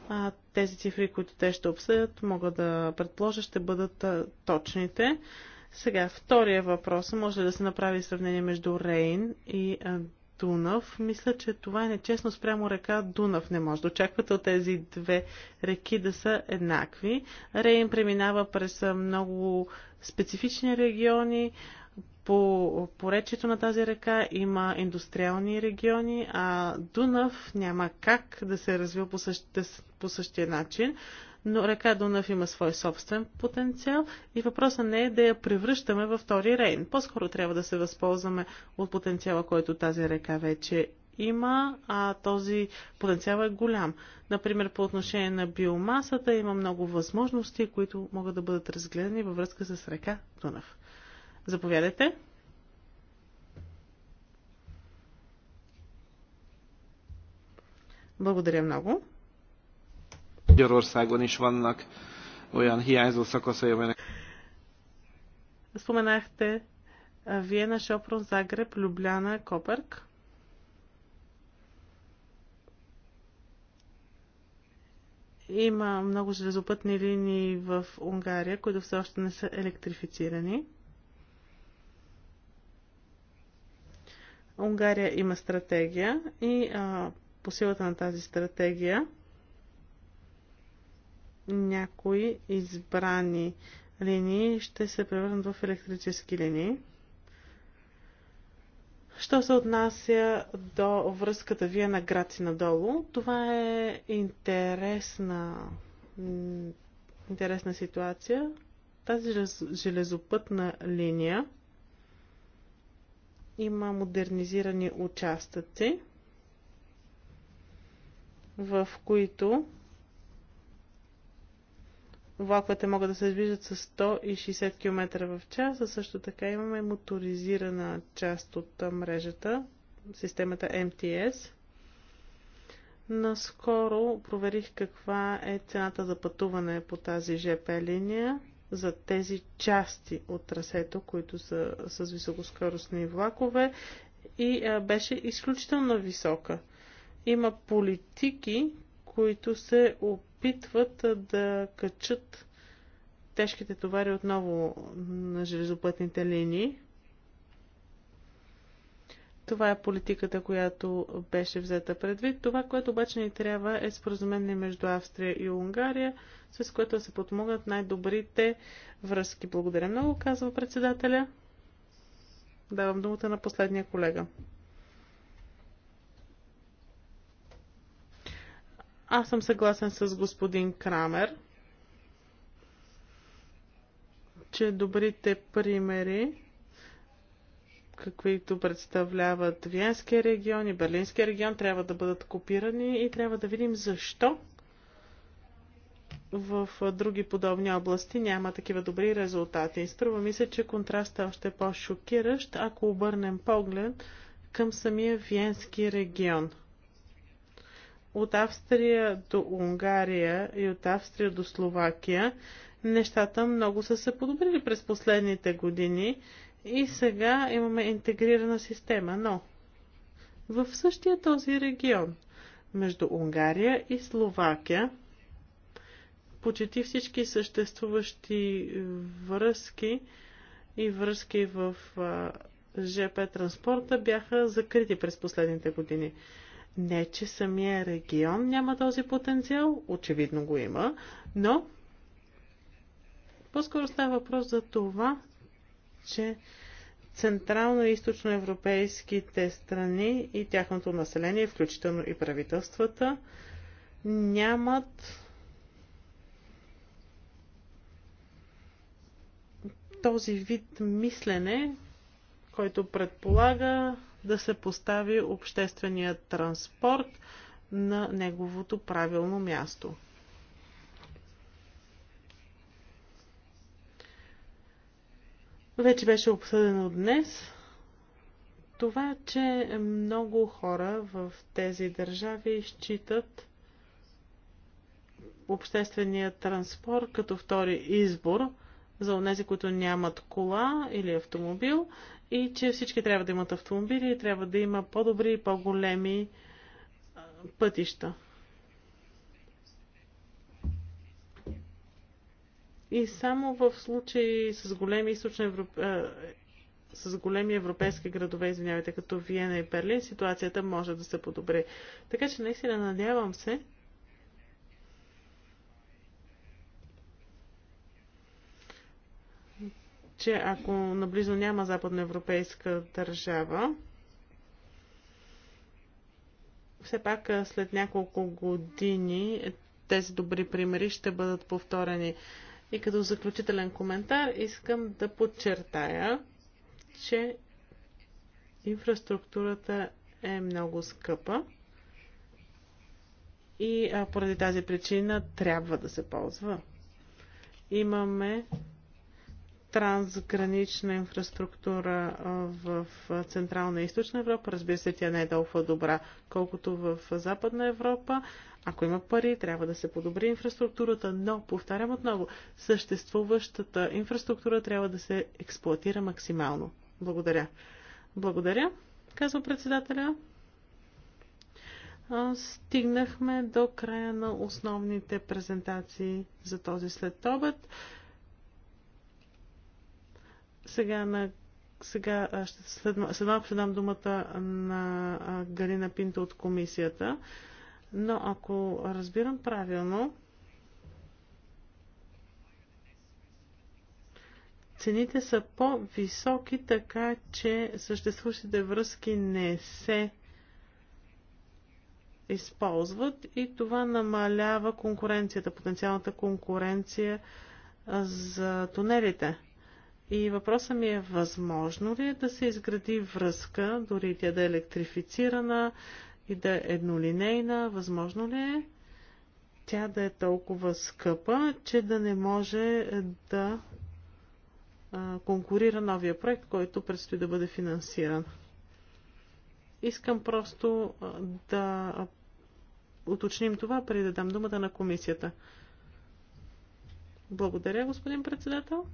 а, тези цифри, които те ще обсъдят, мога да предположа, ще бъдат а, точните. Сега, втория въпрос. Може ли да се направи сравнение между Рейн и а, Дунав? Мисля, че това е нечестно спрямо река Дунав. Не може да очаквате от тези две реки да са еднакви. Рейн преминава през много специфични региони. По поречието на тази река има индустриални региони, а Дунав няма как да се развива по, същ, по същия начин, но река Дунав има свой собствен потенциал и въпросът не е да я превръщаме във втори Рейн. По-скоро трябва да се възползваме от потенциала, който тази река вече има, а този потенциал е голям. Например, по отношение на биомасата има много възможности, които могат да бъдат разгледани във връзка с река Дунав. Заповядайте. Благодаря много. Magyarországon is vannak olyan hiányzó szakaszai, Споменахте Виена, Шопрон, Загреб, Любляна, Копърк. Има много железопътни линии в Унгария, които все още не са електрифицирани. Унгария има стратегия и а, по силата на тази стратегия някои избрани линии ще се превърнат в електрически линии. Що се отнася до връзката вие на град и надолу, това е интересна, интересна ситуация. Тази железопътна линия има модернизирани участъци, в които влаковете могат да се движат с 160 км в час, а също така имаме моторизирана част от мрежата, системата MTS. Наскоро проверих каква е цената за пътуване по тази ЖП линия за тези части от трасето, които са с високоскоростни влакове и а, беше изключително висока. Има политики, които се опитват да качат тежките товари отново на железопътните линии. Това е политиката, която беше взета предвид. Това, което обаче ни трябва е споразумение между Австрия и Унгария, с което се подмогнат най-добрите връзки. Благодаря много, казва председателя. Давам думата на последния колега. Аз съм съгласен с господин Крамер, че добрите примери каквито представляват Виенския регион и Берлинския регион, трябва да бъдат копирани и трябва да видим защо в други подобни области няма такива добри резултати. Струва ми се, че контрастът е още по-шокиращ, ако обърнем поглед към самия Виенски регион. От Австрия до Унгария и от Австрия до Словакия нещата много са се подобрили през последните години и сега имаме интегрирана система, но в същия този регион, между Унгария и Словакия, почти всички съществуващи връзки и връзки в ЖП транспорта бяха закрити през последните години. Не, че самия регион няма този потенциал, очевидно го има, но по-скоро става въпрос за това, че централно и източно европейските страни и тяхното население, включително и правителствата, нямат този вид мислене, който предполага да се постави обществения транспорт на неговото правилно място. вече беше обсъдено днес. Това, че много хора в тези държави считат обществения транспорт като втори избор за онези, които нямат кола или автомобил и че всички трябва да имат автомобили и трябва да има по-добри и по-големи пътища. И само в случаи с големи източни европ... с големи европейски градове, извинявайте, като Виена и Берлин, ситуацията може да се подобри. Така че наистина надявам се, че ако наблизо няма западноевропейска държава, все пак след няколко години тези добри примери ще бъдат повторени. И като заключителен коментар искам да подчертая, че инфраструктурата е много скъпа и а, поради тази причина трябва да се ползва. Имаме трансгранична инфраструктура в Централна и Източна Европа. Разбира се, тя не е толкова добра, колкото в Западна Европа, ако има пари, трябва да се подобри инфраструктурата, но, повтарям отново, съществуващата инфраструктура трябва да се експлуатира максимално. Благодаря. Благодаря, казва председателя. Стигнахме до края на основните презентации за този след обед. Сега на сега ще след, след малко ще дам думата на Галина Пинто от комисията. Но ако разбирам правилно, цените са по-високи, така че съществуващите връзки не се използват и това намалява конкуренцията, потенциалната конкуренция за тунелите. И въпросът ми е, възможно ли е да се изгради връзка, дори тя да е електрифицирана, и да е еднолинейна, възможно ли е тя да е толкова скъпа, че да не може да конкурира новия проект, който предстои да бъде финансиран. Искам просто да уточним това, преди да дам думата на комисията. Благодаря, господин председател.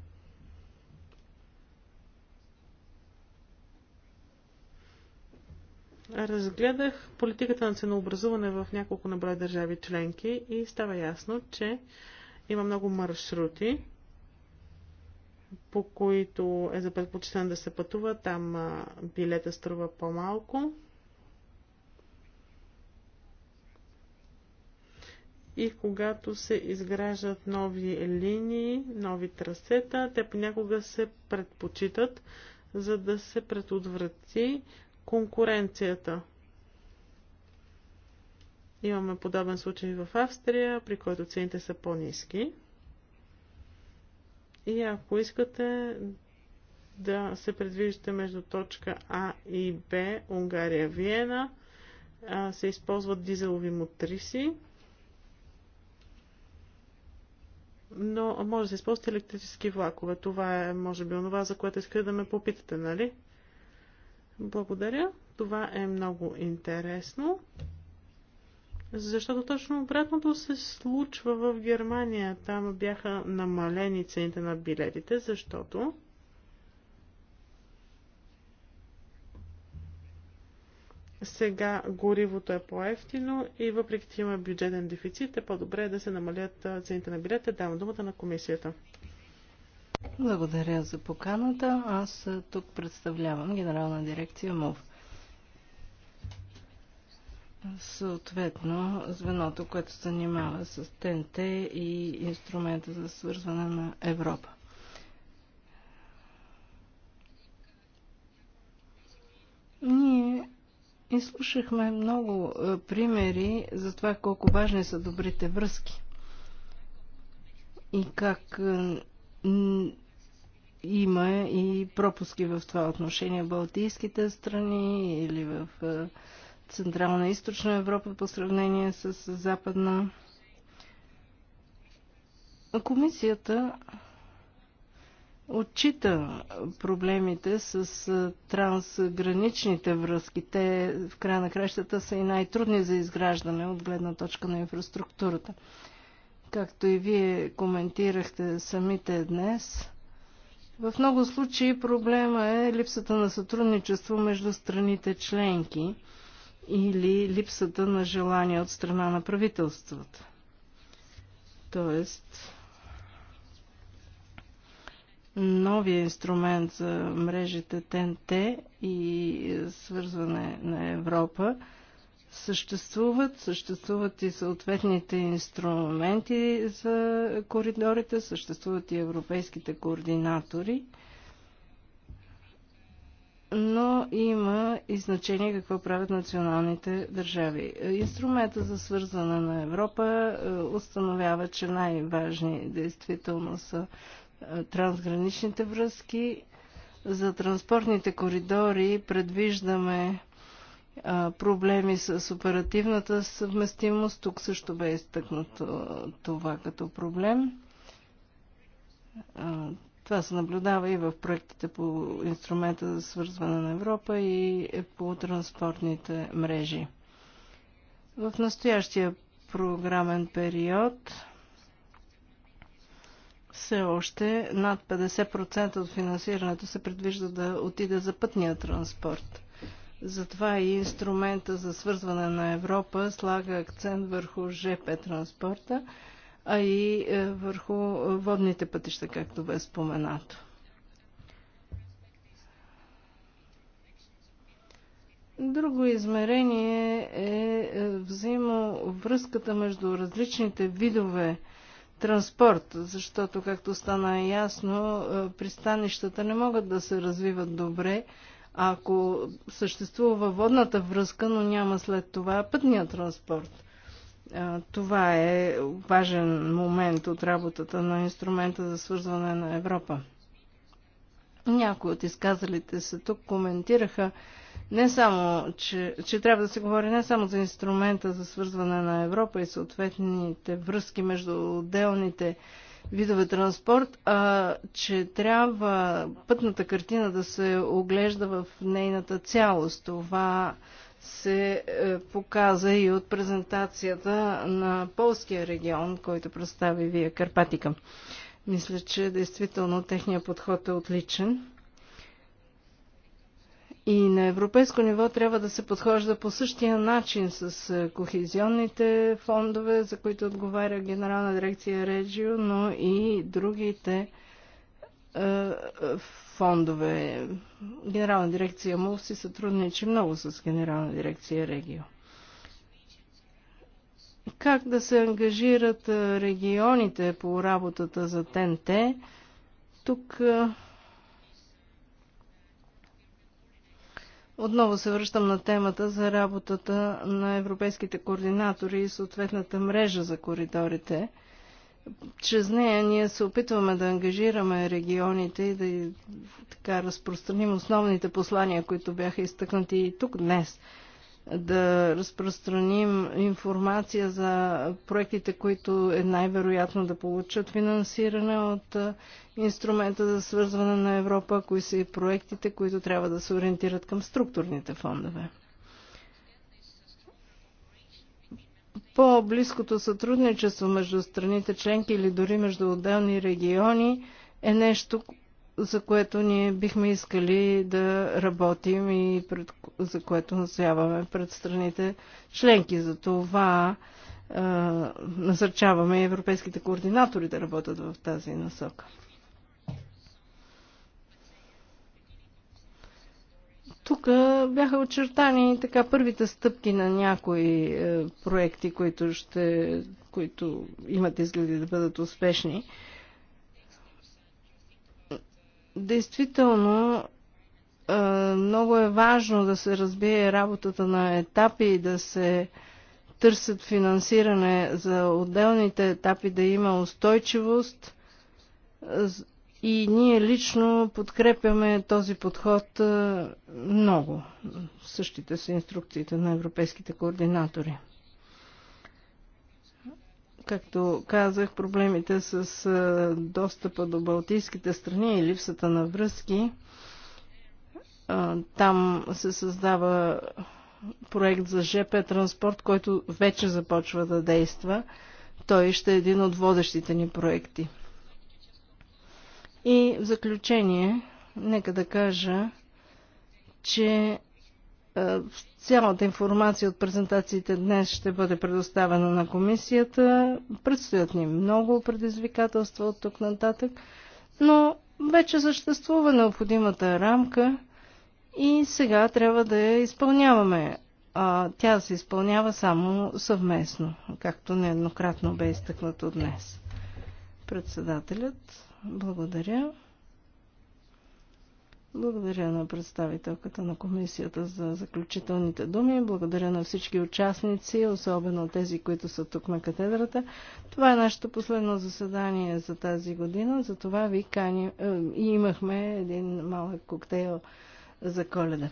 Разгледах политиката на ценообразуване в няколко наброя държави членки и става ясно, че има много маршрути, по които е за предпочитан да се пътува. Там билета струва по-малко. И когато се изграждат нови линии, нови трасета, те понякога се предпочитат, за да се предотврати конкуренцията. Имаме подобен случай в Австрия, при който цените са по-низки. И ако искате да се предвиждате между точка А и Б, Унгария, Виена, се използват дизелови мотриси, но може да се използват електрически влакове. Това е, може би, онова, за което искате да ме попитате, нали? Благодаря. Това е много интересно. Защото точно обратното се случва в Германия. Там бяха намалени цените на билетите, защото сега горивото е по-ефтино и въпреки, че има бюджетен дефицит, е по-добре да се намалят цените на билетите. Давам думата на комисията. Благодаря за поканата. Аз тук представлявам генерална дирекция МОВ. Съответно, звеното, което се занимава с ТНТ и инструмента за свързване на Европа. Ние изслушахме много примери за това колко важни са добрите връзки и как има и пропуски в това отношение. в Балтийските страни или в е, Централна и Източна Европа по сравнение с Западна. Комисията отчита проблемите с е, трансграничните връзки. Те в края на кращата са и най-трудни за изграждане от гледна точка на инфраструктурата както и вие коментирахте самите днес, в много случаи проблема е липсата на сътрудничество между страните членки или липсата на желание от страна на правителствата. Тоест, новия инструмент за мрежите ТНТ и свързване на Европа – съществуват, съществуват и съответните инструменти за коридорите, съществуват и европейските координатори, но има и значение какво правят националните държави. Инструмента за свързване на Европа е, установява, че най-важни действително са е, трансграничните връзки. За транспортните коридори предвиждаме проблеми с оперативната съвместимост. Тук също бе изтъкнато това като проблем. Това се наблюдава и в проектите по инструмента за свързване на Европа и по транспортните мрежи. В настоящия програмен период все още над 50% от финансирането се предвижда да отиде за пътния транспорт. Затова и инструмента за свързване на Европа слага акцент върху ЖП транспорта, а и е, върху водните пътища, както бе споменато. Друго измерение е, е взаимовръзката между различните видове транспорт, защото, както стана ясно, е, пристанищата не могат да се развиват добре ако съществува водната връзка, но няма след това пътния транспорт. Това е важен момент от работата на инструмента за свързване на Европа. Някои от изказалите се тук коментираха не само, че, че трябва да се говори не само за инструмента за свързване на Европа и съответните връзки между отделните видове транспорт, а че трябва пътната картина да се оглежда в нейната цялост. Това се е, показа и от презентацията на полския регион, който представи вие Карпатика. Мисля, че действително техният подход е отличен. И на европейско ниво трябва да се подхожда по същия начин с е, кохезионните фондове, за които отговаря Генерална дирекция Реджио, но и другите е, е фондове. Генерална дирекция МУЛ си сътрудничи много с Генерална дирекция Регио. Как да се ангажират е, регионите по работата за ТНТ? Тук е, Отново се връщам на темата за работата на европейските координатори и съответната мрежа за коридорите. Чрез нея ние се опитваме да ангажираме регионите и да така разпространим основните послания, които бяха изтъкнати и тук днес – да разпространим информация за проектите, които е най-вероятно да получат финансиране от инструмента за свързване на Европа, кои са и проектите, които трябва да се ориентират към структурните фондове. По-близкото сътрудничество между страните членки или дори между отделни региони е нещо, за което ние бихме искали да работим и пред, за което насяваме пред страните членки. За това е, насърчаваме европейските координатори да работят в тази насока. Тук бяха очертани така първите стъпки на някои е, проекти, които, ще, които имат изгледи да бъдат успешни. Е, Действително, много е важно да се разбие работата на етапи и да се търсят финансиране за отделните етапи, да има устойчивост. И ние лично подкрепяме този подход много. Същите са инструкциите на европейските координатори. Както казах, проблемите с достъпа до балтийските страни и липсата на връзки. Там се създава проект за ЖП транспорт, който вече започва да действа. Той ще е един от водещите ни проекти. И в заключение, нека да кажа, че е, цялата информация от презентациите днес ще бъде предоставена на комисията. Предстоят ни много предизвикателства от тук нататък, но вече съществува необходимата рамка и сега трябва да я изпълняваме. А, тя се изпълнява само съвместно, както нееднократно бе изтъкнато днес. Председателят, благодаря. Благодаря на представителката на комисията за заключителните думи. Благодаря на всички участници, особено тези, които са тук на катедрата. Това е нашето последно заседание за тази година, затова ви каним е, и имахме един малък коктейл за коледа.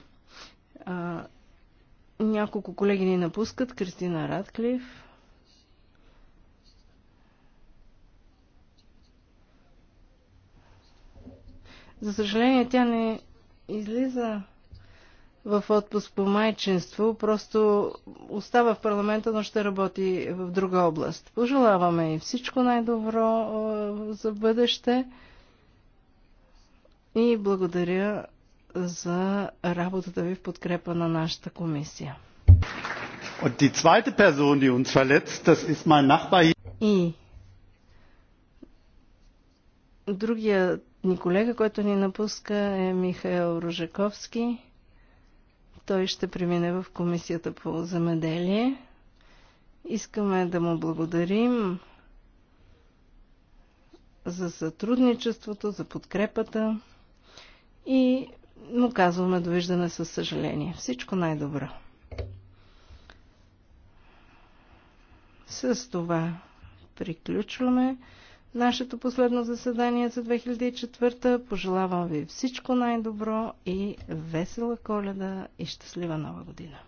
А, няколко колеги ни напускат. Кристина Радклиф, За съжаление, тя не излиза в отпуск по майчинство, просто остава в парламента, но ще работи в друга област. Пожелаваме и всичко най-добро за бъдеще и благодаря за работата ви в подкрепа на нашата комисия. И Другия ни колега, който ни напуска е Михаил Ружаковски. Той ще премине в Комисията по земеделие. Искаме да му благодарим за сътрудничеството, за подкрепата и му казваме довиждане със съжаление. Всичко най-добро. С това приключваме нашето последно заседание за 2004. Пожелавам ви всичко най-добро и весела коледа и щастлива нова година!